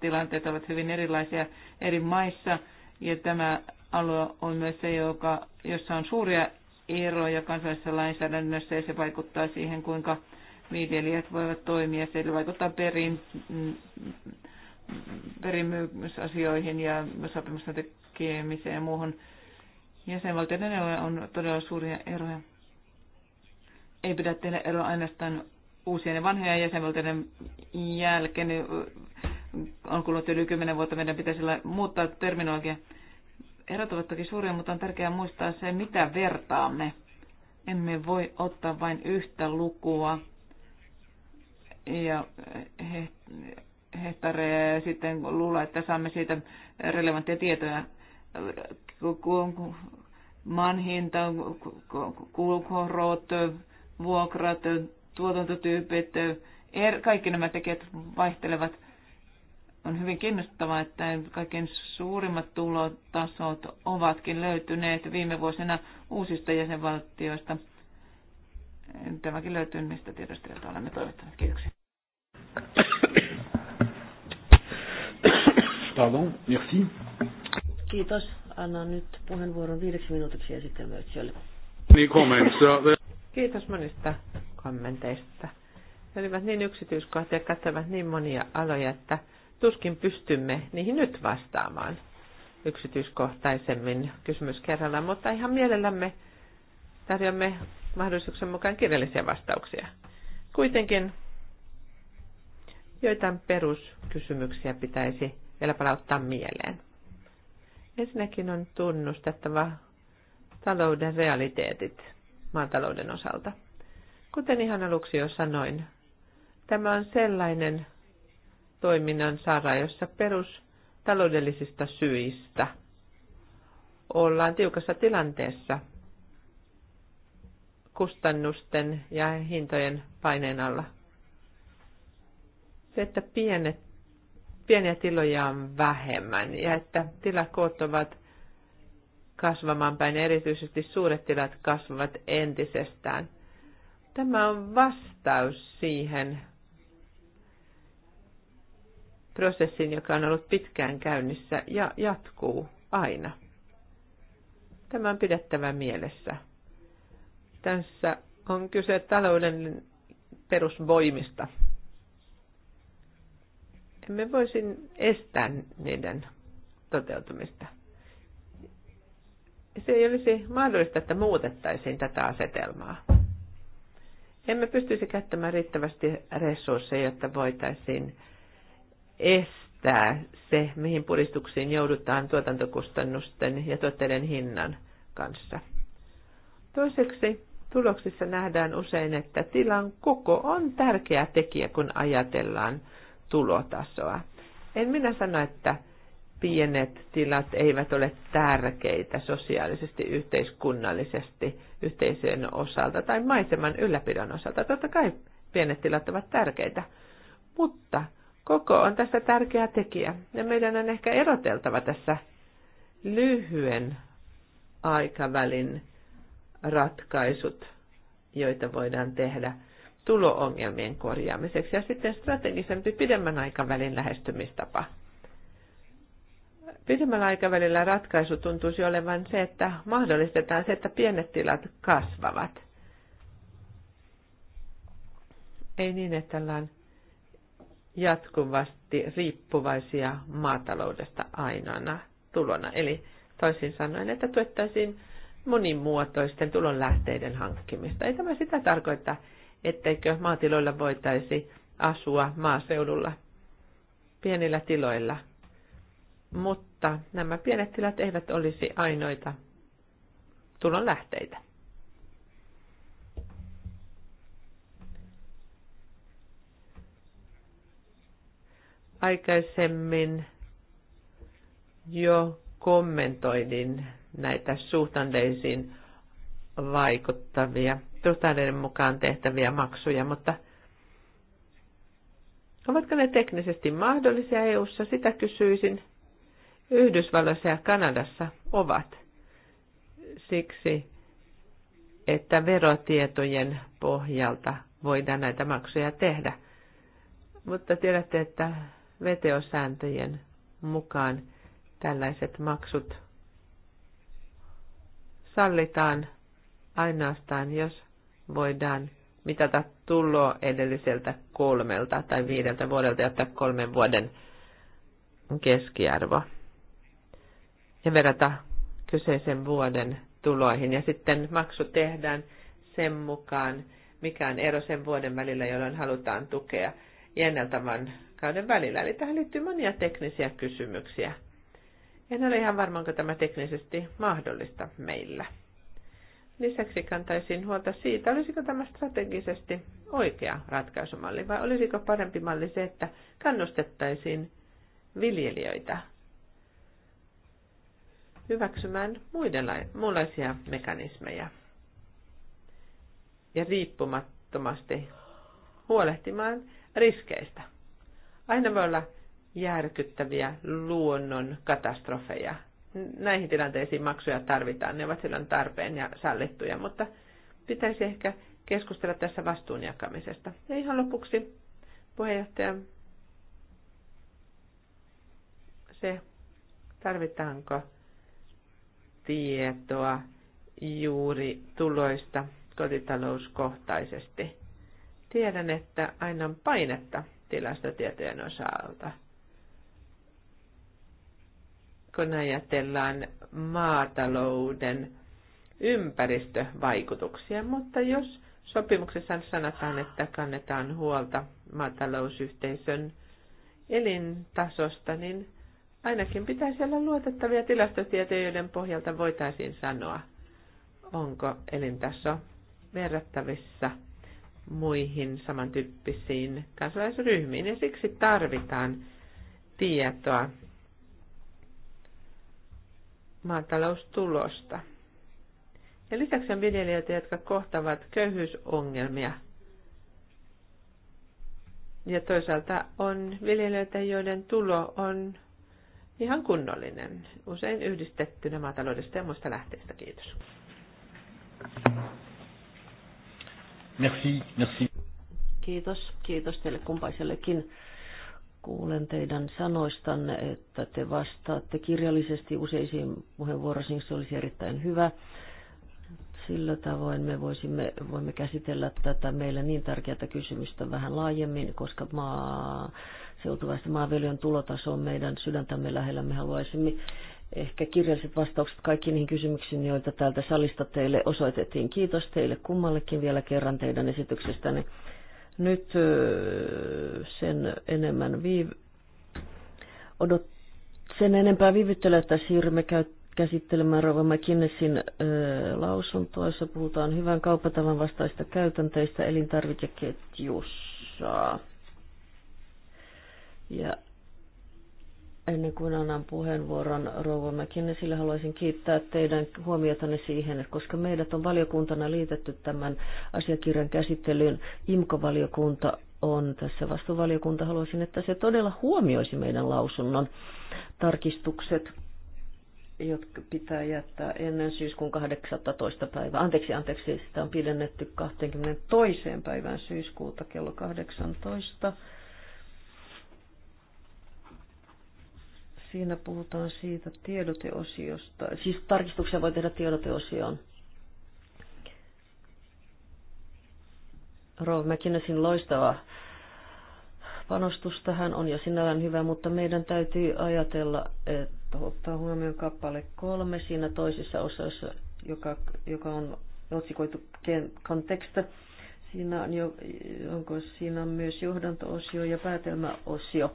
tilanteet ovat hyvin erilaisia eri maissa. Ja tämä alue on myös se, joka, jossa on suuria eroja kansallisessa lainsäädännössä ja se vaikuttaa siihen, kuinka viljelijät voivat toimia. Se vaikuttaa perin, perimyysasioihin ja sopimusten tekemiseen ja muuhun. Jäsenvaltioiden on todella suuria eroja ei pidä tehdä eroa ainoastaan uusien ja vanhojen jäsenvaltioiden jälkeen. Niin on kulunut yli 10 vuotta, meidän pitäisi muuttaa terminologia. Erot ovat toki suuria, mutta on tärkeää muistaa se, mitä vertaamme. Emme voi ottaa vain yhtä lukua ja hehtareja ja sitten luulla, että saamme siitä relevanttia tietoja. Maan hinta, korot, vuokrat, tuotantotyypit, er, kaikki nämä tekijät vaihtelevat. On hyvin kiinnostavaa, että kaikkein suurimmat tulotasot ovatkin löytyneet viime vuosina uusista jäsenvaltioista. Tämäkin löytyy niistä tiedosta, joita olemme toivottaneet. Kiitoksia. Pardon, merci. Kiitos. Annan nyt puheenvuoron viideksi minuutiksi esitelmöitsijöille. Niin kommentteja. Kiitos monista kommenteista. Ne olivat niin yksityiskohtia ja kattavat niin monia aloja, että tuskin pystymme niihin nyt vastaamaan yksityiskohtaisemmin kysymys kerrallaan, mutta ihan mielellämme tarjoamme mahdollisuuksien mukaan kirjallisia vastauksia. Kuitenkin joitain peruskysymyksiä pitäisi vielä palauttaa mieleen. Ensinnäkin on tunnustettava talouden realiteetit maatalouden osalta. Kuten ihan aluksi jo sanoin, tämä on sellainen toiminnan saara, jossa perustaloudellisista syistä ollaan tiukassa tilanteessa kustannusten ja hintojen paineen alla. Se, että pienet, pieniä tiloja on vähemmän ja että tilakoot ovat kasvamaan päin, erityisesti suuret tilat kasvavat entisestään. Tämä on vastaus siihen prosessiin, joka on ollut pitkään käynnissä ja jatkuu aina. Tämä on pidettävä mielessä. Tässä on kyse talouden perusvoimista. Emme voisin estää niiden toteutumista. Se ei olisi mahdollista, että muutettaisiin tätä asetelmaa. Emme pystyisi käyttämään riittävästi resursseja, jotta voitaisiin estää se, mihin puristuksiin joudutaan tuotantokustannusten ja tuotteiden hinnan kanssa. Toiseksi tuloksissa nähdään usein, että tilan koko on tärkeä tekijä, kun ajatellaan tulotasoa. En minä sano, että pienet tilat eivät ole tärkeitä sosiaalisesti, yhteiskunnallisesti, yhteisön osalta tai maiseman ylläpidon osalta. Totta kai pienet tilat ovat tärkeitä, mutta koko on tässä tärkeä tekijä. Ja meidän on ehkä eroteltava tässä lyhyen aikavälin ratkaisut, joita voidaan tehdä tuloongelmien korjaamiseksi ja sitten strategisempi pidemmän aikavälin lähestymistapa – Pidemmällä aikavälillä ratkaisu tuntuisi olevan se, että mahdollistetaan se, että pienet tilat kasvavat. Ei niin, että ollaan jatkuvasti riippuvaisia maataloudesta ainoana tulona. Eli toisin sanoen, että tuettaisiin monimuotoisten tulonlähteiden hankkimista. Ei tämä sitä tarkoita, etteikö maatiloilla voitaisi asua maaseudulla pienillä tiloilla, mutta mutta nämä pienet tilat eivät olisi ainoita tulonlähteitä. Aikaisemmin jo kommentoidin näitä suhtandeisiin vaikuttavia, suhtandeiden mukaan tehtäviä maksuja, mutta ovatko ne teknisesti mahdollisia EU-ssa, sitä kysyisin. Yhdysvalloissa ja Kanadassa ovat siksi, että verotietojen pohjalta voidaan näitä maksuja tehdä. Mutta tiedätte, että VTO-sääntöjen mukaan tällaiset maksut sallitaan ainoastaan, jos voidaan mitata tuloa edelliseltä kolmelta tai viideltä vuodelta, jotta kolmen vuoden keskiarvo ja verrata kyseisen vuoden tuloihin. Ja sitten maksu tehdään sen mukaan, mikä on ero sen vuoden välillä, jolloin halutaan tukea ja kauden välillä. Eli tähän liittyy monia teknisiä kysymyksiä. En ole ihan varma, onko tämä teknisesti mahdollista meillä. Lisäksi kantaisin huolta siitä, olisiko tämä strategisesti oikea ratkaisumalli vai olisiko parempi malli se, että kannustettaisiin viljelijöitä hyväksymään muunlaisia mekanismeja ja riippumattomasti huolehtimaan riskeistä. Aina voi olla järkyttäviä luonnon katastrofeja. Näihin tilanteisiin maksuja tarvitaan, ne ovat silloin tarpeen ja sallittuja, mutta pitäisi ehkä keskustella tässä vastuun jakamisesta. Ja ihan lopuksi puheenjohtaja, se tarvitaanko tietoa juuri tuloista kotitalouskohtaisesti. Tiedän, että aina on painetta tilastotietojen osalta. Kun ajatellaan maatalouden ympäristövaikutuksia, mutta jos sopimuksessa sanotaan, että kannetaan huolta maatalousyhteisön elintasosta, niin ainakin pitäisi olla luotettavia tilastotietoja, joiden pohjalta voitaisiin sanoa, onko elintaso verrattavissa muihin samantyyppisiin kansalaisryhmiin. Ja siksi tarvitaan tietoa maataloustulosta. Ja lisäksi on viljelijöitä, jotka kohtavat köyhyysongelmia. Ja toisaalta on viljelijöitä, joiden tulo on ihan kunnollinen, usein yhdistettynä maataloudesta ja muista lähteistä. Kiitos. Merci, merci. Kiitos, kiitos teille kumpaisellekin. Kuulen teidän sanoistanne, että te vastaatte kirjallisesti useisiin puheenvuoroihin, se olisi erittäin hyvä. Sillä tavoin me voisimme, voimme käsitellä tätä meillä niin tärkeää kysymystä vähän laajemmin, koska maa, seutuvaista maanviljon tulotaso on meidän sydäntämme lähellä. Me haluaisimme ehkä kirjalliset vastaukset kaikkiin niihin kysymyksiin, joita täältä salista teille osoitettiin. Kiitos teille kummallekin vielä kerran teidän esityksestänne. Nyt sen enemmän viiv... Odot... sen enempää viivyttelyä, että siirrymme käyttämään käsittelemään Rova McKinnessin lausuntoa, jossa puhutaan hyvän kauppatavan vastaista käytänteistä elintarvikeketjussa. Ja ennen kuin annan puheenvuoron Rova McKinnesille, haluaisin kiittää teidän huomiotanne siihen, että koska meidät on valiokuntana liitetty tämän asiakirjan käsittelyyn, IMKO-valiokunta on tässä vastuvaliokunta, haluaisin, että se todella huomioisi meidän lausunnon tarkistukset jotka pitää jättää ennen syyskuun 18. päivää. Anteeksi, anteeksi, sitä on pidennetty 22. päivään syyskuuta kello 18. Siinä puhutaan siitä tiedoteosiosta. Siis tarkistuksia voi tehdä tiedoteosioon. Rov McKinnessin loistava panostus tähän on jo sinällään hyvä, mutta meidän täytyy ajatella, että ottaa huomioon kappale kolme siinä toisessa osassa, joka, joka on otsikoitu konteksta. Siinä on, jo, onko, siinä on myös johdantoosio ja päätelmäosio.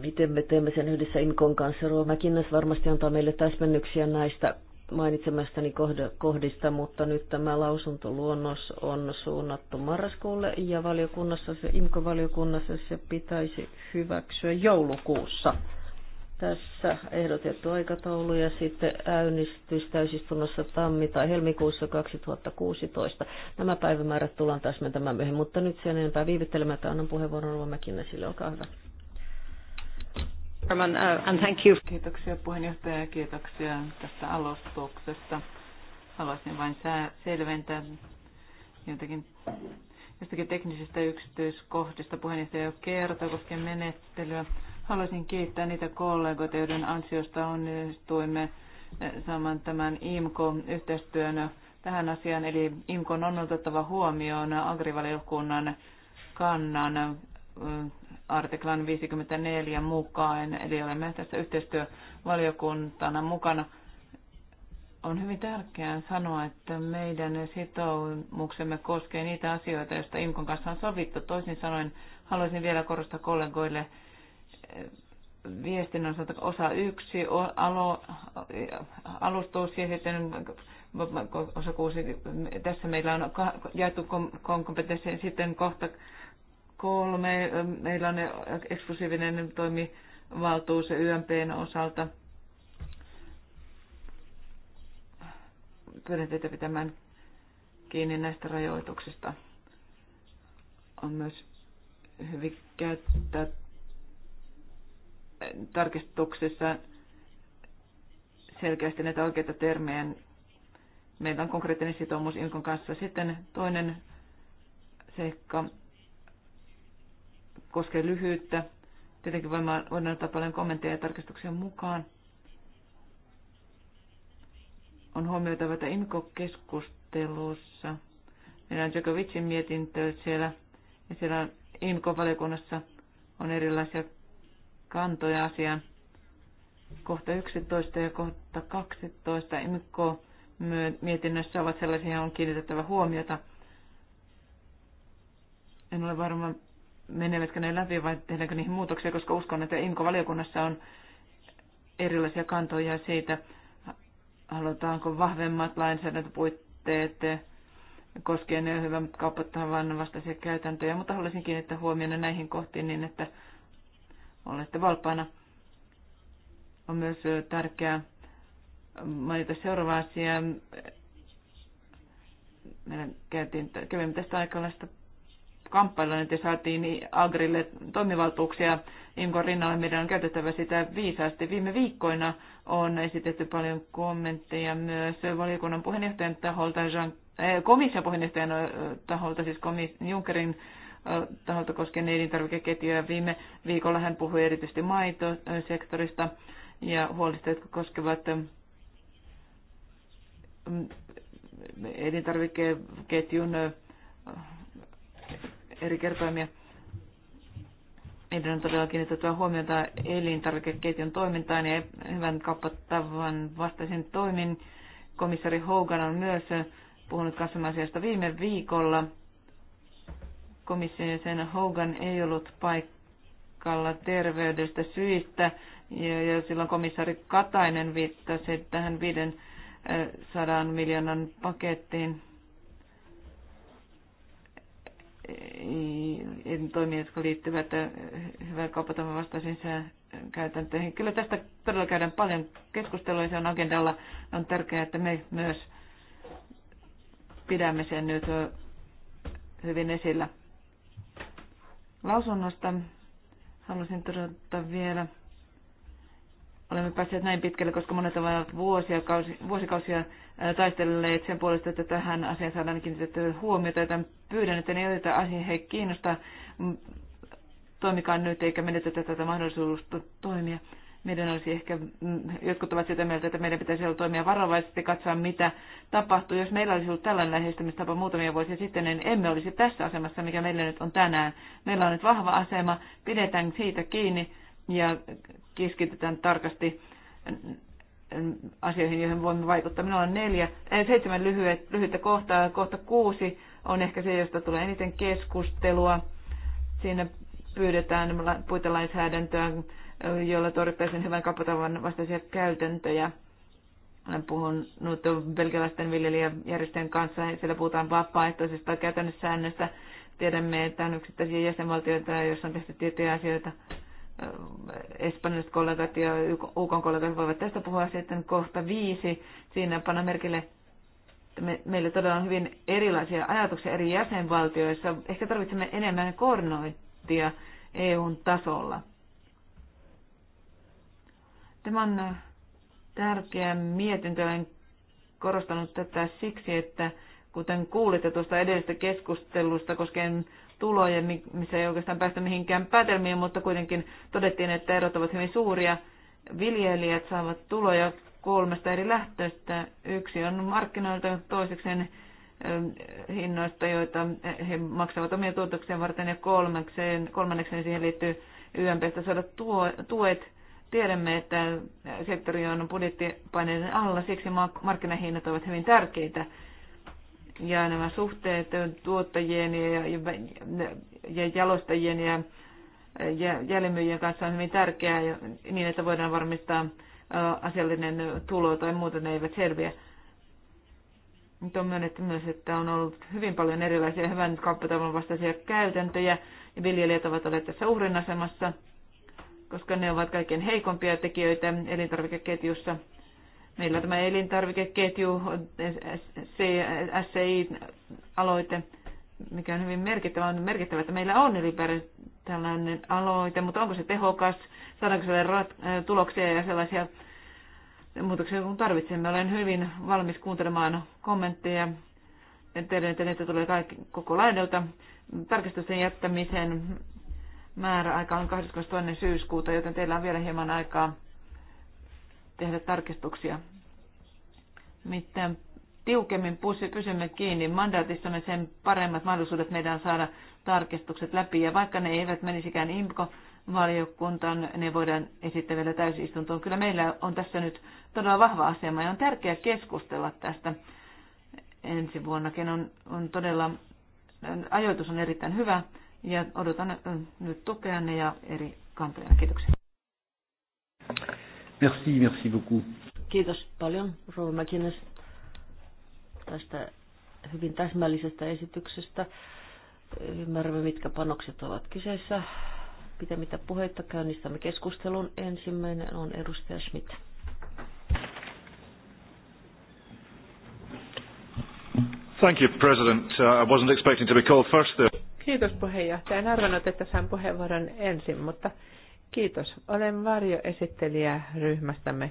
Miten me teemme sen yhdessä Inkon kanssa? Rova varmasti antaa meille täsmennyksiä näistä mainitsemastani kohdista, mutta nyt tämä lausuntoluonnos on suunnattu marraskuulle ja valiokunnassa, se IMKO-valiokunnassa se pitäisi hyväksyä joulukuussa. Tässä ehdotettu aikataulu ja sitten äynnistys täysistunnossa tammi- tai helmikuussa 2016. Nämä päivämäärät tullaan täsmentämään myöhemmin, mutta nyt sen enempää viivyttelemättä annan puheenvuoron Rova Mäkinäsille. Olkaa hyvä. Uh, kiitoksia puheenjohtaja ja kiitoksia tästä aloituksesta. Haluaisin vain selventää jotakin jostakin teknisistä yksityiskohdista puheenjohtaja jo kertoi koskien menettelyä. Haluaisin kiittää niitä kollegoita, joiden ansiosta onnistuimme saamaan tämän imco yhteistyön tähän asiaan. Eli IMCO on otettava huomioon agrivaliokunnan kannan äh, artiklan 54 mukaan, eli olemme tässä yhteistyövaliokuntana mukana. On hyvin tärkeää sanoa, että meidän sitoumuksemme koskee niitä asioita, joista IMKon kanssa on sovittu. Toisin sanoen haluaisin vielä korostaa kollegoille, viestinnän osalta osa yksi, alo, alustus ja sitten osa kuusi. Tässä meillä on jaettu kompetenssi sitten kohta kolme. Meillä on eksklusiivinen toimivaltuus YMPn osalta. Pyydän teitä pitämään kiinni näistä rajoituksista. On myös hyvin käyttää tarkistuksessa selkeästi näitä oikeita termejä. Meillä on konkreettinen sitoumus Ilkon kanssa. Sitten toinen seikka koskee lyhyyttä. Tietenkin voidaan, voidaan ottaa paljon kommentteja ja tarkistuksia mukaan. On huomioitava, että IMCO-keskustelussa meillä on Djokovicin mietintö siellä ja siellä IMCO-valiokunnassa on erilaisia kantoja asiaan. Kohta 11 ja kohta 12 imikko mietinnössä ovat sellaisia, joihin on kiinnitettävä huomiota. En ole varma, menevätkö ne läpi vai tehdäänkö niihin muutoksia, koska uskon, että IMKO-valiokunnassa on erilaisia kantoja siitä, halutaanko vahvemmat lainsäädäntöpuitteet koskien hyvän kaupattavan vastaisia käytäntöjä, mutta haluaisin kiinnittää huomioon näihin kohtiin niin, että olette valpaana. On myös tärkeää mainita seuraava asia. Meillä käytiin, kävimme tästä aikalaista kamppailua, että saatiin Agrille toimivaltuuksia Imkon rinnalla Meidän on käytettävä sitä viisaasti. Viime viikkoina on esitetty paljon kommentteja myös valiokunnan puheenjohtajan taholta, Jean, eh, komission puheenjohtajan taholta, siis komis, Junckerin taholta koskien elintarvikeketjuja. Viime viikolla hän puhui erityisesti maitosektorista ja huolista, jotka koskevat mm, elintarvikeketjun mm, eri kertoimia. Meidän on todella kiinnitettävä huomiota elintarvikeketjun toimintaan ja hyvän kappattavan vastaisen toimin. Komissari Hogan on myös puhunut asiasta viime viikolla komission jäsen Hogan ei ollut paikalla terveydestä syistä, ja, ja silloin komissaari Katainen viittasi tähän 500 eh, miljoonan pakettiin toimia, jotka liittyvät eh, hyvän kauppatavan vastaisiin käytäntöihin. Kyllä tästä todella käydään paljon keskustelua ja se on agendalla. On tärkeää, että me myös pidämme sen nyt eh, hyvin esillä lausunnosta. Haluaisin todeta vielä, olemme päässeet näin pitkälle, koska monet ovat vuosia, kausi, vuosikausia taistelleet sen puolesta, että tähän asiaan saadaan kiinnitetty huomiota, joten pyydän, että ne, joita asia he kiinnostaa, mm, toimikaan nyt eikä menetetä tätä mahdollisuutta toimia meidän olisi ehkä, mm, jotkut ovat sitä mieltä, että meidän pitäisi olla toimia varovaisesti, katsoa mitä tapahtuu. Jos meillä olisi ollut tällainen lähestymistapa muutamia vuosia sitten, niin emme olisi tässä asemassa, mikä meillä nyt on tänään. Meillä on nyt vahva asema, pidetään siitä kiinni ja keskitytään tarkasti asioihin, joihin voimme vaikuttaa. Minulla on neljä, äh, seitsemän lyhyet, lyhyttä kohtaa. Kohta kuusi on ehkä se, josta tulee eniten keskustelua. Siinä pyydetään puitelainsäädäntöä jolla torjuttaisiin hyvän kapotavan vastaisia käytäntöjä. Olen puhunut belgialaisten viljelijäjärjestöjen kanssa, ja siellä puhutaan vapaaehtoisesta käytännössäännöstä. Tiedämme, että on yksittäisiä jäsenvaltioita, joissa on tehty tiettyjä asioita. Espanjalaiset kollegat ja UKon kollegat voivat tästä puhua sitten kohta viisi. Siinä panna merkille me, meillä todella on hyvin erilaisia ajatuksia eri jäsenvaltioissa. Ehkä tarvitsemme enemmän koordinointia EUn tasolla. Tämä on tärkeä mietintö. Olen korostanut tätä siksi, että kuten kuulitte tuosta edellisestä keskustelusta koskien tuloja, missä ei oikeastaan päästä mihinkään päätelmiin, mutta kuitenkin todettiin, että erot ovat hyvin suuria. Viljelijät saavat tuloja kolmesta eri lähtöstä. Yksi on markkinoilta, toisekseen hinnoista, joita he maksavat omia tuotoksia varten, ja kolmannekseen, kolmannekseen siihen liittyy YMPstä saada tuet. Tiedämme, että sektori on budjettipaineiden alla, siksi markkinahinnat ovat hyvin tärkeitä. Ja nämä suhteet tuottajien ja, ja jalostajien ja jäljimyyjien kanssa on hyvin tärkeää niin, että voidaan varmistaa asiallinen tulo tai muuten ne eivät selviä. Nyt on myönnetty myös, että on ollut hyvin paljon erilaisia hyvän kauppatavan vastaisia käytäntöjä ja viljelijät ovat olleet tässä uhrin asemassa koska ne ovat kaikkein heikompia tekijöitä elintarvikeketjussa. Meillä tämä elintarvikeketju, SCI-aloite, mikä on hyvin merkittävä, on merkittävä, että meillä on ylipäätään tällainen aloite, mutta onko se tehokas, saadaanko se rat- äh, tuloksia ja sellaisia muutoksia kun tarvitsemme. Olen hyvin valmis kuuntelemaan kommentteja. Tiedän, että niitä tulee kaikki, koko laidalta. Tarkistusten jättämisen määräaika on 22. syyskuuta, joten teillä on vielä hieman aikaa tehdä tarkistuksia. Miten tiukemmin pussi pysymme kiinni mandaatissamme, niin sen paremmat mahdollisuudet meidän on saada tarkistukset läpi. Ja vaikka ne eivät menisikään IMKO, valiokuntaan, ne voidaan esittää vielä täysistuntoon. Kyllä meillä on tässä nyt todella vahva asema ja on tärkeää keskustella tästä ensi vuonnakin. On, on todella, ajoitus on erittäin hyvä ja odotan äh, nyt tukeanne ja eri kantoja. Kiitoksia. Merci, merci beaucoup. Kiitos paljon, Rouva Mäkinäs, tästä hyvin täsmällisestä esityksestä. Ymmärrämme, mitkä panokset ovat kyseessä. Pitemmittä puheita käynnistämme keskustelun. Ensimmäinen on edustaja Schmidt. Thank you, President. Uh, I wasn't expecting to be called first there. Kiitos puheenjohtaja. En arvannut, että saan puheenvuoron ensin, mutta kiitos. Olen varjoesittelijä ryhmästämme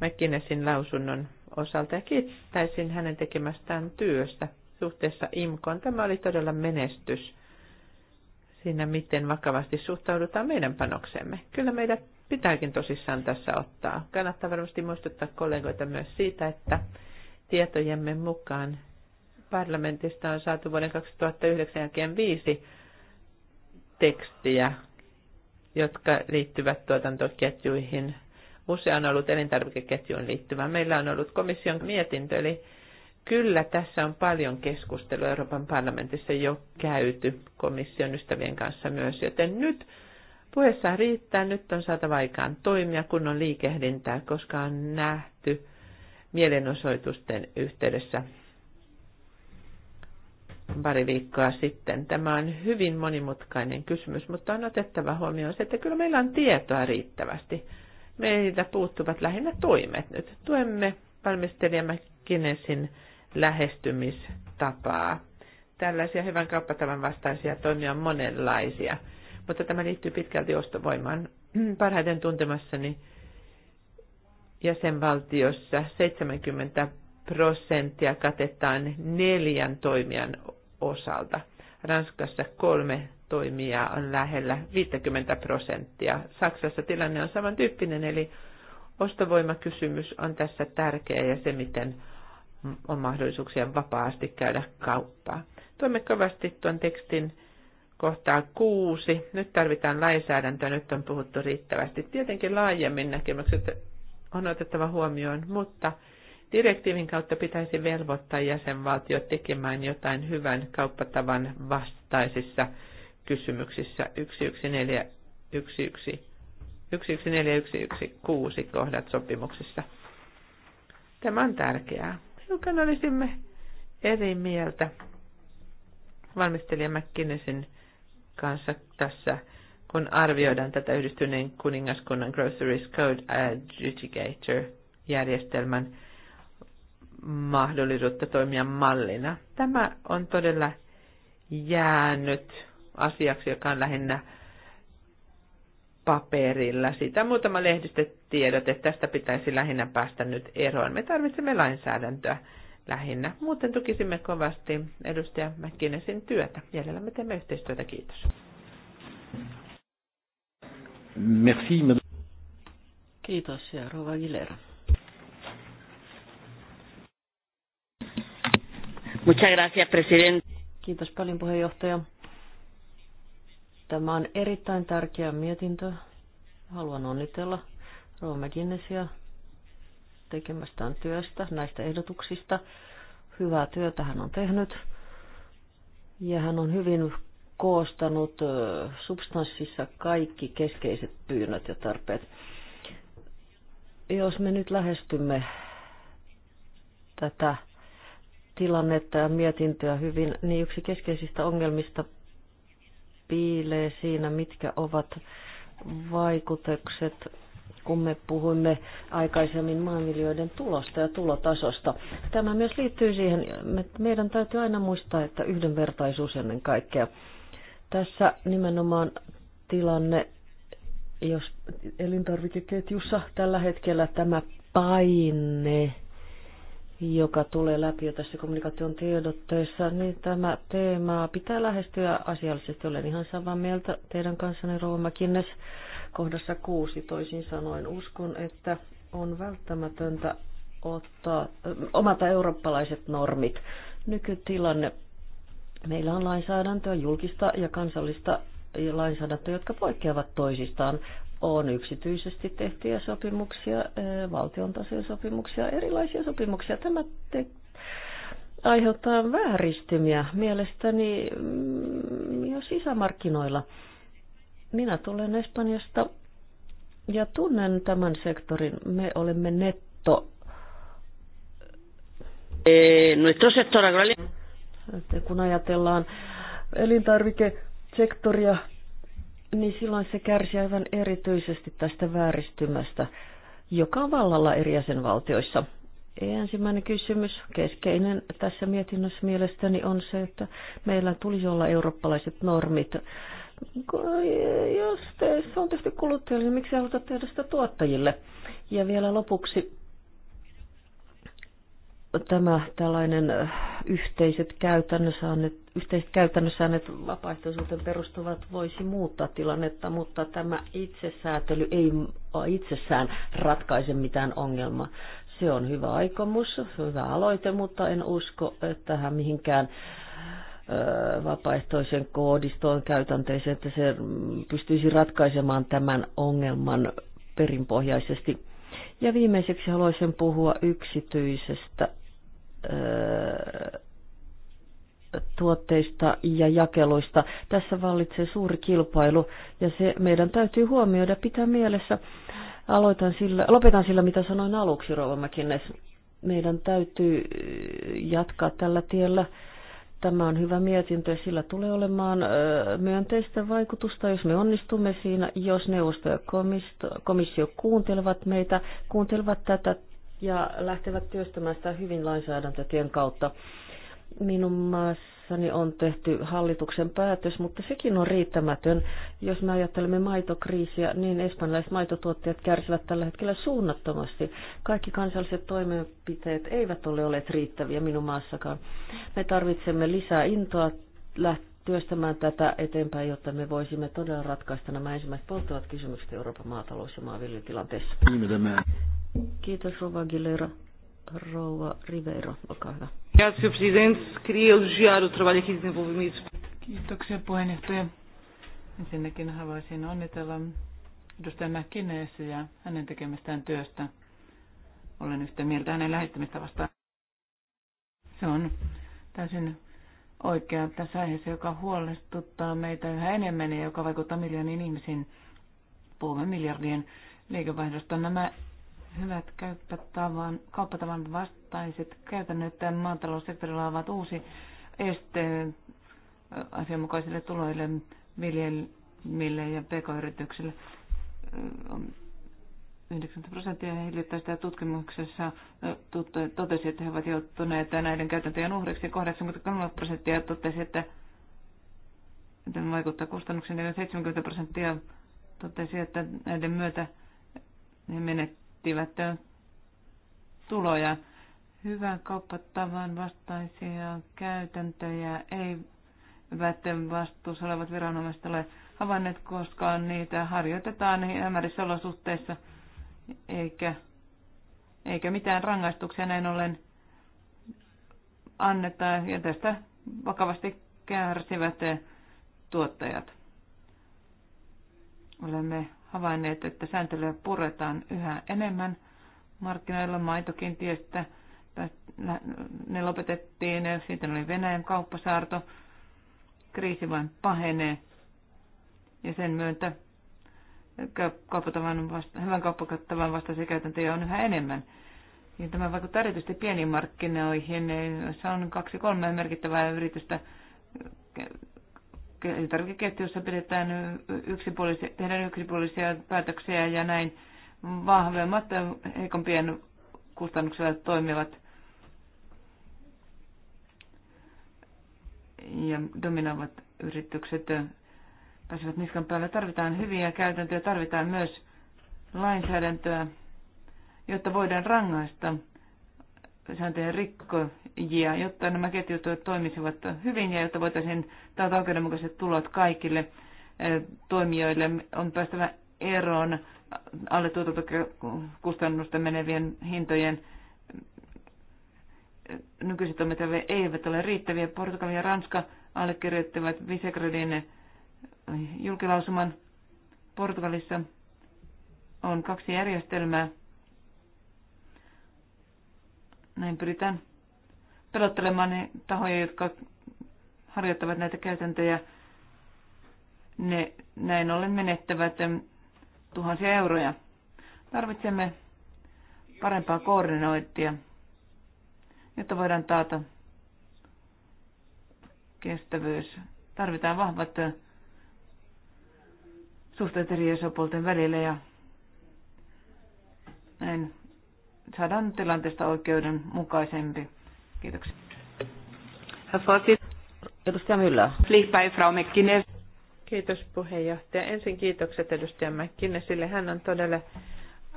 Mäkinesin lausunnon osalta ja kiittäisin hänen tekemästään työstä suhteessa IMKOon. Tämä oli todella menestys siinä, miten vakavasti suhtaudutaan meidän panoksemme. Kyllä meidät pitääkin tosissaan tässä ottaa. Kannattaa varmasti muistuttaa kollegoita myös siitä, että tietojemme mukaan parlamentista on saatu vuoden 2009 jälkeen viisi tekstiä, jotka liittyvät tuotantoketjuihin. Usea on ollut elintarvikeketjuun liittyvä. Meillä on ollut komission mietintö, eli kyllä tässä on paljon keskustelua Euroopan parlamentissa jo käyty komission ystävien kanssa myös, joten nyt puheessa riittää, nyt on saatava aikaan toimia, kun on liikehdintää, koska on nähty mielenosoitusten yhteydessä pari viikkoa sitten. Tämä on hyvin monimutkainen kysymys, mutta on otettava huomioon se, että kyllä meillä on tietoa riittävästi. Meiltä puuttuvat lähinnä toimet nyt. Tuemme valmistelijamme kinesin lähestymistapaa. Tällaisia hyvän kauppatavan vastaisia toimia on monenlaisia, mutta tämä liittyy pitkälti ostovoimaan. Parhaiten tuntemassani jäsenvaltiossa 70 prosenttia katetaan neljän toimijan osalta. Ranskassa kolme toimijaa on lähellä 50 prosenttia. Saksassa tilanne on samantyyppinen, eli ostovoimakysymys on tässä tärkeä ja se, miten on mahdollisuuksia vapaasti käydä kauppaa. Tuomme kovasti tuon tekstin kohtaa kuusi. Nyt tarvitaan lainsäädäntöä, nyt on puhuttu riittävästi. Tietenkin laajemmin näkemykset on otettava huomioon, mutta Direktiivin kautta pitäisi velvoittaa jäsenvaltiot tekemään jotain hyvän kauppatavan vastaisissa kysymyksissä 114116 kohdat sopimuksissa. Tämä on tärkeää. Hiukan olisimme eri mieltä valmistelija McKinneysin kanssa tässä, kun arvioidaan tätä yhdistyneen kuningaskunnan Groceries Code Adjudicator-järjestelmän mahdollisuutta toimia mallina. Tämä on todella jäänyt asiaksi, joka on lähinnä paperilla. Sitä muutama tiedot, että tästä pitäisi lähinnä päästä nyt eroon. Me tarvitsemme lainsäädäntöä lähinnä. Muuten tukisimme kovasti edustaja McKinnesin työtä. me teemme yhteistyötä. Kiitos. Merci. Kiitos ja Rova Gilera. Muchas gracias, presidente. Kiitos paljon puheenjohtaja. Tämä on erittäin tärkeä mietintö. Haluan onnitella Roomme Guinnessia tekemästään työstä, näistä ehdotuksista. Hyvää työtä hän on tehnyt ja hän on hyvin koostanut substanssissa kaikki keskeiset pyynnöt ja tarpeet. Jos me nyt lähestymme tätä tilannetta ja mietintöä hyvin, niin yksi keskeisistä ongelmista piilee siinä, mitkä ovat vaikutukset, kun me puhuimme aikaisemmin maanviljoiden tulosta ja tulotasosta. Tämä myös liittyy siihen, että meidän täytyy aina muistaa, että yhdenvertaisuus ennen kaikkea. Tässä nimenomaan tilanne, jos elintarvikeketjussa tällä hetkellä tämä paine joka tulee läpi jo tässä kommunikaation tiedotteessa, niin tämä teema pitää lähestyä asiallisesti. Olen ihan samaa mieltä teidän kanssanne, Rouva Mäkinnes, kohdassa kuusi. Toisin sanoen uskon, että on välttämätöntä ottaa omata eurooppalaiset normit. Nykytilanne. Meillä on lainsäädäntöä, julkista ja kansallista lainsäädäntöä, jotka poikkeavat toisistaan on yksityisesti tehtyjä sopimuksia, valtion sopimuksia, erilaisia sopimuksia. Tämä te- aiheuttaa vääristymiä mielestäni jo mm, sisämarkkinoilla. Minä tulen Espanjasta ja tunnen tämän sektorin. Me olemme netto. Eh, nuestro sektor Kun ajatellaan elintarvikesektoria, niin silloin se kärsii aivan erityisesti tästä vääristymästä, joka on vallalla eri jäsenvaltioissa. Ensimmäinen kysymys, keskeinen tässä mietinnössä mielestäni on se, että meillä tulisi olla eurooppalaiset normit. Jos te, se on tehty kuluttajille, niin miksi haluta tehdä sitä tuottajille? Ja vielä lopuksi tämä tällainen yhteiset käytännössäännöt yhteiset käytännössäännöt vapaaehtoisuuteen perustuvat voisi muuttaa tilannetta, mutta tämä itsesäätely ei itsessään ratkaise mitään ongelmaa. Se on hyvä aikomus, hyvä aloite, mutta en usko, että tähän mihinkään vapaaehtoisen koodistoon käytänteeseen, että se pystyisi ratkaisemaan tämän ongelman perinpohjaisesti. Ja viimeiseksi haluaisin puhua yksityisestä öö, tuotteista ja jakeluista. Tässä vallitsee suuri kilpailu ja se meidän täytyy huomioida pitää mielessä. Aloitan sillä, lopetan sillä, mitä sanoin aluksi, Rova McInnes. Meidän täytyy eh, jatkaa tällä tiellä. Tämä on hyvä mietintö ja sillä tulee olemaan eh, myönteistä vaikutusta, jos me onnistumme siinä, jos neuvosto ja komissio kuuntelevat meitä, kuuntelevat tätä ja lähtevät työstämään sitä hyvin lainsäädäntötyön kautta minun maassani on tehty hallituksen päätös, mutta sekin on riittämätön. Jos me ajattelemme maitokriisiä, niin espanjalaiset maitotuottajat kärsivät tällä hetkellä suunnattomasti. Kaikki kansalliset toimenpiteet eivät ole olleet riittäviä minun maassakaan. Me tarvitsemme lisää intoa työstämään tätä eteenpäin, jotta me voisimme todella ratkaista nämä ensimmäiset polttavat kysymykset Euroopan maatalous- ja maanviljelytilanteessa. Niin, Kiitos Rova Gilera. Rouva Ribeiro, olkaa hyvä. Gracias, presidente. Queria elogiar o trabalho aqui desenvolvido. Kiitoksia puheenjohtaja. Ensinnäkin haluaisin onnitella edustaja Mäkineessä ja hänen tekemästään työstä. Olen yhtä mieltä hänen lähettämistä vastaan. Se on täysin oikea tässä aiheessa, joka huolestuttaa meitä yhä enemmän ja joka vaikuttaa miljooniin ihmisiin. Puhumme miljardien liikevaihdosta. Nämä Hyvät käyttötavan, kauppatavan vastaiset käytännöt maataloussektorilla ovat uusi este äh, asianmukaisille tuloille viljelmille ja pk-yrityksille. 90 äh, prosenttia hiljattaisesta tutkimuksessa äh, totesi, että he ovat joutuneet näiden käytäntöjen uhreiksi. 83 prosenttia totesi, että tämä vaikuttaa kustannuksiin. 70 prosenttia totesi, että näiden myötä he menettävät menettivät tuloja. Hyvän kauppatavan vastaisia käytäntöjä ei väten vastuussa olevat viranomaiset ole havainneet, koskaan niitä harjoitetaan niin ämärissä olosuhteissa, eikä, eikä mitään rangaistuksia näin ollen anneta, ja tästä vakavasti kärsivät tuottajat. Olemme havainneet, että sääntelyä puretaan yhä enemmän markkinoilla tiestä, Ne lopetettiin, siitä oli Venäjän kauppasaarto. Kriisi vain pahenee ja sen myöntä kauppatavan vasta, hyvän kauppakattavan vastaisia käytäntöjä on yhä enemmän. Ja tämä vaikuttaa erityisesti pieniin markkinoihin, joissa on kaksi kolme merkittävää yritystä elintarvikeketjussa pidetään yksipuolisia, tehdään yksipuolisia päätöksiä ja näin vahvemmat heikompien kustannuksella toimivat ja dominoivat yritykset pääsevät niskan päälle. Tarvitaan hyviä käytäntöjä, tarvitaan myös lainsäädäntöä, jotta voidaan rangaista sääntöjen rikkojia, jotta nämä ketjut toimisivat hyvin ja jotta voitaisiin taata oikeudenmukaiset tulot kaikille eh, toimijoille. On päästävä eroon alle tuotantokustannusten menevien hintojen nykyiset toimet eivät ole riittäviä. Portugali ja Ranska allekirjoittivat Visegradin julkilausuman Portugalissa on kaksi järjestelmää, näin pyritään pelottelemaan ne tahoja, jotka harjoittavat näitä käytäntöjä. Ne näin ollen menettävät tuhansia euroja. Tarvitsemme parempaa koordinointia, jotta voidaan taata kestävyys. Tarvitaan vahvat suhteet eri osapuolten välillä ja näin saadaan tilanteesta oikeudenmukaisempi. Kiitoksia. Edustaja Myllä. Kiitos puheenjohtaja. Ensin kiitokset edustaja Mäkkinesille. Hän on todella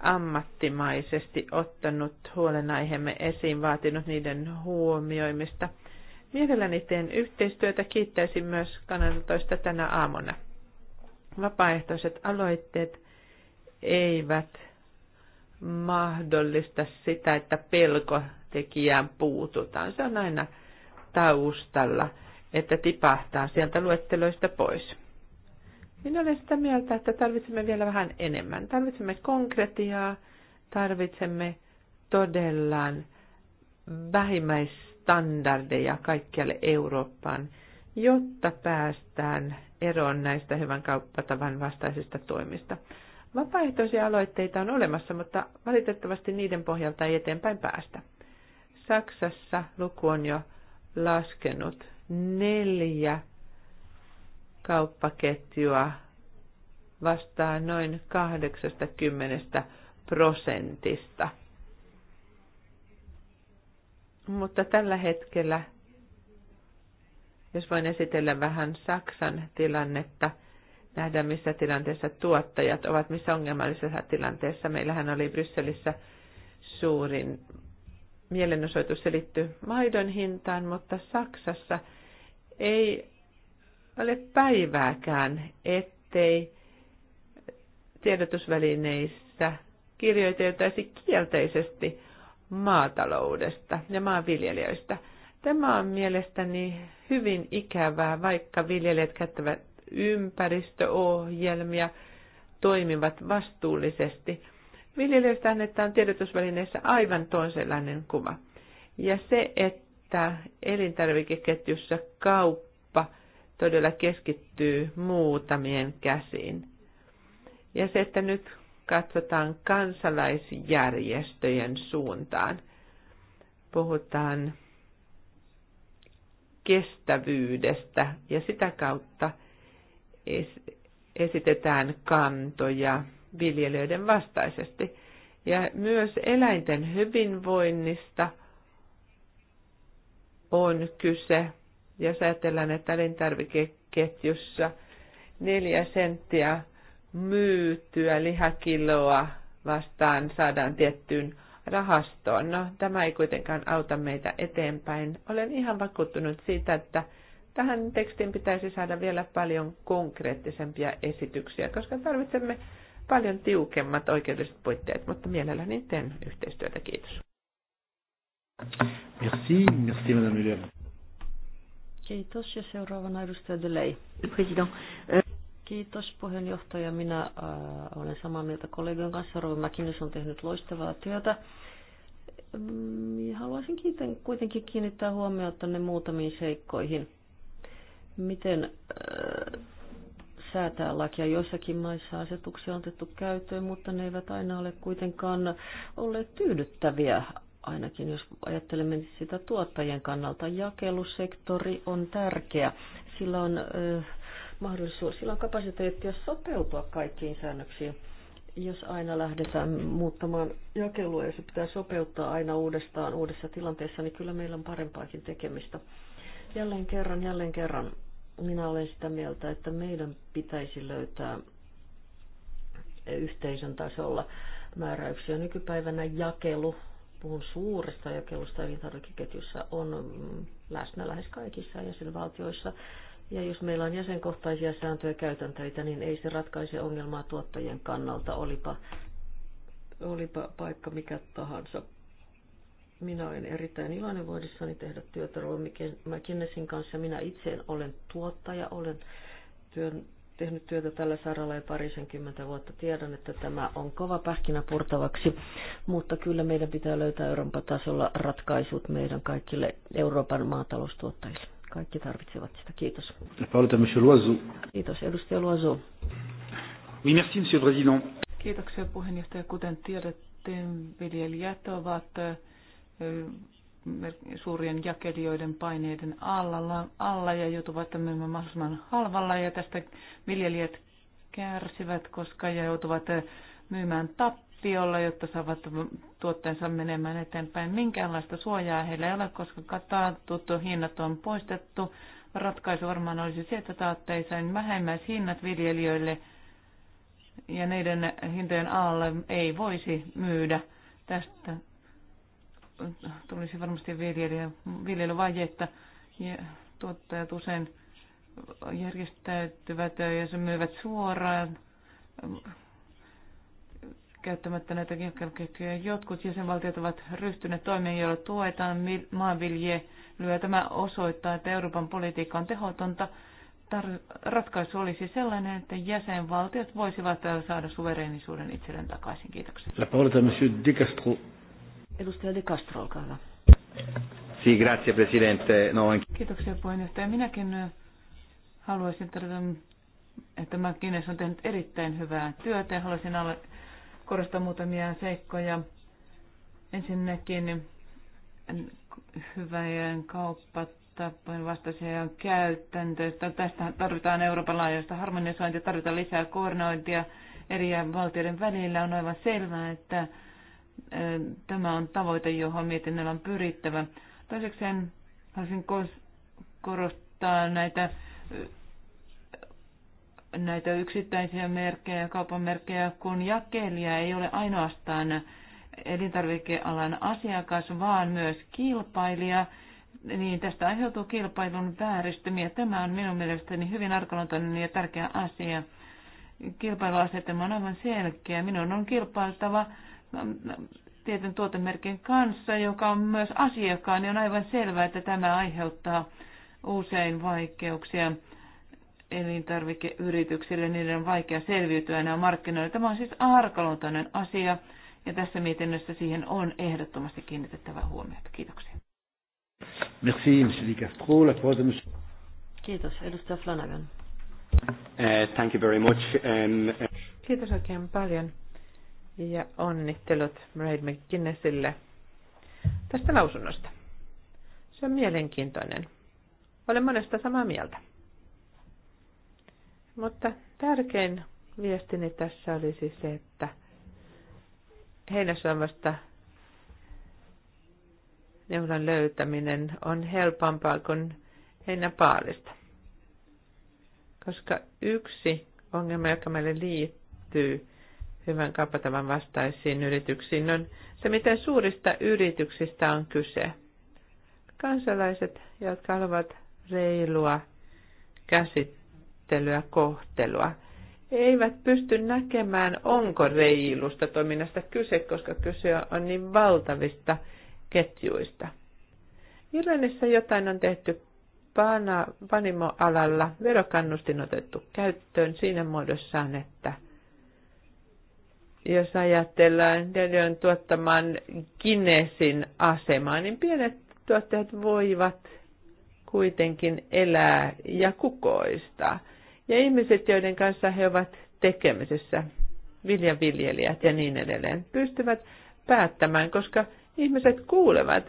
ammattimaisesti ottanut huolenaiheemme esiin, vaatinut niiden huomioimista. Mielelläni teen yhteistyötä. Kiittäisin myös kannanotoista tänä aamuna. Vapaaehtoiset aloitteet eivät mahdollista sitä, että pelkotekijään puututaan. Se on aina taustalla, että tipahtaa sieltä luetteloista pois. Minä olen sitä mieltä, että tarvitsemme vielä vähän enemmän. Tarvitsemme konkretiaa, tarvitsemme todellaan vähimmäistandardeja kaikkialle Eurooppaan, jotta päästään eroon näistä hyvän kauppatavan vastaisista toimista. Vapaaehtoisia aloitteita on olemassa, mutta valitettavasti niiden pohjalta ei eteenpäin päästä. Saksassa luku on jo laskenut neljä kauppaketjua vastaa noin 80 prosentista. Mutta tällä hetkellä, jos voin esitellä vähän Saksan tilannetta, nähdä, missä tilanteessa tuottajat ovat, missä ongelmallisessa tilanteessa. Meillähän oli Brysselissä suurin mielenosoitus selittyy maidon hintaan, mutta Saksassa ei ole päivääkään, ettei tiedotusvälineissä kirjoiteltaisi kielteisesti maataloudesta ja maanviljelijöistä. Tämä on mielestäni hyvin ikävää, vaikka viljelijät käyttävät ympäristöohjelmia, toimivat vastuullisesti. Viljelijöistä annetaan tiedotusvälineissä aivan toisenlainen kuva. Ja se, että elintarvikeketjussa kauppa todella keskittyy muutamien käsiin. Ja se, että nyt katsotaan kansalaisjärjestöjen suuntaan. Puhutaan kestävyydestä ja sitä kautta esitetään kantoja viljelijöiden vastaisesti. Ja myös eläinten hyvinvoinnista on kyse. Ja ajatellaan, että elintarvikeketjussa neljä senttiä myytyä lihakiloa vastaan saadaan tiettyyn rahastoon. No, tämä ei kuitenkaan auta meitä eteenpäin. Olen ihan vakuuttunut siitä, että Tähän tekstiin pitäisi saada vielä paljon konkreettisempia esityksiä, koska tarvitsemme paljon tiukemmat oikeudelliset puitteet, mutta mielelläni teen yhteistyötä. Kiitos. Merci, merci Madame Müller. Kiitos ja seuraavana edustaja Delay. President. Kiitos puheenjohtaja. Minä äh, olen samaa mieltä kollegan kanssa. Rovi Mäkinys on tehnyt loistavaa työtä. Mm, haluaisin kuitenkin kiinnittää huomiota ne muutamiin seikkoihin miten äh, säätää lakia. Joissakin maissa asetuksia on otettu käyttöön, mutta ne eivät aina ole kuitenkaan olleet tyydyttäviä, ainakin jos ajattelemme sitä tuottajien kannalta. Jakelusektori on tärkeä. Sillä on äh, mahdollisuus, sillä on kapasiteettia sopeutua kaikkiin säännöksiin. Jos aina lähdetään muuttamaan jakelua ja se pitää sopeuttaa aina uudestaan uudessa tilanteessa, niin kyllä meillä on parempaakin tekemistä. Jälleen kerran, jälleen kerran minä olen sitä mieltä, että meidän pitäisi löytää yhteisön tasolla määräyksiä. Nykypäivänä jakelu, puhun suuresta jakelusta elintarvikeketjussa, on läsnä lähes kaikissa jäsenvaltioissa. Ja jos meillä on jäsenkohtaisia sääntöjä ja käytäntöitä, niin ei se ratkaise ongelmaa tuottajien kannalta, olipa, olipa paikka mikä tahansa. Minä olen erittäin iloinen voidessani tehdä työtä Roomi McKinnesin kanssa. Minä itse olen tuottaja, olen työn, tehnyt työtä tällä saralla jo parisenkymmentä vuotta. Tiedän, että tämä on kova pähkinä purtavaksi, mutta kyllä meidän pitää löytää Euroopan tasolla ratkaisut meidän kaikille Euroopan maataloustuottajille. Kaikki tarvitsevat sitä. Kiitos. Kiitos, edustaja Luozu. Kiitoksia puheenjohtaja. Kuten tiedätte, viljelijät ovat suurien jakelijoiden paineiden alla, alla ja joutuvat myymään mahdollisimman halvalla ja tästä viljelijät kärsivät, koska ja joutuvat myymään tappiolla, jotta saavat tuotteensa menemään eteenpäin. Minkäänlaista suojaa heillä ei ole, koska kataatut hinnat on poistettu. Ratkaisu varmaan olisi se, että taatteisiin hinnat viljelijöille ja niiden hintojen alle ei voisi myydä. Tästä tulisi varmasti viljelijä, viljelyvajetta. Ja tuottajat usein järjestäytyvät ja se myyvät suoraan ähm, käyttämättä näitä jakeluketjuja. Jotkut jäsenvaltiot ovat ryhtyneet toimeen, joilla tuetaan maanviljelyä. Tämä osoittaa, että Euroopan politiikka on tehotonta. Tar- ratkaisu olisi sellainen, että jäsenvaltiot voisivat saada suvereenisuuden itselleen takaisin. Kiitoksia. La parole à monsieur Edustaja De Castro, olkaa hyvä. Si, grazie, presidente. No, en... Kiitoksia puheenjohtaja. Minäkin äh, haluaisin todeta, että McGuinness on tehnyt erittäin hyvää työtä haluaisin alle korostaa muutamia seikkoja. Ensinnäkin äh, hyvän kauppatapojen vastaisia käytäntöjä. Tästä tarvitaan Euroopan laajuista harmonisointia, tarvitaan lisää koordinointia eri valtioiden välillä. On aivan selvää, että Tämä on tavoite, johon mietinnöllä on pyrittävä. Toiseksi haluaisin korostaa näitä, näitä yksittäisiä merkkejä, kaupan merkkejä, kun jakelija ei ole ainoastaan elintarvikealan asiakas, vaan myös kilpailija, niin tästä aiheutuu kilpailun vääristymiä. Tämä on minun mielestäni hyvin arkaluontoinen ja tärkeä asia. Kilpailuasetelma on aivan selkeä. Minun on kilpailtava tietyn tuotemerkin kanssa, joka on myös asiakkaan, niin on aivan selvää, että tämä aiheuttaa usein vaikeuksia elintarvikeyrityksille, niiden on vaikea selviytyä enää markkinoille. Tämä on siis arkaluontoinen asia, ja tässä mietinnössä siihen on ehdottomasti kiinnitettävä huomiota. Kiitoksia. Merci, Kiitos, edustaja Flanagan. Uh, thank you very much. Um, uh, Kiitos oikein paljon ja onnittelut Mairead McGinnessille tästä lausunnosta. Se on mielenkiintoinen. Olen monesta samaa mieltä. Mutta tärkein viestini tässä olisi siis se, että heinäsuomasta neulan löytäminen on helpompaa kuin heinäpaalista. Koska yksi ongelma, joka meille liittyy, hyvän kauppatavan vastaisiin yrityksiin on no, se, miten suurista yrityksistä on kyse. Kansalaiset, jotka haluavat reilua käsittelyä, kohtelua, eivät pysty näkemään, onko reilusta toiminnasta kyse, koska kyse on niin valtavista ketjuista. Irlannissa jotain on tehty panimoalalla verokannustin otettu käyttöön siinä muodossaan, että – jos ajatellaan Dedeon tuottaman Guinnessin asemaa, niin pienet tuottajat voivat kuitenkin elää ja kukoista. Ja ihmiset, joiden kanssa he ovat tekemisessä, viljaviljelijät ja niin edelleen, pystyvät päättämään, koska ihmiset kuulevat,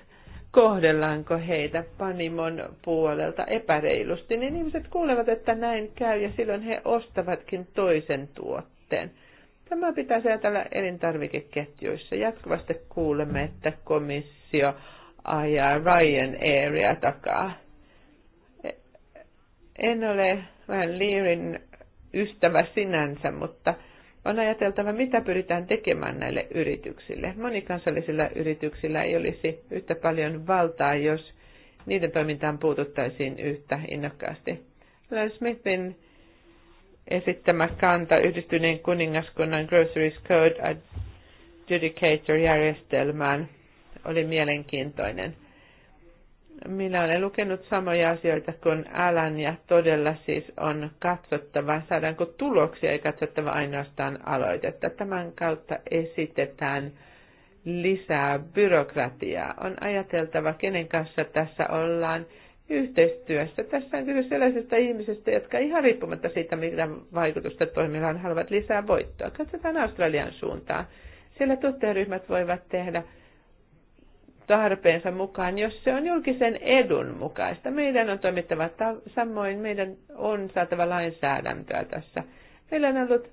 kohdellaanko heitä panimon puolelta epäreilusti, niin ihmiset kuulevat, että näin käy ja silloin he ostavatkin toisen tuotteen – Tämä pitäisi ajatella elintarvikeketjuissa. Jatkuvasti kuulemme, että komissio ajaa Ryanairia takaa. En ole vähän Learin ystävä sinänsä, mutta on ajateltava, mitä pyritään tekemään näille yrityksille. Monikansallisilla yrityksillä ei olisi yhtä paljon valtaa, jos niiden toimintaan puututtaisiin yhtä innokkaasti. Alan Smithin esittämä kanta yhdistyneen kuningaskunnan Groceries Code Adjudicator-järjestelmään oli mielenkiintoinen. Minä olen lukenut samoja asioita kuin Alan ja todella siis on katsottava, saadaanko tuloksia ei katsottava ainoastaan aloitetta. Tämän kautta esitetään lisää byrokratiaa. On ajateltava, kenen kanssa tässä ollaan yhteistyössä. Tässä on kyllä sellaisesta ihmisestä, jotka ihan riippumatta siitä, mitä vaikutusta toimillaan, haluavat lisää voittoa. Katsotaan Australian suuntaan. Siellä tuottajaryhmät voivat tehdä tarpeensa mukaan, jos se on julkisen edun mukaista. Meidän on toimittava samoin, meidän on saatava lainsäädäntöä tässä. Meillä on ollut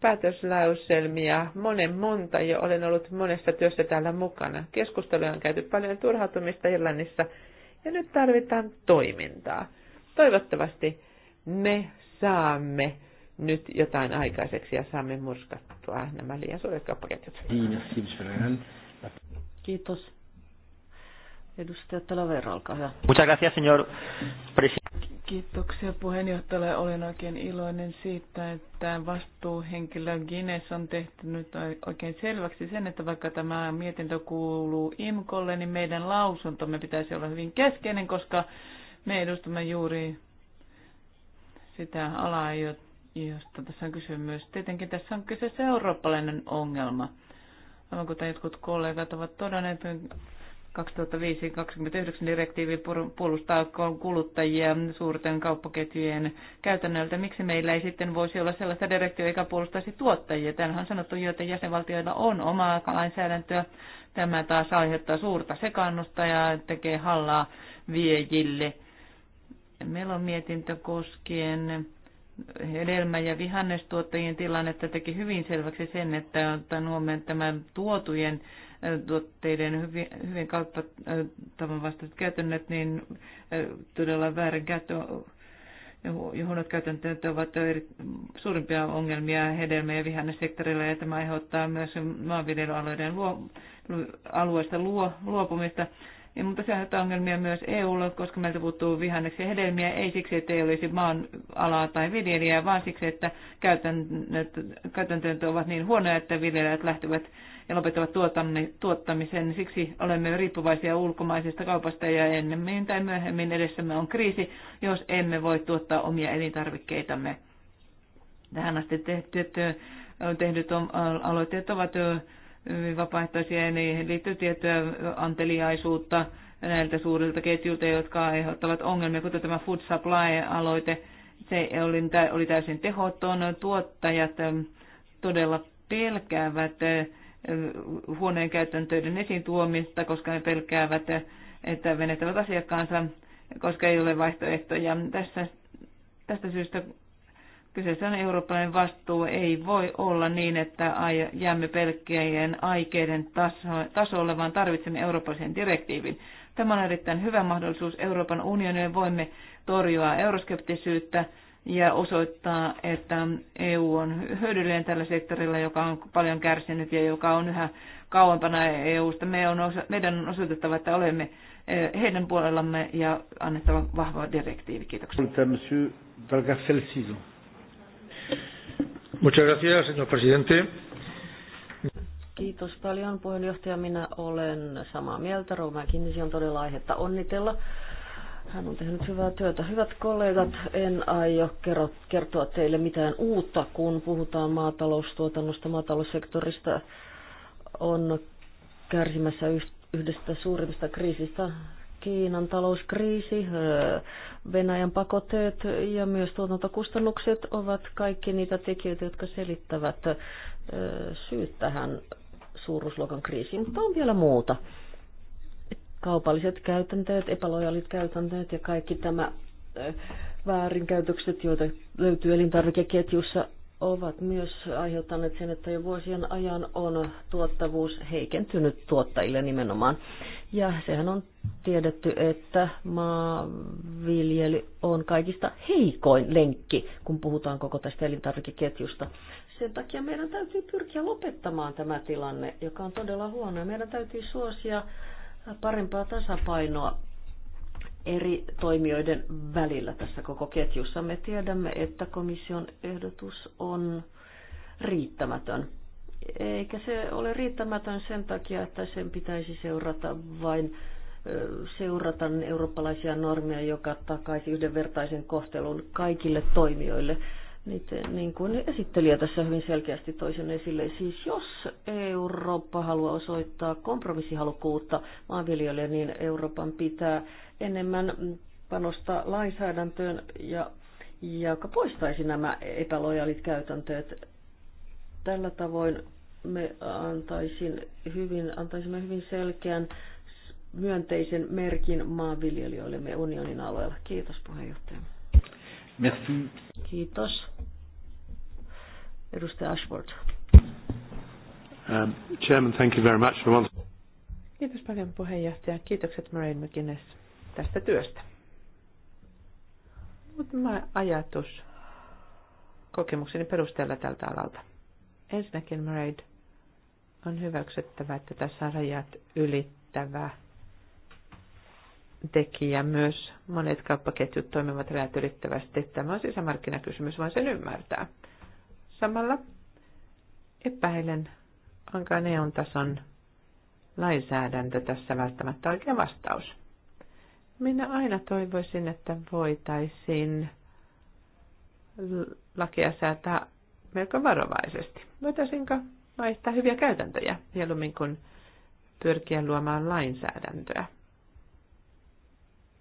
päätöslauselmia, monen monta, ja olen ollut monessa työssä täällä mukana. Keskusteluja on käyty paljon turhautumista Irlannissa ja nyt tarvitaan toimintaa. Toivottavasti me saamme nyt jotain aikaiseksi ja saamme murskattua nämä liian suuret kauppaketjut. Niin, Kiitos. Edustaja Talavera, olkaa hyvä. Muchas gracias, señor presidente. Kiitoksia puheenjohtajalle. Olen oikein iloinen siitä, että vastuuhenkilö Guinness on tehnyt oikein selväksi sen, että vaikka tämä mietintö kuuluu IMKOlle, niin meidän lausuntomme pitäisi olla hyvin keskeinen, koska me edustamme juuri sitä alaa, josta tässä on kysymys. Tietenkin tässä on kyseessä eurooppalainen ongelma. Aivan kuten jotkut kollegat ovat todenneet, 2005-29 direktiivi puolustaa kuluttajia suurten kauppaketjujen käytännöltä. Miksi meillä ei sitten voisi olla sellaista direktiiviä joka puolustaisi tuottajia? Tämähän on sanottu jo, että jäsenvaltioilla on omaa lainsäädäntöä. Tämä taas aiheuttaa suurta sekannusta ja tekee hallaa viejille. Meillä on mietintö koskien hedelmä- ja vihannestuottajien tilannetta teki hyvin selväksi sen, että ottaen huomioon tämän tuotujen tuotteiden hyvin, hyvin kauppatavan vastaiset käytännöt, niin todella väärinkäyttö ja huonot käytänteet ovat eri, suurimpia ongelmia hedelmä- ja vihannesektorilla, ja tämä aiheuttaa myös maanviljelyalueiden luo, alueesta luo, luopumista. Ja, mutta se aiheuttaa ongelmia myös EUlla, koska meiltä puuttuu vihanneksia hedelmiä, ei siksi, että ei olisi maan alaa tai viljelijää, vaan siksi, että käytännöt, käytäntöt ovat niin huonoja, että viljelijät lähtevät ja lopettavat tuottamisen. Siksi olemme riippuvaisia ulkomaisesta kaupasta ja ennemmin tai myöhemmin edessämme on kriisi, jos emme voi tuottaa omia elintarvikkeitamme. Tähän asti tehtyt, tehdyt aloitteet ovat vapaaehtoisia ja niihin liittyy tiettyä anteliaisuutta näiltä suurilta ketjuilta, jotka aiheuttavat ongelmia, kuten tämä Food Supply-aloite. Se oli, oli täysin tehoton. Tuottajat todella pelkäävät huoneen käytäntöiden esiin tuomista, koska ne pelkäävät, että menettävät asiakkaansa, koska ei ole vaihtoehtoja. Tässä, tästä syystä kyseessä on eurooppalainen vastuu. Ei voi olla niin, että jäämme pelkkien aikeiden tasolle, vaan tarvitsemme eurooppalaisen direktiivin. Tämä on erittäin hyvä mahdollisuus Euroopan unionille. Voimme torjua euroskeptisyyttä ja osoittaa, että EU on hyödyllinen tällä sektorilla, joka on paljon kärsinyt ja joka on yhä kauempana EUsta. Me on osa, meidän on osoitettava, että olemme e, heidän puolellamme ja annettava vahva direktiivi. Kiitoksia. Muchas gracias, señor presidente. Kiitos paljon puheenjohtaja. Minä olen samaa mieltä. Rouva on todella aihetta onnitella. Hän on tehnyt hyvää työtä. Hyvät kollegat, en aio kertoa teille mitään uutta, kun puhutaan maataloustuotannosta. Maataloussektorista on kärsimässä yhdestä suurimmista kriisistä. Kiinan talouskriisi, öö, Venäjän pakotteet ja myös tuotantokustannukset ovat kaikki niitä tekijöitä, jotka selittävät öö, syyt tähän suuruusluokan kriisiin, mutta on vielä muuta kaupalliset käytänteet, epälojalit käytänteet ja kaikki tämä väärinkäytökset, joita löytyy elintarvikeketjussa, ovat myös aiheuttaneet sen, että jo vuosien ajan on tuottavuus heikentynyt tuottajille nimenomaan. Ja sehän on tiedetty, että maanviljely on kaikista heikoin lenkki, kun puhutaan koko tästä elintarvikeketjusta. Sen takia meidän täytyy pyrkiä lopettamaan tämä tilanne, joka on todella huono. Meidän täytyy suosia parempaa tasapainoa eri toimijoiden välillä tässä koko ketjussa. Me tiedämme, että komission ehdotus on riittämätön. Eikä se ole riittämätön sen takia, että sen pitäisi seurata vain seurata eurooppalaisia normeja, joka takaisi yhdenvertaisen kohtelun kaikille toimijoille niitä niin kuin esittelijä tässä hyvin selkeästi toisen esille, siis jos Eurooppa haluaa osoittaa kompromissihalukkuutta maanviljelijöille, niin Euroopan pitää enemmän panostaa lainsäädäntöön, ja, joka poistaisi nämä epälojaalit käytänteet. Tällä tavoin me antaisin hyvin, antaisimme hyvin selkeän myönteisen merkin maanviljelijöillemme unionin alueella. Kiitos puheenjohtaja. Merci. Kiitos. Edustaja Ashford. Um, chairman, thank you very much for one... Kiitos paljon puheenjohtaja. Kiitokset Maureen McGuinness tästä työstä. Muutama ajatus kokemukseni perusteella tältä alalta. Ensinnäkin Maraid on hyväksyttävä, että tässä on rajat ylittävä tekijä myös. Monet kauppaketjut toimivat rajat ylittävästi. Tämä on sisämarkkinakysymys, vaan sen ymmärtää. Samalla epäilen, onko EUn tason lainsäädäntö tässä välttämättä oikea vastaus. Minä aina toivoisin, että voitaisiin lakia säätää melko varovaisesti. Voitaisinko vaihtaa hyviä käytäntöjä mieluummin kuin pyrkiä luomaan lainsäädäntöä?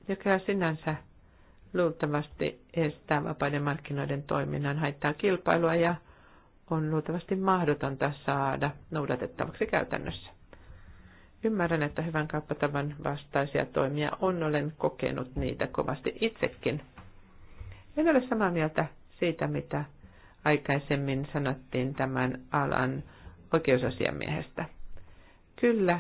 joka sinänsä luultavasti estää vapaiden markkinoiden toiminnan, haittaa kilpailua ja on luultavasti mahdotonta saada noudatettavaksi käytännössä. Ymmärrän, että hyvän kauppatavan vastaisia toimia on, olen kokenut niitä kovasti itsekin. En ole samaa mieltä siitä, mitä aikaisemmin sanottiin tämän alan oikeusasiamiehestä. Kyllä,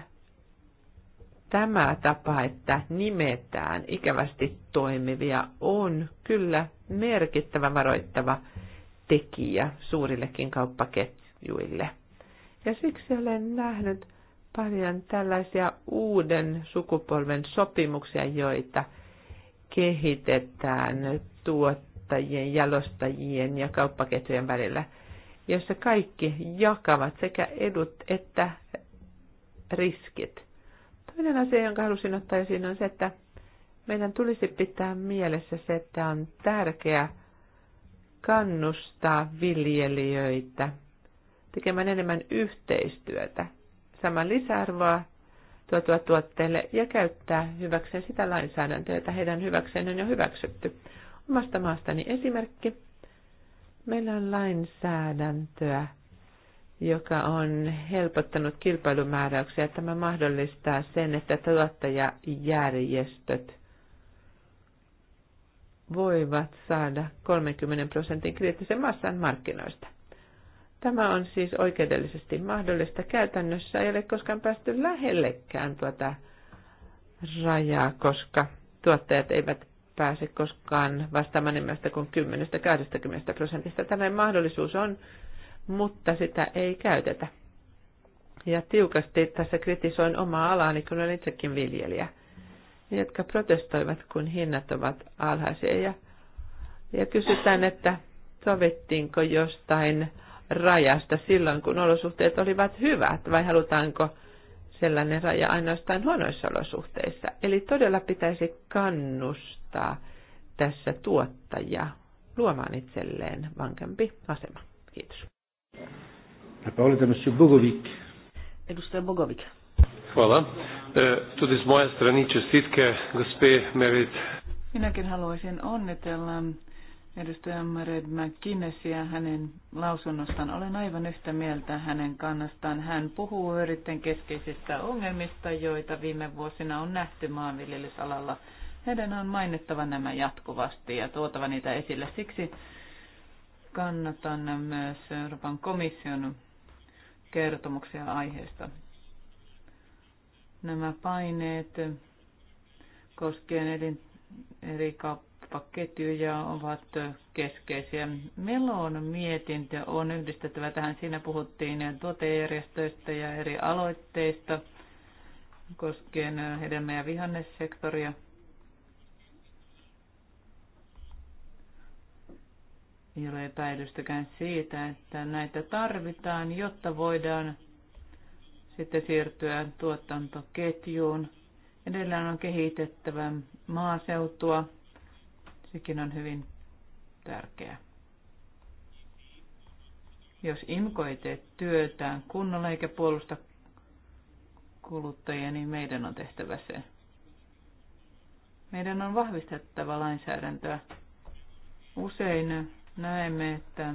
tämä tapa, että nimetään ikävästi toimivia, on kyllä merkittävä varoittava tekijä suurillekin kauppaketjuille. Ja siksi olen nähnyt paljon tällaisia uuden sukupolven sopimuksia, joita kehitetään tuottajien, jalostajien ja kauppaketjujen välillä, jossa kaikki jakavat sekä edut että riskit – Toinen asia, jonka halusin ottaa esiin, on se, että meidän tulisi pitää mielessä se, että on tärkeää kannustaa viljelijöitä tekemään enemmän yhteistyötä, sama lisäarvoa tuotua tuotteille ja käyttää hyväkseen sitä lainsäädäntöä, jota heidän hyväkseen on jo hyväksytty. Omasta maastani esimerkki. Meillä on lainsäädäntöä joka on helpottanut kilpailumääräyksiä. Tämä mahdollistaa sen, että tuottajajärjestöt voivat saada 30 prosentin kriittisen massan markkinoista. Tämä on siis oikeudellisesti mahdollista. Käytännössä ei ole koskaan päästy lähellekään tuota rajaa, koska tuottajat eivät pääse koskaan vastaamaan enemmän kuin 10-20 prosentista. Tällainen mahdollisuus on mutta sitä ei käytetä. Ja tiukasti tässä kritisoin omaa alaani, kun olen itsekin viljelijä. jotka protestoivat, kun hinnat ovat alhaisia. Ja, ja kysytään, että sovittiinko jostain rajasta silloin, kun olosuhteet olivat hyvät, vai halutaanko sellainen raja ainoastaan huonoissa olosuhteissa. Eli todella pitäisi kannustaa tässä tuottajaa luomaan itselleen vankempi asema. Kiitos. La parola è Monsieur Bogovic. Edustaja Bogovic. Hvala. E, tudi z moje strani čestitke gospe Merit. Minäkin haluaisin onnitella edustaja Merit McKinneysiä hänen lausunnostaan. Olen aivan yhtä mieltä hänen kannastaan. Hän puhuu yrittäjän keskeisistä ongelmista, joita viime vuosina on nähty maanviljelysalalla. Heidän on mainittava nämä jatkuvasti ja tuotava niitä esille. Siksi Kannatan myös Euroopan komission kertomuksia aiheesta. Nämä paineet koskien eri, eri kauppaketjuja ovat keskeisiä. Melon mietintö on yhdistettävä tähän. Siinä puhuttiin tuotejärjestöistä ja eri aloitteista koskien hedelmä- ja vihannessektoria. Ei ole epäilystäkään siitä, että näitä tarvitaan, jotta voidaan sitten siirtyä tuotantoketjuun. Edelleen on kehitettävä maaseutua. Sekin on hyvin tärkeää. Jos IMKO ei tee työtään kunnolla eikä puolusta kuluttajia, niin meidän on tehtävä se. Meidän on vahvistettava lainsäädäntöä. Usein näemme, että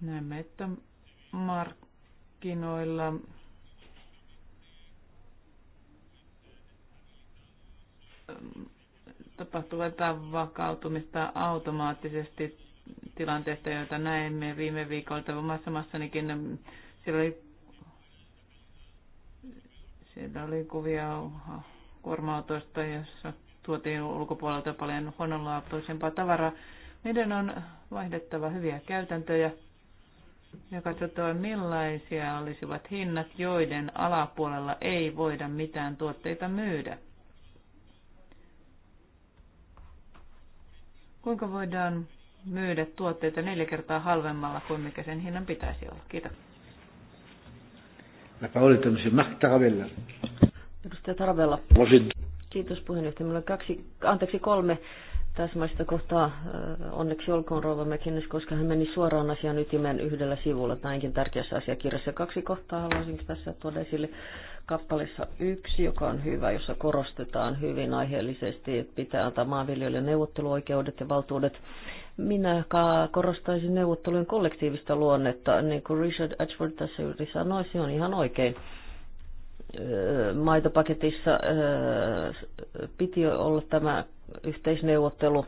näemme, että markkinoilla tapahtuu epävakautumista automaattisesti tilanteesta, joita näemme viime viikolta omassa massanikin. Siellä oli siellä oli kuvia kuorma-autoista, jossa tuotiin ulkopuolelta paljon huonolaatuisempaa tavaraa. Meidän on vaihdettava hyviä käytäntöjä ja katsotaan millaisia olisivat hinnat, joiden alapuolella ei voida mitään tuotteita myydä. Kuinka voidaan myydä tuotteita neljä kertaa halvemmalla kuin mikä sen hinnan pitäisi olla? Kiitos. La parola on monsieur Marc Taravella. Edustaja Taravella. Kiitos puheenjohtaja. Minulla on kaksi, anteeksi kolme täsmäistä kohtaa. Onneksi olkoon Rova McInnes, koska hän meni suoraan asian ytimen yhdellä sivulla näinkin tärkeässä asiakirjassa. Kaksi kohtaa haluaisin tässä tuoda esille kappaleessa yksi, joka on hyvä, jossa korostetaan hyvin aiheellisesti, että pitää antaa maanviljelijöille neuvotteluoikeudet ja valtuudet minä korostaisin neuvottelujen kollektiivista luonnetta, niin kuin Richard Ashford tässä juuri sanoi, se on ihan oikein maitopaketissa piti olla tämä yhteisneuvottelu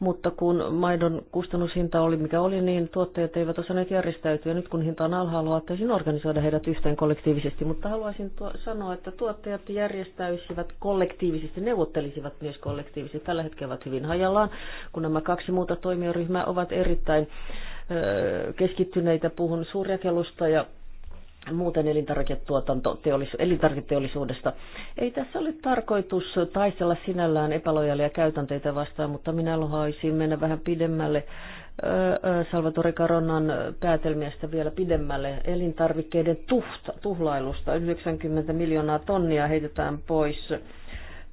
mutta kun maidon kustannushinta oli mikä oli, niin tuottajat eivät osanneet järjestäytyä. Nyt kun hinta on alhaalla, haluaisin organisoida heidät yhteen kollektiivisesti, mutta haluaisin sanoa, että tuottajat järjestäisivät kollektiivisesti, neuvottelisivat myös kollektiivisesti. Tällä hetkellä ovat hyvin hajallaan, kun nämä kaksi muuta toimijaryhmää ovat erittäin keskittyneitä. Puhun suurjakelusta ja muuten elintarviketuotanto, teollisu, elintarviketeollisuudesta. Ei tässä ole tarkoitus taistella sinällään epälojalia käytänteitä vastaan, mutta minä haluaisin mennä vähän pidemmälle Salvatore Caronan päätelmiästä vielä pidemmälle elintarvikkeiden tuhta, tuhlailusta. 90 miljoonaa tonnia heitetään pois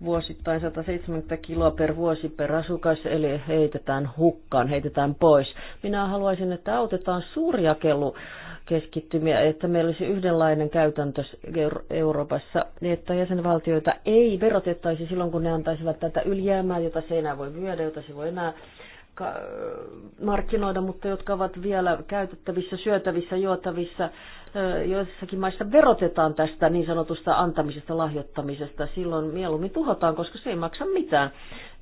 vuosittain 170 kiloa per vuosi per asukas, eli heitetään hukkaan, heitetään pois. Minä haluaisin, että autetaan suurjakelu keskittymiä, että meillä olisi yhdenlainen käytäntö Euroopassa, niin että jäsenvaltioita ei verotettaisi silloin, kun ne antaisivat tätä ylijäämää, jota se ei enää voi myydä, jota se voi enää markkinoida, mutta jotka ovat vielä käytettävissä, syötävissä, juotavissa. Joissakin maissa verotetaan tästä niin sanotusta antamisesta, lahjoittamisesta. Silloin mieluummin tuhotaan, koska se ei maksa mitään.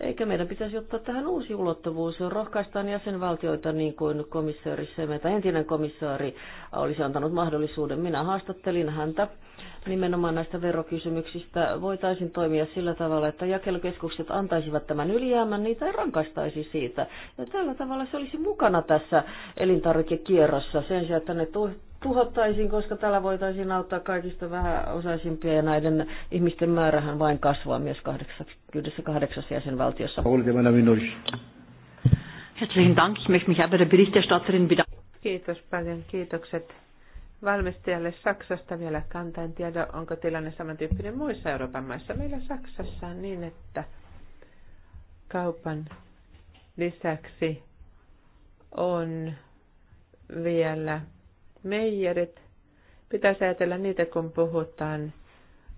Eikä meidän pitäisi ottaa tähän uusi ulottuvuus. Rohkaistaan jäsenvaltioita niin kuin komissaari Semeta, entinen komissaari, olisi antanut mahdollisuuden. Minä haastattelin häntä nimenomaan näistä verokysymyksistä. Voitaisiin toimia sillä tavalla, että jakelukeskukset antaisivat tämän ylijäämän, niitä ei rankaistaisi siitä. Ja tällä tavalla se olisi mukana tässä elintarvikekierrossa sen sijaan, että ne tuhottaisiin, koska tällä voitaisiin auttaa kaikista vähän osaisimpia ja näiden ihmisten määrähän vain kasvaa myös 80 yhdessä kahdeksassa jäsenvaltiossa. Kiitos paljon. Kiitokset valmistajalle Saksasta vielä kantaa. En tiedä, onko tilanne samantyyppinen muissa Euroopan maissa. Meillä Saksassa on niin, että kaupan lisäksi on vielä meijerit. Pitäisi ajatella niitä, kun puhutaan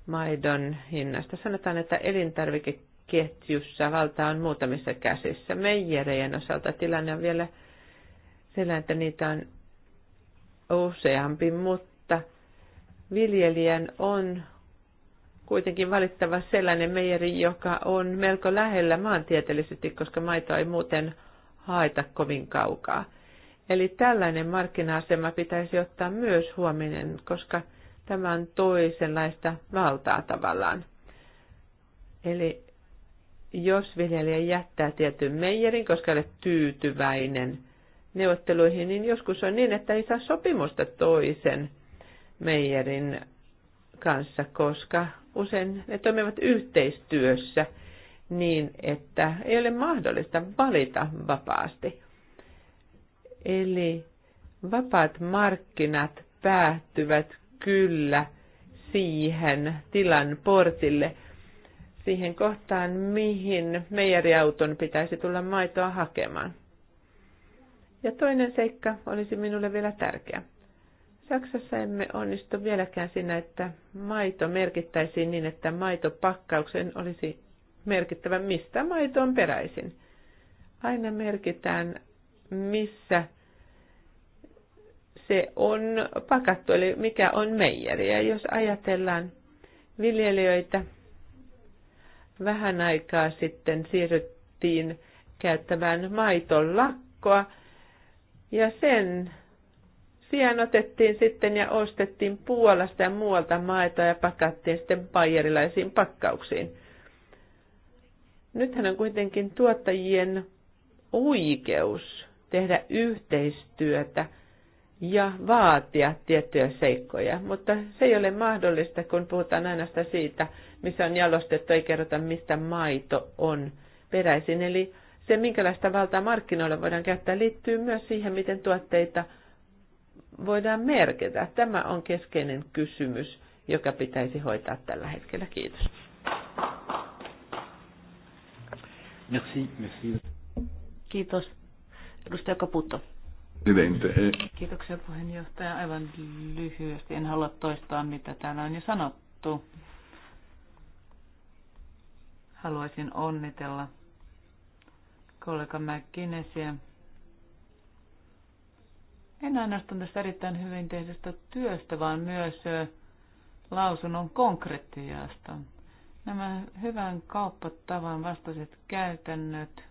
maidon hinnasta. Sanotaan, että elintarvikeketjussa valta on muutamissa käsissä. Meijerejen osalta tilanne on vielä sillä, että niitä on useampi, mutta viljelijän on kuitenkin valittava sellainen meijeri, joka on melko lähellä maantieteellisesti, koska maitoa ei muuten haeta kovin kaukaa. Eli tällainen markkina-asema pitäisi ottaa myös huomioon, koska – tämän toisenlaista valtaa tavallaan. Eli jos viljelijä jättää tietyn meijerin, koska ei ole tyytyväinen neuvotteluihin, niin joskus on niin, että ei saa sopimusta toisen meijerin kanssa, koska usein ne toimivat yhteistyössä niin, että ei ole mahdollista valita vapaasti. Eli vapaat markkinat päättyvät, kyllä siihen tilan portille, siihen kohtaan, mihin meijeriauton pitäisi tulla maitoa hakemaan. Ja toinen seikka olisi minulle vielä tärkeä. Saksassa emme onnistu vieläkään siinä, että maito merkittäisiin niin, että maitopakkauksen olisi merkittävä, mistä maito on peräisin. Aina merkitään, missä se on pakattu, eli mikä on meijeri. Ja jos ajatellaan viljelijöitä, vähän aikaa sitten siirryttiin käyttämään maitolakkoa ja sen sijaan otettiin sitten ja ostettiin Puolasta ja muualta maitoa ja pakattiin sitten bayerilaisiin pakkauksiin. Nythän on kuitenkin tuottajien oikeus tehdä yhteistyötä – ja vaatia tiettyjä seikkoja, mutta se ei ole mahdollista, kun puhutaan ainoastaan siitä, missä on jalostettu, ei kerrota, mistä maito on peräisin. Eli se, minkälaista valtaa markkinoilla voidaan käyttää, liittyy myös siihen, miten tuotteita voidaan merkitä. Tämä on keskeinen kysymys, joka pitäisi hoitaa tällä hetkellä. Kiitos. Merci, merci. Kiitos. Edustaja Caputo. Eh. Kiitoksia puheenjohtaja. Aivan lyhyesti. En halua toistaa, mitä täällä on jo sanottu. Haluaisin onnitella kollega McGinnessiä. En ainoastaan tästä erittäin hyvin tehdystä työstä, vaan myös lausunnon konkretiasta. Nämä hyvän kauppatavan vastaiset käytännöt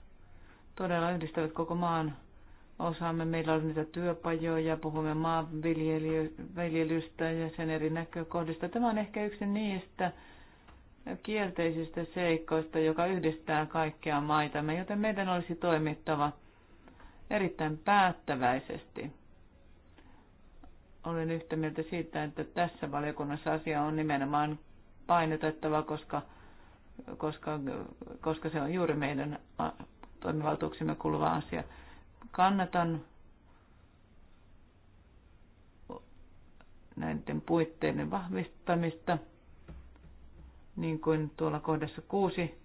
todella yhdistävät koko maan osaamme. Meillä on niitä työpajoja, puhumme maanviljelystä ja sen eri näkökohdista. Tämä on ehkä yksi niistä kielteisistä seikoista, joka yhdistää kaikkia maitamme, joten meidän olisi toimittava erittäin päättäväisesti. Olen yhtä mieltä siitä, että tässä valiokunnassa asia on nimenomaan painotettava, koska, koska, koska se on juuri meidän toimivaltuuksimme kuuluva asia kannatan näiden puitteiden vahvistamista, niin kuin tuolla kohdassa kuusi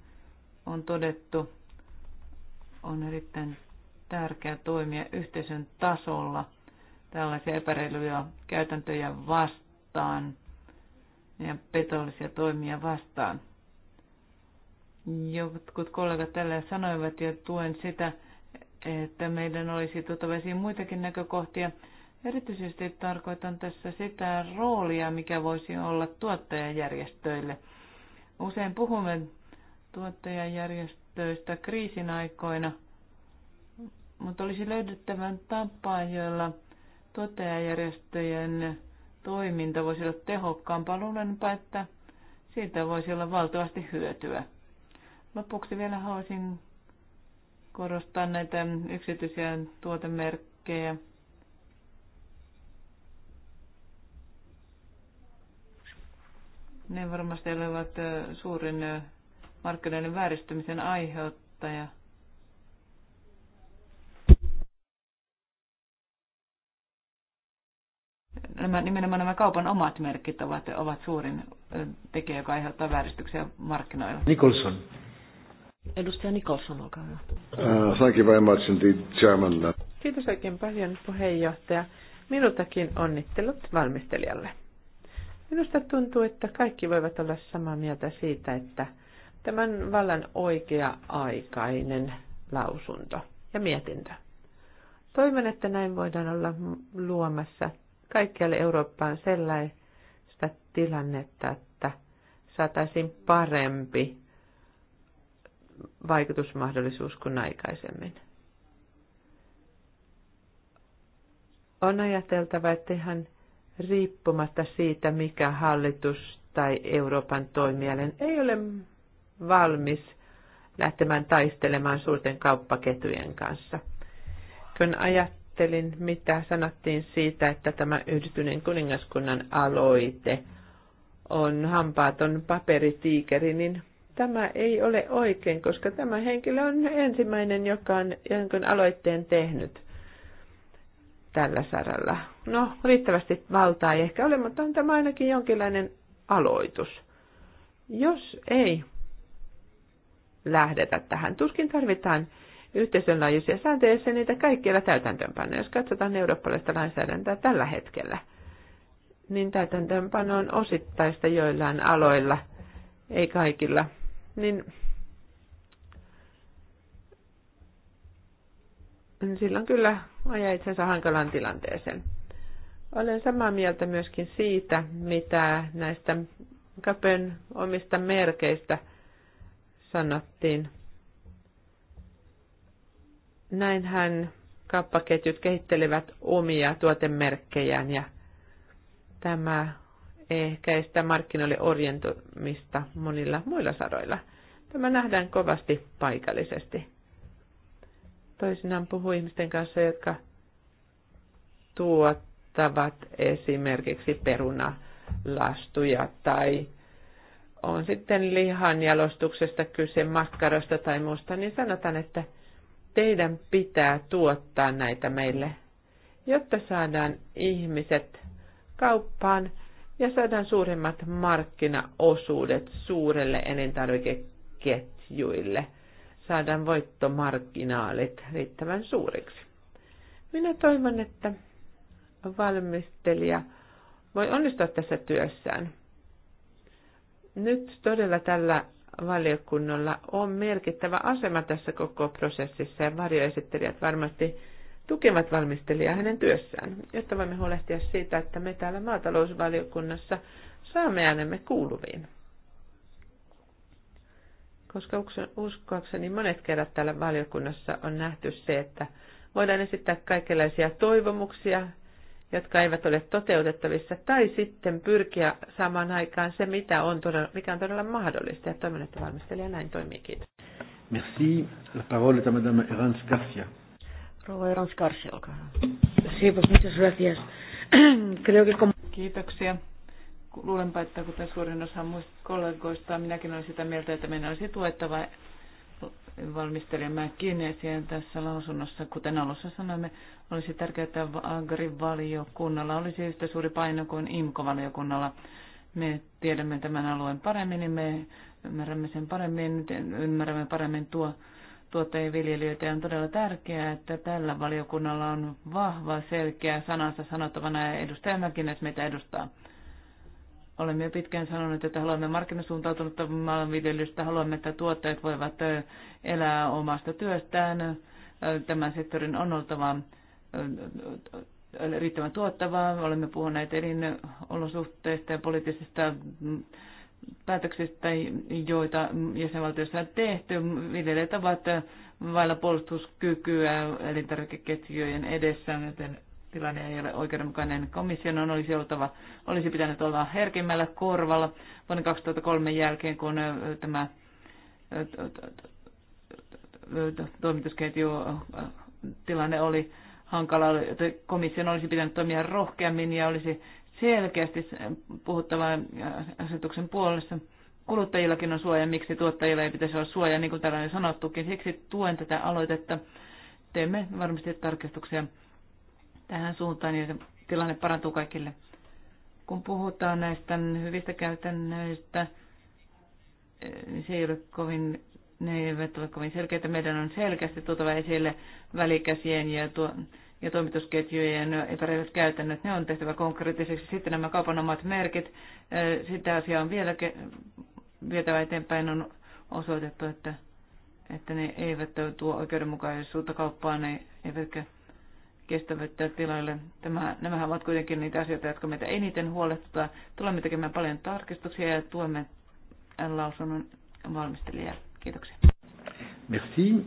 on todettu, on erittäin tärkeää toimia yhteisön tasolla tällaisia epäreiluja käytäntöjä vastaan ja petollisia toimia vastaan. Jotkut kollegat tällä sanoivat ja tuen sitä, että meidän olisi tuotava muitakin näkökohtia. Erityisesti tarkoitan tässä sitä roolia, mikä voisi olla tuottajajärjestöille. Usein puhumme tuottajajärjestöistä kriisin aikoina, mutta olisi löydettävän tapa, jolla tuottajajärjestöjen toiminta voisi olla tehokkaampaa. Luulenpa, että siitä voisi olla valtavasti hyötyä. Lopuksi vielä haluaisin korostaa näitä yksityisiä tuotemerkkejä. Ne varmasti olivat suurin markkinoiden vääristymisen aiheuttaja. nämä, nimenomaan nämä kaupan omat merkit ovat, ovat suurin tekijä, joka aiheuttaa vääristyksiä markkinoilla. Nicholson. Edustaja Nikolson, olkaa hyvä. Uh, thank you very much indeed, Chairman. Kiitos oikein paljon puheenjohtaja. Minultakin onnittelut valmistelijalle. Minusta tuntuu, että kaikki voivat olla samaa mieltä siitä, että tämän vallan oikea-aikainen lausunto ja mietintö. Toivon, että näin voidaan olla luomassa kaikkialle Eurooppaan sellaista tilannetta, että saataisiin parempi vaikutusmahdollisuus kuin aikaisemmin. On ajateltava, että ihan riippumatta siitä, mikä hallitus tai Euroopan toimijälen ei ole valmis lähtemään taistelemaan suurten kauppaketujen kanssa. Kun ajattelin, mitä sanottiin siitä, että tämä yhdistyneen kuningaskunnan aloite on hampaaton paperitiikeri, niin Tämä ei ole oikein, koska tämä henkilö on ensimmäinen, joka on jonkun aloitteen tehnyt tällä saralla. No, riittävästi valtaa ei ehkä ole, mutta on tämä ainakin jonkinlainen aloitus. Jos ei lähdetä tähän, tuskin tarvitaan yhteisön laajuisia sääntöjä, jos niitä kaikkialla täytäntöönpano. Jos katsotaan eurooppalaista lainsäädäntöä tällä hetkellä, niin täytäntöönpano on osittaista joillain aloilla, ei kaikilla niin silloin kyllä ajaa itsensä hankalan tilanteeseen. Olen samaa mieltä myöskin siitä, mitä näistä Kapen omista merkeistä sanottiin. Näinhän kauppaketjut kehittelevät omia tuotemerkkejään ja tämä ehkäistä markkinoille orientoimista monilla muilla saroilla. Tämä nähdään kovasti paikallisesti. Toisinaan puhuu ihmisten kanssa, jotka tuottavat esimerkiksi perunalastuja tai on sitten lihan jalostuksesta kyse, makkarasta tai muusta, niin sanotaan, että teidän pitää tuottaa näitä meille, jotta saadaan ihmiset kauppaan ja saadaan suuremmat markkinaosuudet suurelle elintarvikeketjuille. Saadaan voittomarkkinaalit riittävän suuriksi. Minä toivon, että valmistelija voi onnistua tässä työssään. Nyt todella tällä valiokunnalla on merkittävä asema tässä koko prosessissa ja varjoesittelijät varmasti Tukemat valmistelijaa hänen työssään, jotta voimme huolehtia siitä, että me täällä maatalousvaliokunnassa saamme äänemme kuuluviin. Koska uskoakseni monet kerrat täällä valiokunnassa on nähty se, että voidaan esittää kaikenlaisia toivomuksia, jotka eivät ole toteutettavissa, tai sitten pyrkiä samaan aikaan se, mitä on todella, mikä on todella mahdollista. Ja toivon, että valmistelija näin toimii. Kiitos. Merci. La parole est à Madame Erans Garcia. Rouva Irans Karsi, olkaa hyvä. Siipas, muchas gracias. Creo que como... Kiitoksia. Luulenpa, että kuten suurin osa muista kollegoista, minäkin olen sitä mieltä, että meidän olisi tuettava valmistelija McKinneysiä tässä lausunnossa. Kuten alussa sanoimme, olisi tärkeää, että agrivaliokunnalla olisi yhtä suuri paino kuin imco valiokunnalla Me tiedämme tämän alueen paremmin niin me ymmärrämme sen paremmin, ymmärrämme paremmin tuo tuottajien viljelijöitä ja on todella tärkeää, että tällä valiokunnalla on vahva, selkeä sanansa sanottavana ja edustaja Mäkinäs meitä edustaa. Olemme jo pitkään sanoneet, että haluamme markkinasuuntautunutta maanviljelystä, haluamme, että tuottajat voivat elää omasta työstään. Tämän sektorin on oltava riittävän tuottavaa. Olemme puhuneet elinolosuhteista ja poliittisista päätöksistä, joita jäsenvaltiossa on tehty. Viljelijät ovat vailla puolustuskykyä elintarvikeketjujen edessä, joten tilanne ei ole oikeudenmukainen. Komission olisi, oltava, olisi pitänyt olla herkimmällä korvalla vuonna 2003 jälkeen, kun tämä toimitusketju tilanne oli hankala. Komission olisi pitänyt toimia rohkeammin ja olisi selkeästi puhuttavan äh, asetuksen puolesta. Kuluttajillakin on suoja, miksi tuottajilla ei pitäisi olla suoja, niin kuin täällä on jo sanottukin. Siksi tuen tätä aloitetta. Teemme varmasti tarkistuksia tähän suuntaan ja niin tilanne parantuu kaikille. Kun puhutaan näistä hyvistä käytännöistä, äh, niin se ei ole kovin, ne eivät ole kovin selkeitä. Meidän on selkeästi tuotava esille välikäsien ja tuo, ja toimitusketjujen epäreilut käytännöt, ne on tehtävä konkreettiseksi. Sitten nämä kaupan omat merkit, sitä asiaa on vielä vietävä eteenpäin, on osoitettu, että, että ne eivät tuo oikeudenmukaisuutta kauppaan, ne eivätkä kestävyyttä tiloille. Tämä, nämähän ovat kuitenkin niitä asioita, jotka meitä eniten huolestuttaa. Tulemme tekemään paljon tarkistuksia ja tuemme lausunnon valmistelijaa. Kiitoksia. Merci.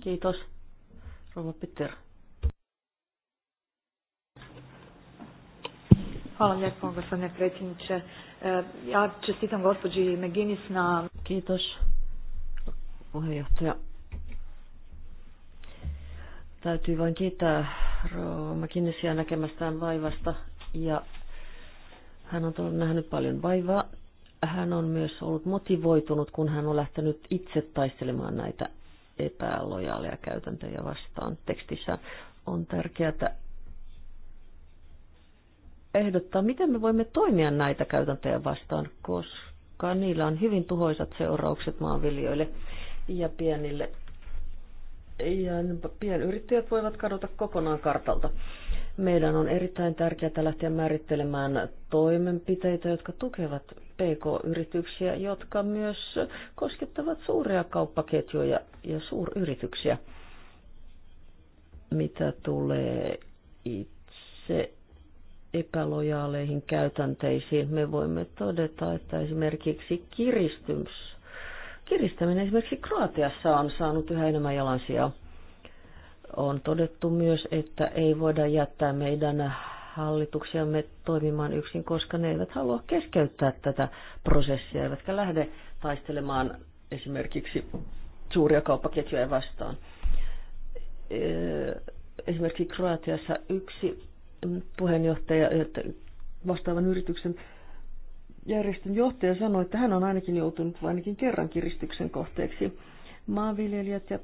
Kiitos. Rouva Peter. Hvala lijepo, gospodine predsjedniče. E, ja čestitam gospođi Meginis na... Kiitos, puheenjohtaja. Täytyy vain kiittää Meginisiä näkemästään vaivasta ja hän on nähnyt paljon vaivaa. Hän on myös ollut motivoitunut, kun hän on lähtenyt itse taistelemaan näitä epälojaaleja käytäntöjä vastaan tekstissä. On tärkeää, ehdottaa, miten me voimme toimia näitä käytäntöjä vastaan, koska niillä on hyvin tuhoisat seuraukset maanviljoille ja pienille. Ja pienyrittäjät voivat kadota kokonaan kartalta. Meidän on erittäin tärkeää lähteä määrittelemään toimenpiteitä, jotka tukevat PK-yrityksiä, jotka myös koskettavat suuria kauppaketjuja ja suuryrityksiä. Mitä tulee itse epälojaaleihin käytänteisiin. Me voimme todeta, että esimerkiksi kiristys, kiristäminen esimerkiksi Kroatiassa on saanut yhä enemmän jalansia. On todettu myös, että ei voida jättää meidän hallituksiamme toimimaan yksin, koska ne eivät halua keskeyttää tätä prosessia, eivätkä lähde taistelemaan esimerkiksi suuria kauppaketjuja vastaan. Esimerkiksi Kroatiassa yksi puheenjohtaja, että vastaavan yrityksen järjestön johtaja sanoi, että hän on ainakin joutunut ainakin kerran kiristyksen kohteeksi. Maanviljelijät ja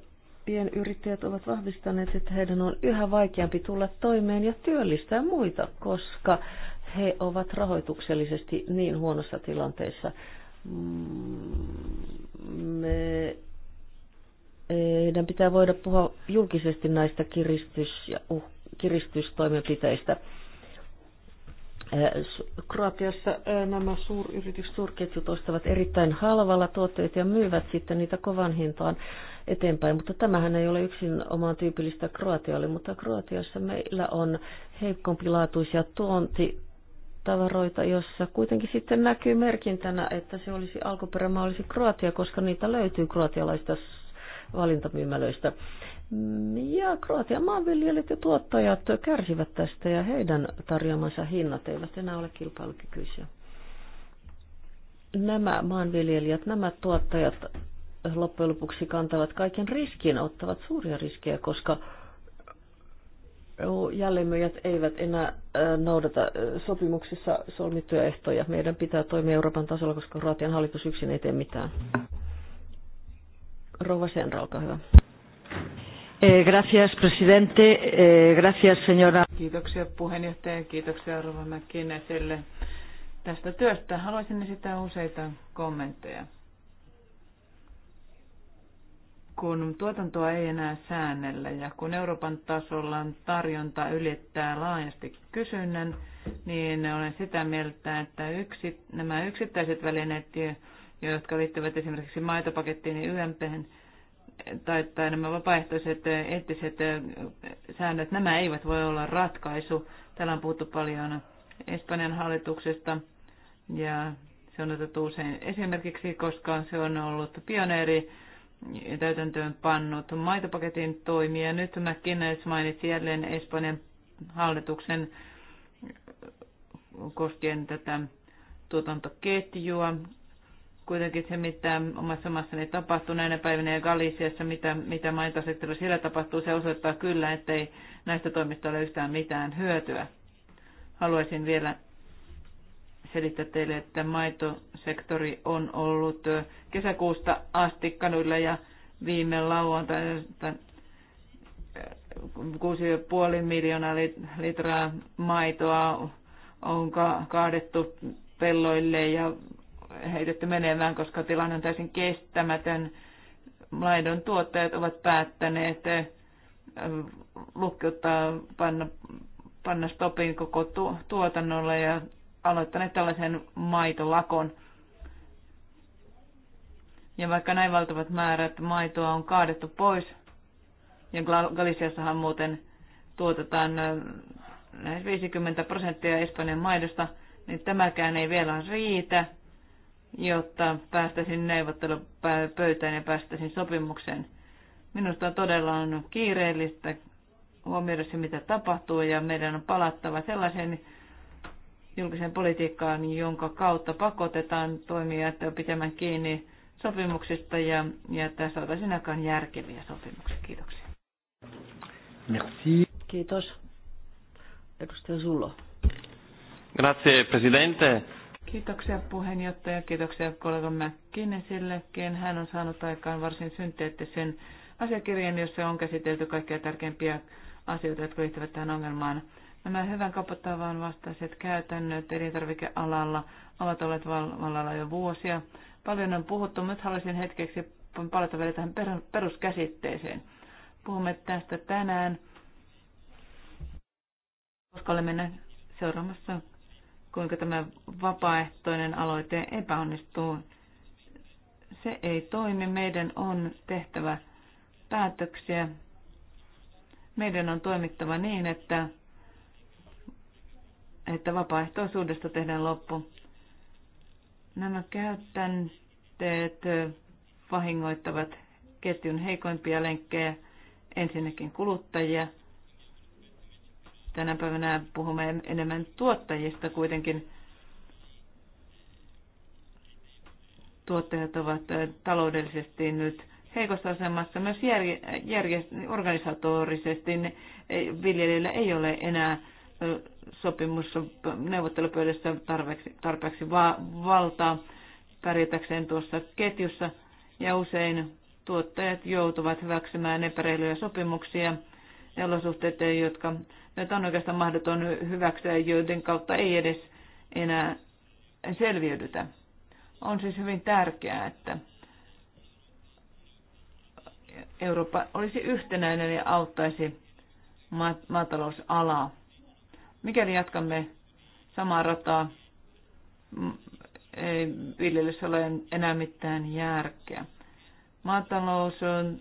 pienyrittäjät ovat vahvistaneet, että heidän on yhä vaikeampi tulla toimeen ja työllistää muita, koska he ovat rahoituksellisesti niin huonossa tilanteessa. Mm, me meidän pitää voida puhua julkisesti näistä kiristys- ja uhkista kiristystoimenpiteistä. Äh, Kroatiassa äh, nämä suuryritykset, suurketjut ostavat erittäin halvalla tuotteita ja myyvät sitten niitä kovan hintaan eteenpäin, mutta tämähän ei ole yksin omaan tyypillistä Kroatialle, mutta Kroatiassa meillä on heikompilaatuisia tuontitavaroita, jossa kuitenkin sitten näkyy merkintänä, että se olisi alkuperämaa olisi Kroatia, koska niitä löytyy kroatialaista valintamyymälöistä. Ja Kroatian maanviljelijät ja tuottajat kärsivät tästä ja heidän tarjoamansa hinnat eivät enää ole kilpailukykyisiä. Nämä maanviljelijät, nämä tuottajat loppujen lopuksi kantavat kaiken riskin, ottavat suuria riskejä, koska jälleenmyyjät eivät enää noudata sopimuksissa solmittuja ehtoja. Meidän pitää toimia Euroopan tasolla, koska Kroatian hallitus yksin ei tee mitään. Rouva Senra, olkaa hyvä. Eh, gracias, presidente. Eh, gracias, señora. Kiitoksia puheenjohtaja ja kiitoksia Rova Mäkkinäiselle tästä työstä. Haluaisin esittää useita kommentteja. Kun tuotantoa ei enää säännellä ja kun Euroopan tasolla tarjonta ylittää laajasti kysynnän, niin olen sitä mieltä, että yksi, nämä yksittäiset välineet, jotka liittyvät esimerkiksi maitopakettiin ja YMPhen, tai, tai nämä vapaaehtoiset eettiset säännöt, nämä eivät voi olla ratkaisu. Täällä on puhuttu paljon Espanjan hallituksesta ja se on otettu usein esimerkiksi, koska se on ollut pioneeri täytäntöön pannut maitopaketin toimia. Nyt McKinney mainitsi jälleen Espanjan hallituksen koskien tätä tuotantoketjua kuitenkin se, mitä omassa maassani tapahtuu näinä päivinä ja Galisiassa, mitä, mitä maitosektorilla siellä tapahtuu, se osoittaa kyllä, ettei näistä toimista ole yhtään mitään hyötyä. Haluaisin vielä selittää teille, että maitosektori on ollut kesäkuusta asti kaduilla ja viime lauantaina 6,5 miljoonaa litraa maitoa on kaadettu pelloille ja heitetty menemään, koska tilanne on täysin kestämätön. Laidon tuottajat ovat päättäneet eh, lukkiuttaa panna, panna stopin koko tu, tuotannolle ja aloittaneet tällaisen maitolakon. Ja vaikka näin valtavat määrät maitoa on kaadettu pois, ja Galiciassahan muuten tuotetaan eh, lähes 50 prosenttia Espanjan maidosta, niin tämäkään ei vielä riitä jotta päästäisin neuvottelupöytään ja päästäisin sopimukseen. Minusta todella on kiireellistä huomioida se, mitä tapahtuu, ja meidän on palattava sellaiseen julkiseen politiikkaan, jonka kautta pakotetaan toimijat pitämään kiinni sopimuksista ja, ja että saataisiin aikaan järkeviä sopimuksia. Kiitoksia. Merci. Kiitos. Edustaja Zulo. Grazie, Presidente. Kiitoksia puheenjohtaja, kiitoksia kollega McKinneysellekin. Hän on saanut aikaan varsin synteettisen asiakirjan, jossa on käsitelty kaikkia tärkeimpiä asioita, jotka liittyvät tähän ongelmaan. Nämä hyvän kapottavan vastaiset käytännöt elintarvikealalla ovat olleet vallalla jo vuosia. Paljon on puhuttu, mutta haluaisin hetkeksi palata vielä tähän peruskäsitteeseen. Puhumme tästä tänään, koska olemme seuraamassa kuinka tämä vapaaehtoinen aloite epäonnistuu. Se ei toimi. Meidän on tehtävä päätöksiä. Meidän on toimittava niin, että, että vapaaehtoisuudesta tehdään loppu. Nämä käytänteet vahingoittavat ketjun heikoimpia lenkkejä, ensinnäkin kuluttajia – Tänä päivänä puhumme enemmän tuottajista kuitenkin. Tuottajat ovat taloudellisesti nyt heikossa asemassa. Myös järje- järje- organisatorisesti viljelijöillä ei ole enää sopimus neuvottelupöydässä tarpeeksi, tarpeeksi va- valtaa pärjätäkseen tuossa ketjussa. Ja usein tuottajat joutuvat hyväksymään epäreiluja sopimuksia ja olosuhteita, jotka joita on oikeastaan mahdoton hyväksyä, joiden kautta ei edes enää selviydytä. On siis hyvin tärkeää, että Eurooppa olisi yhtenäinen ja auttaisi maatalousalaa. Mikäli jatkamme samaa rataa, ei viljelyssä ole enää mitään järkeä. Maatalous on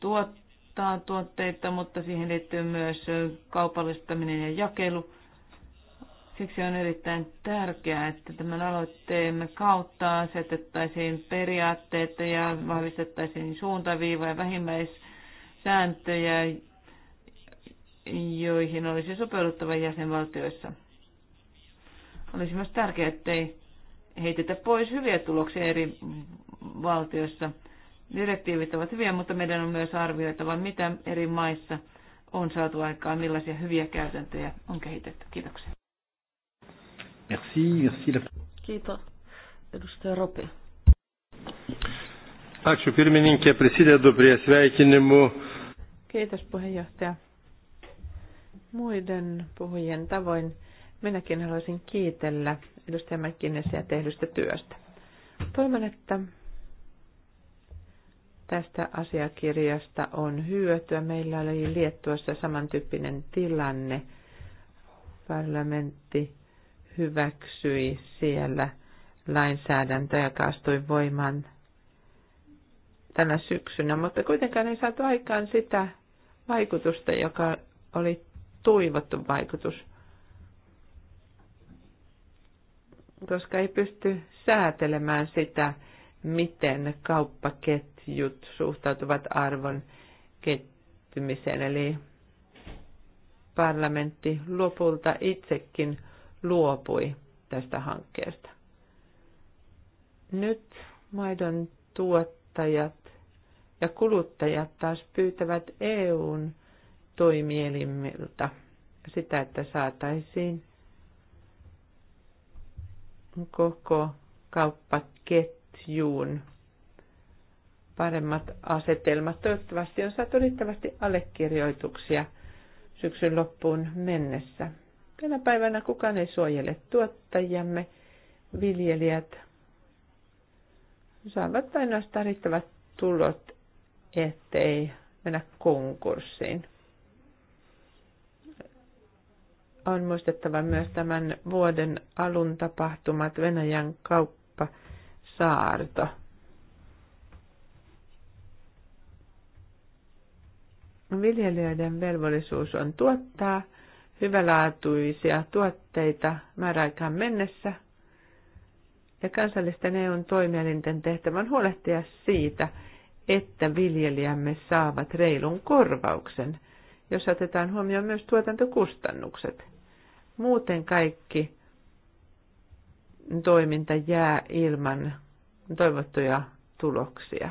tuottaa ostaa tuotteita, mutta siihen liittyy myös kaupallistaminen ja jakelu. Siksi on erittäin tärkeää, että tämän aloitteemme kautta asetettaisiin periaatteet ja vahvistettaisiin suuntaviivoja, vähimmäissääntöjä, joihin olisi sopeuduttava jäsenvaltioissa. Olisi myös tärkeää, ettei heitetä pois hyviä tuloksia eri valtioissa – Direktiivit ovat hyviä, mutta meidän on myös arvioitava, mitä eri maissa on saatu aikaan, millaisia hyviä käytäntöjä on kehitetty. Kiitoksia. Merci, merci. Kiitos. Edustaja Ropi. Ačiū pirmininkė, prisidedu prie sveikinimų. Kiitos puheenjohtaja. Muiden puhujien tavoin minäkin haluaisin kiitellä edustaja Mäkkinesiä tehdystä työstä. Toivon, että tästä asiakirjasta on hyötyä. Meillä oli Liettuassa samantyyppinen tilanne. Parlamentti hyväksyi siellä lainsäädäntöä, ja kaastui voimaan tänä syksynä, mutta kuitenkaan ei saatu aikaan sitä vaikutusta, joka oli toivottu vaikutus, koska ei pysty säätelemään sitä, miten kauppaketti ketjut suhtautuvat arvon kettymiseen. Eli parlamentti lopulta itsekin luopui tästä hankkeesta. Nyt maidon tuottajat ja kuluttajat taas pyytävät EUn toimielimiltä sitä, että saataisiin koko kauppaketjuun paremmat asetelmat. Toivottavasti on saatu riittävästi allekirjoituksia syksyn loppuun mennessä. Tänä päivänä kukaan ei suojele tuottajamme, viljelijät saavat ainoastaan riittävät tulot, ettei mennä konkurssiin. On muistettava myös tämän vuoden alun tapahtumat Venäjän kauppasaarto – Viljelijöiden velvollisuus on tuottaa hyvälaatuisia tuotteita määräaikaan mennessä ja kansallisten EUn toimielinten tehtävän huolehtia siitä, että viljelijämme saavat reilun korvauksen, jos otetaan huomioon myös tuotantokustannukset. Muuten kaikki toiminta jää ilman toivottuja tuloksia.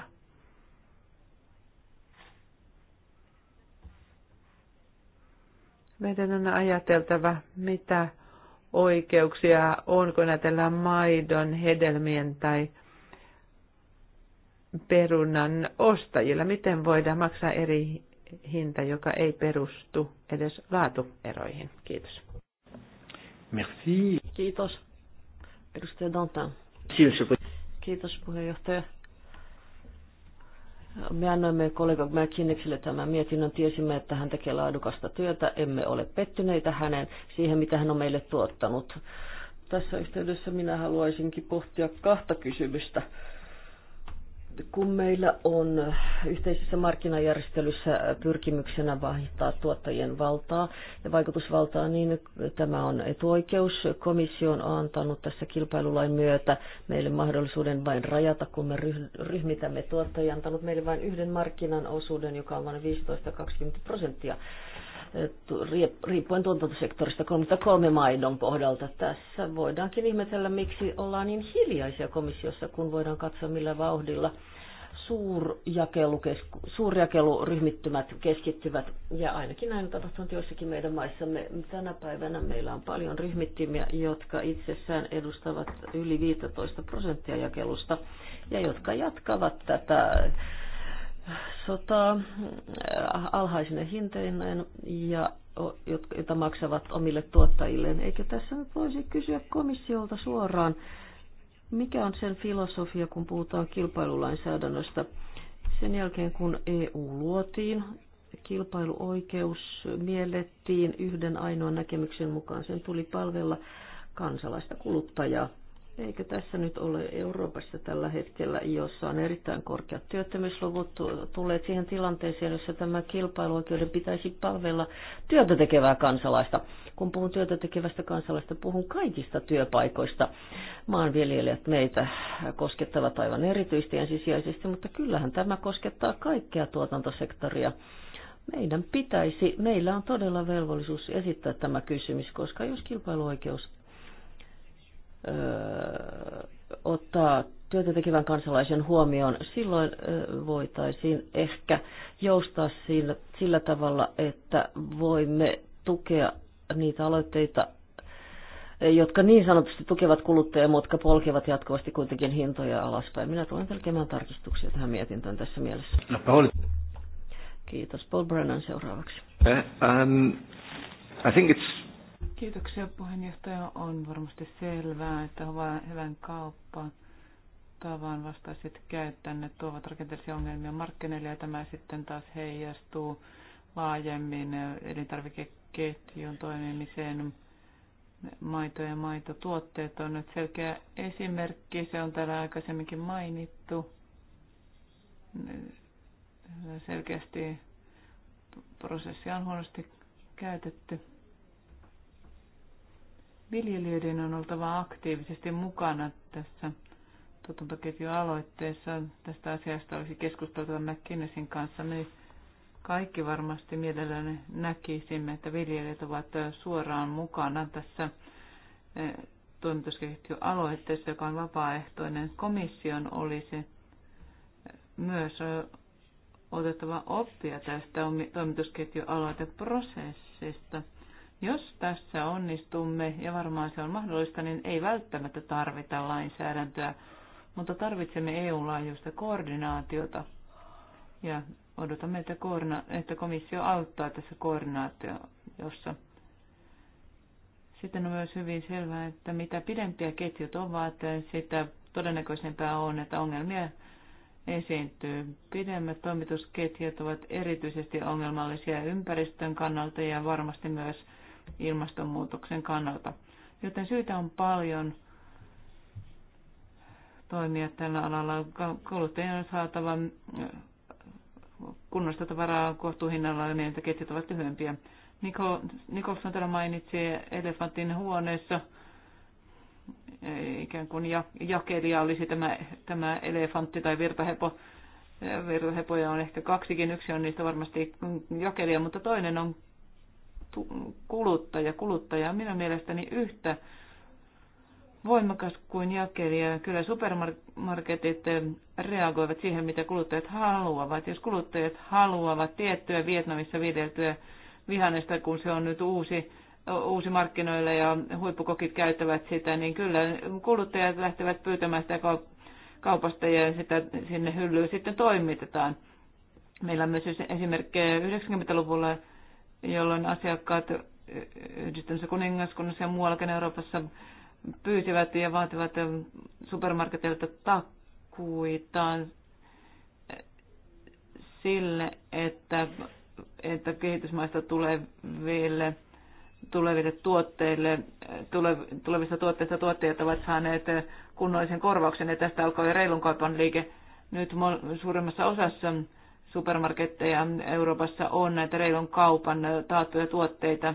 Meidän on ajateltava, mitä oikeuksia on, kun ajatellaan maidon, hedelmien tai perunan ostajilla. Miten voidaan maksaa eri hinta, joka ei perustu edes laatueroihin? Kiitos. Merci. Kiitos. Edustaja Dantin. Kiitos puheenjohtaja. Me annoimme kollega McKinneksille tämän mietinnön, tiesimme, että hän tekee laadukasta työtä, emme ole pettyneitä hänen siihen, mitä hän on meille tuottanut. Tässä yhteydessä minä haluaisinkin pohtia kahta kysymystä kun meillä on yhteisessä markkinajärjestelyssä pyrkimyksenä vahvistaa tuottajien valtaa ja vaikutusvaltaa, niin tämä on etuoikeus. Komissio on antanut tässä kilpailulain myötä meille mahdollisuuden vain rajata, kun me ryhmitämme tuottajia, antanut meille vain yhden markkinan osuuden, joka on vain 15-20 prosenttia riippuen tuotantosektorista 33 maidon kohdalta. Tässä voidaankin ihmetellä, miksi ollaan niin hiljaisia komissiossa, kun voidaan katsoa millä vauhdilla suurjakeluryhmittymät keskittyvät, ja ainakin näin on tapahtunut joissakin meidän maissamme. Tänä päivänä meillä on paljon ryhmittymiä, jotka itsessään edustavat yli 15 prosenttia jakelusta, ja jotka jatkavat tätä sotaa äh, alhaisine hinteineen ja jota maksavat omille tuottajilleen. Eikö tässä nyt voisi kysyä komissiolta suoraan, mikä on sen filosofia, kun puhutaan kilpailulainsäädännöstä? Sen jälkeen, kun EU luotiin, kilpailuoikeus miellettiin yhden ainoan näkemyksen mukaan. Sen tuli palvella kansalaista kuluttajaa. Eikö tässä nyt ole Euroopassa tällä hetkellä, jossa on erittäin korkeat työttömyysluvut, tulleet siihen tilanteeseen, jossa tämä kilpailuoikeuden pitäisi palvella työtä tekevää kansalaista? Kun puhun työtä tekevästä kansalaista, puhun kaikista työpaikoista. Maanviljelijät meitä koskettavat aivan erityisesti ensisijaisesti, mutta kyllähän tämä koskettaa kaikkea tuotantosektoria meidän pitäisi, meillä on todella velvollisuus esittää tämä kysymys, koska jos kilpailuoikeus ottaa työtä tekevän kansalaisen huomioon, silloin voitaisiin ehkä joustaa sillä, sillä tavalla, että voimme tukea niitä aloitteita, jotka niin sanotusti tukevat kuluttajia, mutta jotka polkevat jatkuvasti kuitenkin hintoja alaspäin. Minä tulen tekemään tarkistuksia tähän mietintöön tässä mielessä. No, Paul. Kiitos. Paul Brennan seuraavaksi. Eh, um, I think it's Kiitoksia puheenjohtaja. On varmasti selvää, että hyvän kauppaan tavan vastaiset käyttäneet tuovat rakenteellisia ongelmia markkinoille ja tämä sitten taas heijastuu laajemmin elintarvikeketjun toimimiseen. Maito ja maitotuotteet on nyt selkeä esimerkki, se on täällä aikaisemminkin mainittu. Selkeästi prosessia on huonosti käytetty. Viljelijöiden on oltava aktiivisesti mukana tässä tuotantoketjualoitteessa. Tästä asiasta olisi keskusteltava McKinneysin kanssa. Me kaikki varmasti mielellään näkisimme, että viljelijät ovat suoraan mukana tässä eh, toimitusketjualoitteessa, joka on vapaaehtoinen. Komission olisi myös eh, otettava oppia tästä toimitusketjualoiteprosessista. Jos tässä onnistumme, ja varmaan se on mahdollista, niin ei välttämättä tarvita lainsäädäntöä, mutta tarvitsemme EU-laajuista koordinaatiota. Ja odotamme, että, koordina- että komissio auttaa tässä koordinaatiossa. Sitten on myös hyvin selvää, että mitä pidempiä ketjut ovat, sitä todennäköisempää on, että ongelmia esiintyy. Pidemmät toimitusketjut ovat erityisesti ongelmallisia ympäristön kannalta ja varmasti myös ilmastonmuutoksen kannalta. Joten syitä on paljon toimia tällä alalla. Kuluttajien on saatava kunnosta tavaraa kohtuuhinnalla niin, että ketjut ovat lyhyempiä. Niko, Nikolson täällä mainitsi elefantin huoneessa. Ikään kuin ja, jakelija olisi tämä, tämä elefantti tai virtahepo. Virtahepoja on ehkä kaksikin. Yksi on niistä varmasti jakelija, mutta toinen on kuluttaja. Kuluttaja on minun mielestäni yhtä voimakas kuin jakelija. Kyllä supermarketit reagoivat siihen, mitä kuluttajat haluavat. Jos kuluttajat haluavat tiettyä Vietnamissa viideltyä vihannesta, kun se on nyt uusi, uusi markkinoilla ja huippukokit käyttävät sitä, niin kyllä kuluttajat lähtevät pyytämään sitä kaupasta ja sitä sinne hyllyyn sitten toimitetaan. Meillä on myös esimerkkejä 90-luvulla jolloin asiakkaat yhdistyneessä kuningaskunnassa ja muuallakin Euroopassa pyysivät ja vaativat supermarketeilta takkuitaan sille, että, että kehitysmaista tuleville, tuleville tuotteille, tule, tulevista tuotteista tuottajat ovat saaneet kunnollisen korvauksen ja tästä alkoi reilun kaupan liike. Nyt suurimmassa osassa supermarketteja Euroopassa on, näitä reilun kaupan taattuja tuotteita,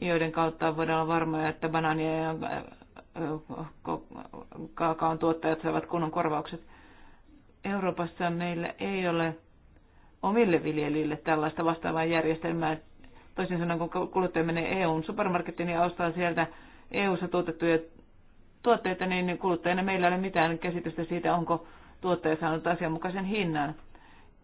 joiden kautta voidaan olla varmoja, että banaania ja äh, äh, kaakaon tuottajat saavat kunnon korvaukset. Euroopassa meillä ei ole omille viljelijille tällaista vastaavaa järjestelmää. Toisin sanoen, kun kuluttaja menee EUn supermarkettiin ja niin ostaa sieltä EU-ssa tuotettuja tuotteita, niin kuluttajana meillä ei ole mitään käsitystä siitä, onko tuottaja saanut asianmukaisen hinnan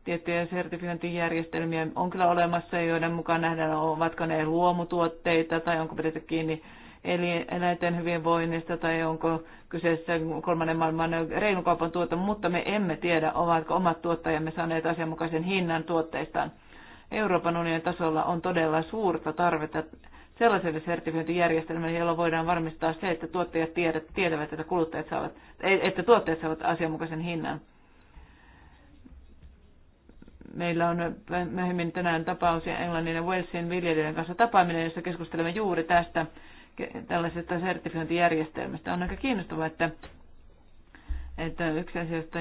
tiettyjä sertifiointijärjestelmiä on kyllä olemassa, joiden mukaan nähdään, ovatko ne luomutuotteita tai onko pidetty kiinni eli eläinten hyvinvoinnista tai onko kyseessä kolmannen maailman reilun kaupan tuote, mutta me emme tiedä, ovatko omat tuottajamme saaneet asianmukaisen hinnan tuotteistaan. Euroopan unionin tasolla on todella suurta tarvetta sellaiselle sertifiointijärjestelmälle, jolla voidaan varmistaa se, että tuottajat tiedät, tietävät, että, kuluttajat saavat, että tuotteet saavat asianmukaisen hinnan meillä on myöhemmin tänään tapaus ja Englannin ja Walesin viljelijöiden kanssa tapaaminen, jossa keskustelemme juuri tästä tällaisesta sertifiointijärjestelmästä. On aika kiinnostavaa, että, että yksi asioista,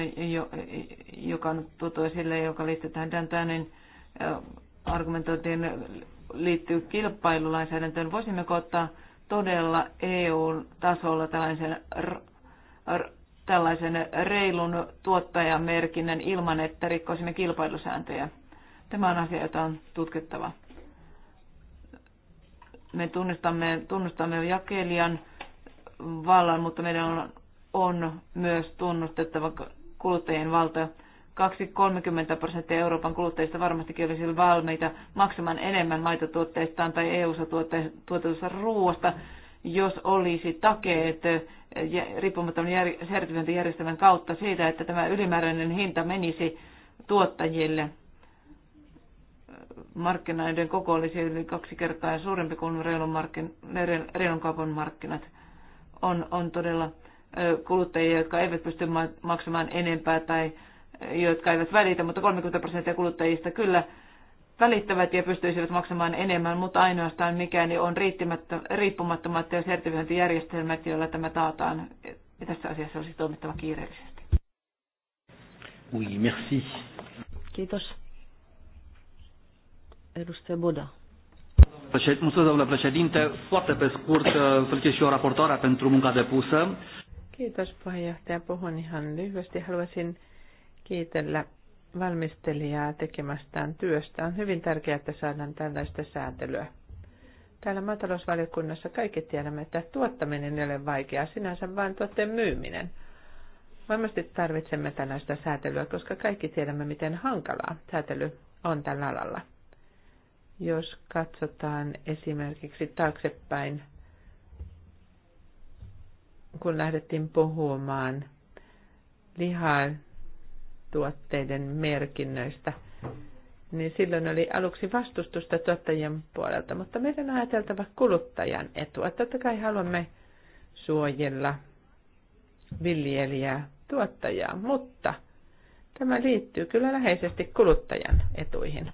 joka on tuotu esille, joka liittyy tähän Dantanin argumentointiin, liittyy kilpailulainsäädäntöön. Voisimmeko ottaa todella EU-tasolla tällaisen tällaisen reilun tuottajamerkinnän ilman, että rikkoisimme kilpailusääntöjä. Tämä on asia, jota on tutkittava. Me tunnistamme, tunnustamme jakelijan vallan, mutta meidän on, on myös tunnustettava kuluttajien valta. 2-30 prosenttia Euroopan kuluttajista varmastikin olisi valmiita maksamaan enemmän maitotuotteistaan tai EU-ssa tuotetusta ruoasta jos olisi takeet eh, riippumattoman sertifiointijärjestelmän kautta siitä, että tämä ylimääräinen hinta menisi tuottajille. Markkinoiden koko olisi yli kaksi kertaa suurempi kuin reilun, markkin, reilun kaupan markkinat. On, on todella eh, kuluttajia, jotka eivät pysty maksamaan enempää tai eh, jotka eivät välitä, mutta 30 prosenttia kuluttajista kyllä välittävät ja pystyisivät maksamaan enemmän, mutta ainoastaan mikäni on riippumattomat ja sertifiointijärjestelmät, joilla tämä taataan. Ja tässä asiassa olisi toimittava kiireellisesti. Oui, merci. Kiitos. Edustaja Boda. Mulțumesc, domnule președinte. Foarte pe scurt, uh, felicit și eu raportoarea pentru munca depusă. Kiitos puheenjohtaja. Puhun ihan lyhyesti. Haluaisin kiitellä valmistelijaa tekemästään työstä. On hyvin tärkeää, että saadaan tällaista säätelyä. Täällä maatalousvaliokunnassa kaikki tiedämme, että tuottaminen ei ole vaikeaa, sinänsä vain tuotteen myyminen. Varmasti tarvitsemme tällaista säätelyä, koska kaikki tiedämme, miten hankalaa säätely on tällä alalla. Jos katsotaan esimerkiksi taaksepäin, kun lähdettiin puhumaan lihan tuotteiden merkinnöistä, niin silloin oli aluksi vastustusta tuottajien puolelta, mutta meidän on ajateltava kuluttajan etua. Totta kai haluamme suojella viljelijää, tuottajaa, mutta tämä liittyy kyllä läheisesti kuluttajan etuihin.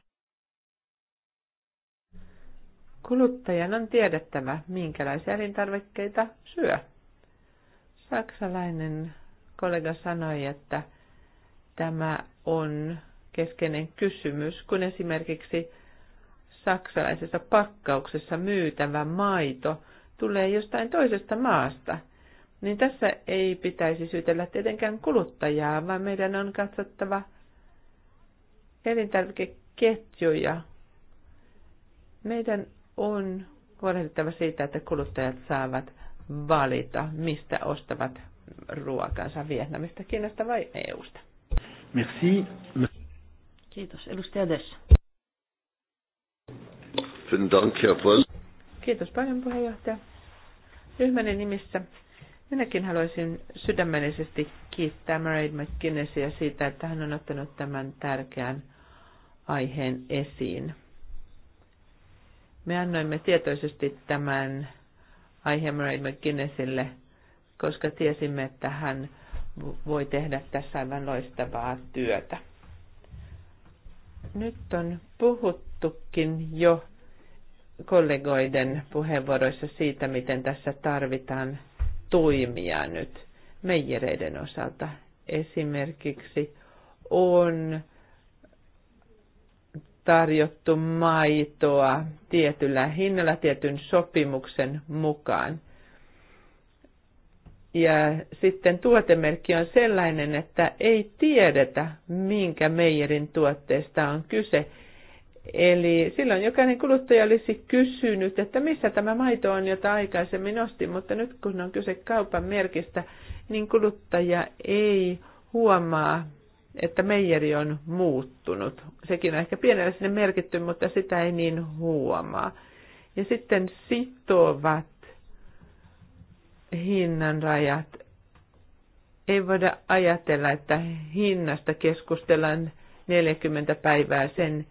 Kuluttajan on tiedettävä, minkälaisia elintarvikkeita syö. Saksalainen kollega sanoi, että – tämä on keskeinen kysymys, kun esimerkiksi saksalaisessa pakkauksessa myytävä maito tulee jostain toisesta maasta, niin tässä ei pitäisi syytellä tietenkään kuluttajaa, vaan meidän on katsottava elintarvikeketjuja. Meidän on huolehdittava siitä, että kuluttajat saavat valita, mistä ostavat ruokansa Vietnamista, Kiinasta vai EUsta. Merci. Kiitos. Edustaja Dessa. Kiitos paljon puheenjohtaja. Ryhmäni nimissä minäkin haluaisin sydämellisesti kiittää Mairead McKinneysia siitä, että hän on ottanut tämän tärkeän aiheen esiin. Me annoimme tietoisesti tämän aiheen Mairead McKinneylle, koska tiesimme, että hän voi tehdä tässä aivan loistavaa työtä. Nyt on puhuttukin jo kollegoiden puheenvuoroissa siitä, miten tässä tarvitaan toimia nyt meijereiden osalta. Esimerkiksi on tarjottu maitoa tietyllä hinnalla tietyn sopimuksen mukaan. Ja sitten tuotemerkki on sellainen, että ei tiedetä, minkä meijerin tuotteesta on kyse. Eli silloin jokainen kuluttaja olisi kysynyt, että missä tämä maito on, jota aikaisemmin ostin, mutta nyt kun on kyse kaupan merkistä, niin kuluttaja ei huomaa, että meijeri on muuttunut. Sekin on ehkä pienellä sinne merkitty, mutta sitä ei niin huomaa. Ja sitten sitovat hinnan rajat. Ei voida ajatella, että hinnasta keskustellaan 40 päivää sen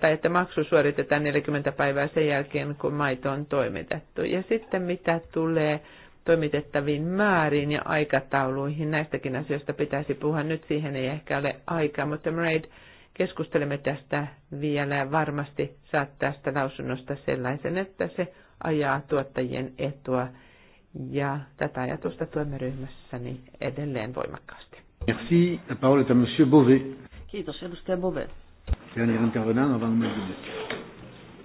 tai että maksu suoritetaan 40 päivää sen jälkeen, kun maito on toimitettu. Ja sitten mitä tulee toimitettaviin määriin ja aikatauluihin, näistäkin asioista pitäisi puhua. Nyt siihen ei ehkä ole aikaa, mutta Mraid, keskustelemme tästä vielä ja varmasti saat tästä lausunnosta sellaisen, että se ajaa tuottajien etua ja tätä ajatusta tuemme ryhmässäni edelleen voimakkaasti. Merci. La parole est à monsieur Beauvais. Kiitos, edustaja Bové. Dernier intervenant avant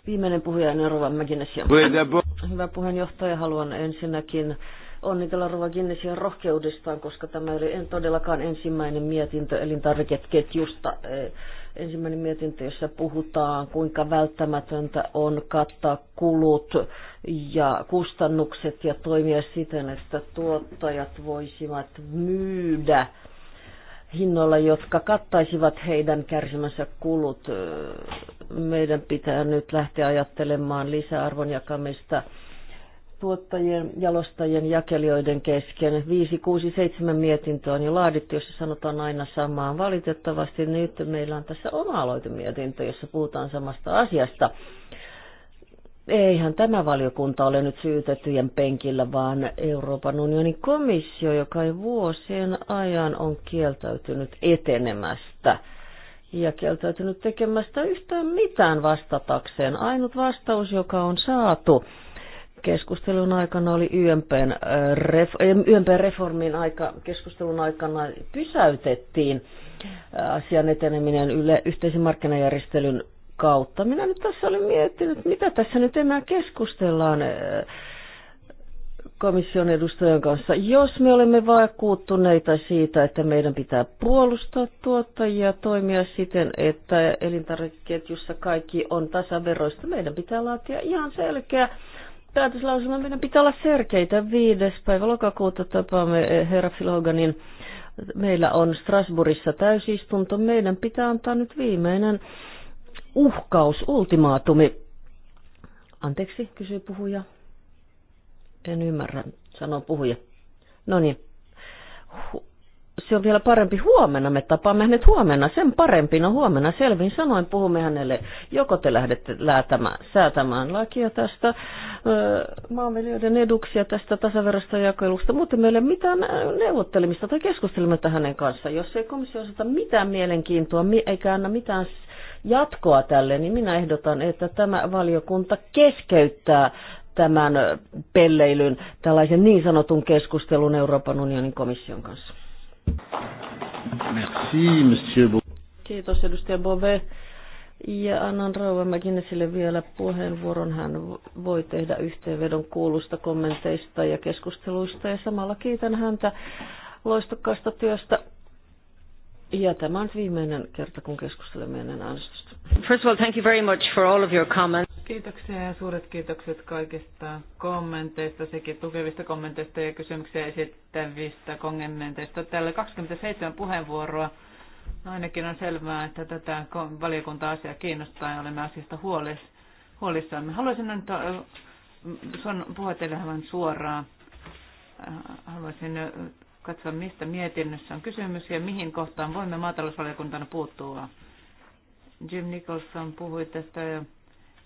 Viimeinen puhuja on Rova Mäkinesia. Hyvä puheenjohtaja, haluan ensinnäkin onnitella Rova Guinnessia rohkeudestaan, koska tämä oli en todellakaan ensimmäinen mietintö elintarviketketjusta. Eh, Ensimmäinen mietintö, jossa puhutaan, kuinka välttämätöntä on kattaa kulut ja kustannukset ja toimia siten, että tuottajat voisivat myydä hinnoilla, jotka kattaisivat heidän kärsimänsä kulut. Meidän pitää nyt lähteä ajattelemaan lisäarvon jakamista tuottajien, jalostajien, jakelijoiden kesken. 5, 6, 7 mietintöä on jo laadittu, jossa sanotaan aina samaan. Valitettavasti nyt meillä on tässä oma aloitemietintö, jossa puhutaan samasta asiasta. Eihän tämä valiokunta ole nyt syytettyjen penkillä, vaan Euroopan unionin komissio, joka ei vuosien ajan on kieltäytynyt etenemästä ja kieltäytynyt tekemästä yhtään mitään vastatakseen. Ainut vastaus, joka on saatu, keskustelun aikana oli YMPn, äh, ref, YMPn reformin aika, keskustelun aikana pysäytettiin äh, asian eteneminen yle, yhteisen markkinajärjestelyn kautta. Minä nyt tässä olin miettinyt, mitä tässä nyt enää keskustellaan äh, komission edustajan kanssa. Jos me olemme vakuuttuneita siitä, että meidän pitää puolustaa tuottajia, toimia siten, että elintarvikeketjussa kaikki on tasaveroista, meidän pitää laatia ihan selkeä päätöslauselma meidän pitää olla selkeitä. Viides päivä lokakuuta tapaamme eh, herra Filoganin. Meillä on Strasbourgissa täysistunto. Meidän pitää antaa nyt viimeinen uhkaus, ultimaatumi. Anteeksi, kysyy puhuja. En ymmärrä, sanoo puhuja. No niin se on vielä parempi huomenna. Me tapaamme hänet huomenna, sen parempi. No huomenna selvin sanoin puhumme hänelle, joko te lähdette läätämään, säätämään lakia tästä maanviljelijöiden eduksia tästä tasaverosta jakelusta, mutta meillä ei ole mitään neuvottelemista tai keskustelemista hänen kanssaan. Jos ei komissio osata mitään mielenkiintoa eikä anna mitään jatkoa tälle, niin minä ehdotan, että tämä valiokunta keskeyttää tämän pelleilyn, tällaisen niin sanotun keskustelun Euroopan unionin komission kanssa. Merci, monsieur Bo- Kiitos, edustaja Bove. Ja annan Rauva Mäkinesille vielä puheenvuoron. Hän voi tehdä yhteenvedon kuulusta kommenteista ja keskusteluista. Ja samalla kiitän häntä loistokkaasta työstä. Ja tämä on viimeinen kerta, kun keskustelemme ennen äänestystä. First of all, thank you very much for all of your comments. Kiitoksia ja suuret kiitokset kaikista kommenteista, sekin tukevista kommenteista ja kysymyksiä esittävistä kommenteista. Täällä 27 puheenvuoroa. Ainakin on selvää, että tätä valiokunta-asiaa kiinnostaa ja olemme asiasta huolissaan. Haluaisin nyt puhua teille aivan suoraan. Äh, haluaisin katsoa, mistä mietinnössä on kysymys ja mihin kohtaan voimme maatalousvaliokuntana puuttua Jim Nicholson puhui tästä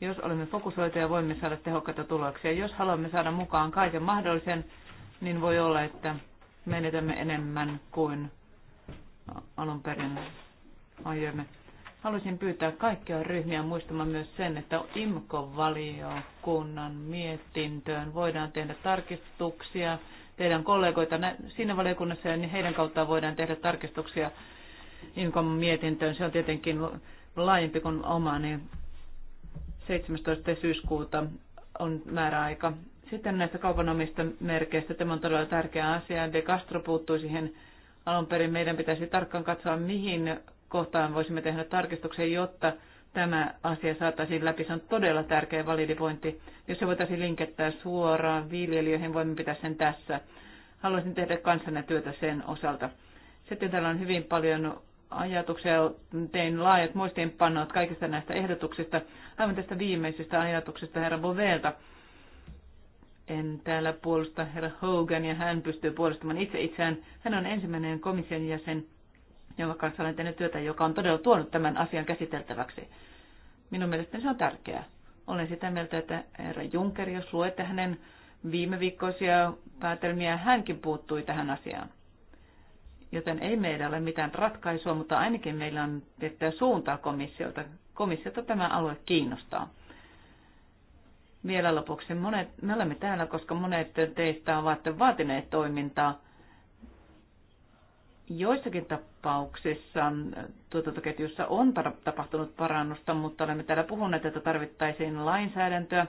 jos olemme fokusoituja, voimme saada tehokkaita tuloksia. Jos haluamme saada mukaan kaiken mahdollisen, niin voi olla, että menetämme enemmän kuin alun perin aioimme. Haluaisin pyytää kaikkia ryhmiä muistamaan myös sen, että IMKO-valiokunnan mietintöön voidaan tehdä tarkistuksia. Teidän kollegoita siinä valiokunnassa, niin heidän kautta voidaan tehdä tarkistuksia IMKOn mietintöön. Se on tietenkin laajempi kuin niin 17. syyskuuta on määräaika. Sitten näistä kaupanomista merkeistä. Tämä on todella tärkeä asia. De Castro puuttui siihen alun perin. Meidän pitäisi tarkkaan katsoa, mihin kohtaan voisimme tehdä tarkistuksen, jotta tämä asia saataisiin läpi. Se on todella tärkeä validipointi. Jos se voitaisiin linkittää suoraan viljelijöihin, voimme pitää sen tässä. Haluaisin tehdä kanssanne työtä sen osalta. Sitten täällä on hyvin paljon ajatuksia, tein laajat muistiinpannot kaikista näistä ehdotuksista, aivan tästä viimeisestä ajatuksesta herra Bovelta. En täällä puolusta herra Hogan ja hän pystyy puolustamaan itse itseään. Hän on ensimmäinen komission jäsen, jonka kanssa olen tehnyt työtä, joka on todella tuonut tämän asian käsiteltäväksi. Minun mielestäni se on tärkeää. Olen sitä mieltä, että herra Juncker, jos luette hänen viime viikkoisia päätelmiä, hänkin puuttui tähän asiaan. Joten ei meillä ole mitään ratkaisua, mutta ainakin meillä on tiettyä suuntaa komissiolta. Komissiota tämä alue kiinnostaa. Vielä lopuksi, monet, me olemme täällä, koska monet teistä ovat vaatineet toimintaa. Joissakin tapauksissa tuotantoketjussa on tapahtunut parannusta, mutta olemme täällä puhuneet, että tarvittaisiin lainsäädäntöä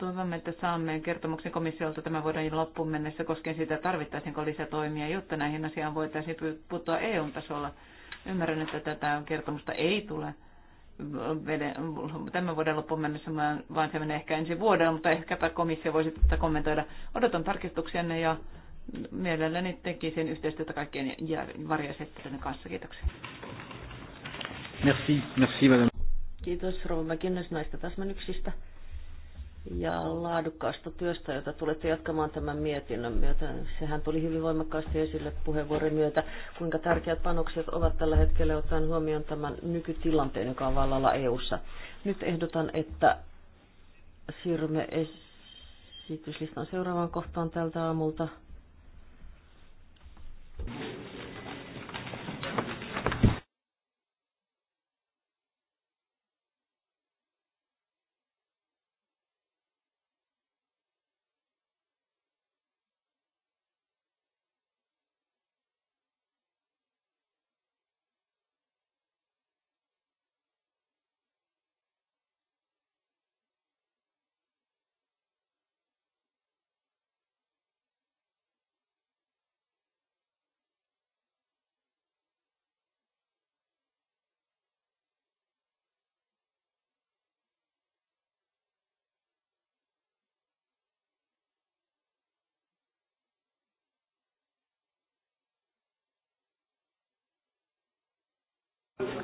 Toivomme, että saamme kertomuksen komissiolta tämän vuoden loppuun mennessä koskien sitä, tarvittaisiinko lisätoimia, jotta näihin asiaan voitaisiin puuttua EU-tasolla. Ymmärrän, että tätä kertomusta ei tule tämän vuoden loppuun mennessä, vaan se menee ehkä ensi vuodella, mutta ehkäpä komissio voisi tätä kommentoida. Odotan tarkistuksenne ja mielelläni tekisin yhteistyötä kaikkien varjoesittelyiden kanssa. Kiitoksia. Merci, merci madame. Kiitos Rouva Mäkinnäs näistä täsmennyksistä ja laadukkaasta työstä, jota tulette jatkamaan tämän mietinnön myötä. Sehän tuli hyvin voimakkaasti esille puheenvuoron myötä, kuinka tärkeät panokset ovat tällä hetkellä ottaen huomioon tämän nykytilanteen, joka on vallalla EU:ssa. Nyt ehdotan, että siirrymme esityslistan seuraavaan kohtaan tältä aamulta.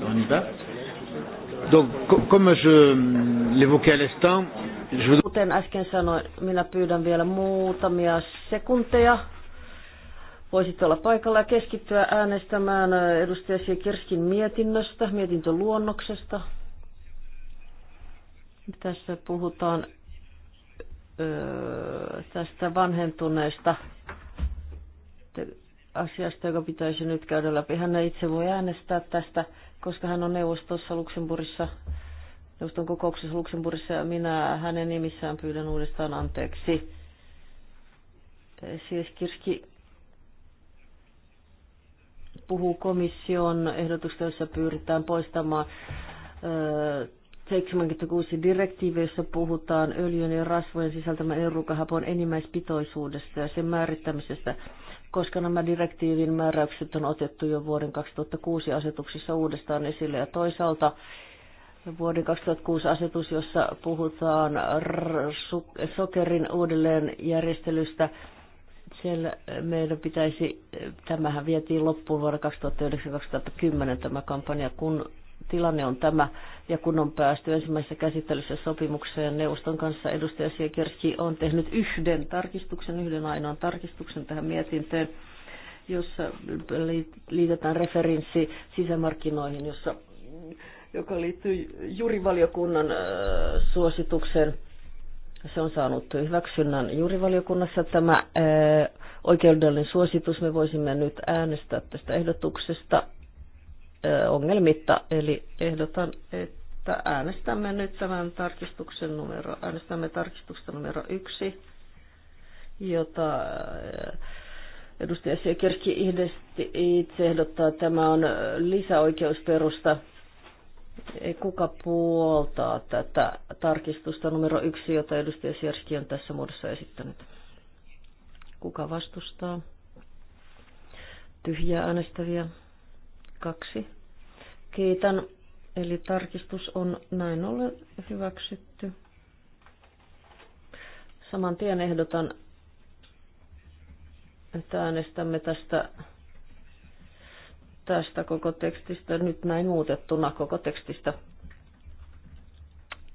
On y va Donc, comme je l'évoquais à l'instant, je veux... Kuten äsken sanoin, minä pyydän vielä muutamia sekunteja. Voisit olla paikalla ja keskittyä äänestämään äh, edustaja Kirskin mietinnöstä, mietintöluonnoksesta. Tässä puhutaan öö, tästä vanhentuneesta asiasta, joka pitäisi nyt käydä läpi. Hän ei itse voi äänestää tästä, koska hän on neuvostossa Luxemburgissa, neuvoston kokouksessa Luxemburgissa ja minä hänen nimissään pyydän uudestaan anteeksi. Siis Kirski puhuu komission ehdotuksesta, jossa pyritään poistamaan 76 direktiivi, jossa puhutaan öljyn ja rasvojen sisältämän erukahapon enimmäispitoisuudesta ja sen määrittämisestä koska nämä direktiivin määräykset on otettu jo vuoden 2006 asetuksissa uudestaan esille ja toisaalta vuoden 2006 asetus, jossa puhutaan sokerin uudelleenjärjestelystä. Siellä meidän pitäisi, tämähän vietiin loppuun vuonna 2009-2010 tämä kampanja, kun tilanne on tämä. Ja kun on päästy ensimmäisessä käsittelyssä sopimukseen neuvoston kanssa, edustaja Siekerski on tehnyt yhden tarkistuksen, yhden ainoan tarkistuksen tähän mietintöön, jossa liitetään referenssi sisämarkkinoihin, jossa, joka liittyy jurivaliokunnan äh, suositukseen. Se on saanut hyväksynnän juurivaliokunnassa tämä äh, oikeudellinen suositus. Me voisimme nyt äänestää tästä ehdotuksesta ongelmitta. Eli ehdotan, että äänestämme nyt tämän tarkistuksen numero, äänestämme tarkistuksesta numero yksi, jota edustaja Sekerski itse ehdottaa, että tämä on lisäoikeusperusta. Ei kuka puoltaa tätä tarkistusta numero yksi, jota edustaja Sierski on tässä muodossa esittänyt. Kuka vastustaa? Tyhjää äänestäviä. Kaksi. Kiitän. Eli tarkistus on näin ollen hyväksytty. Saman tien ehdotan, että äänestämme tästä, tästä koko tekstistä, nyt näin muutettuna koko tekstistä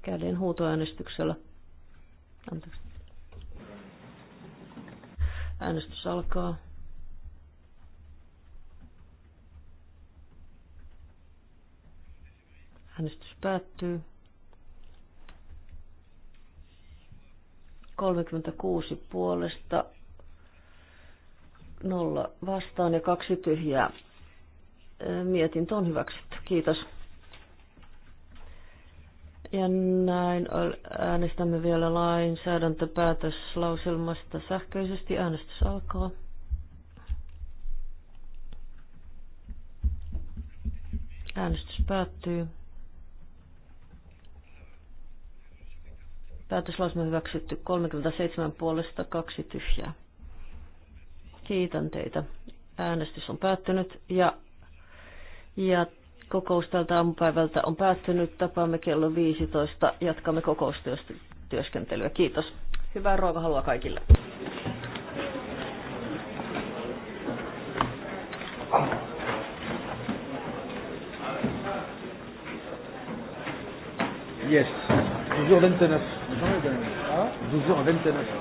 käden huutoäänestyksellä. Anteeksi. Äänestys alkaa. Äänestys päättyy. 36 puolesta, 0 vastaan ja kaksi tyhjää. Mietintö on hyväksytty. Kiitos. Ja näin äänestämme vielä lainsäädäntöpäätöslauselmasta sähköisesti. Äänestys alkaa. Äänestys päättyy. Päätöslausuma hyväksytty 37 puolesta, kaksi tyhjää. Kiitän teitä. Äänestys on päättynyt ja, ja kokous tältä aamupäivältä on päättynyt. Tapaamme kello 15. Jatkamme kokoustyöskentelyä. Kiitos. Hyvää ruokahalua kaikille. Yes. Jordan Tennis quand même. 12h29.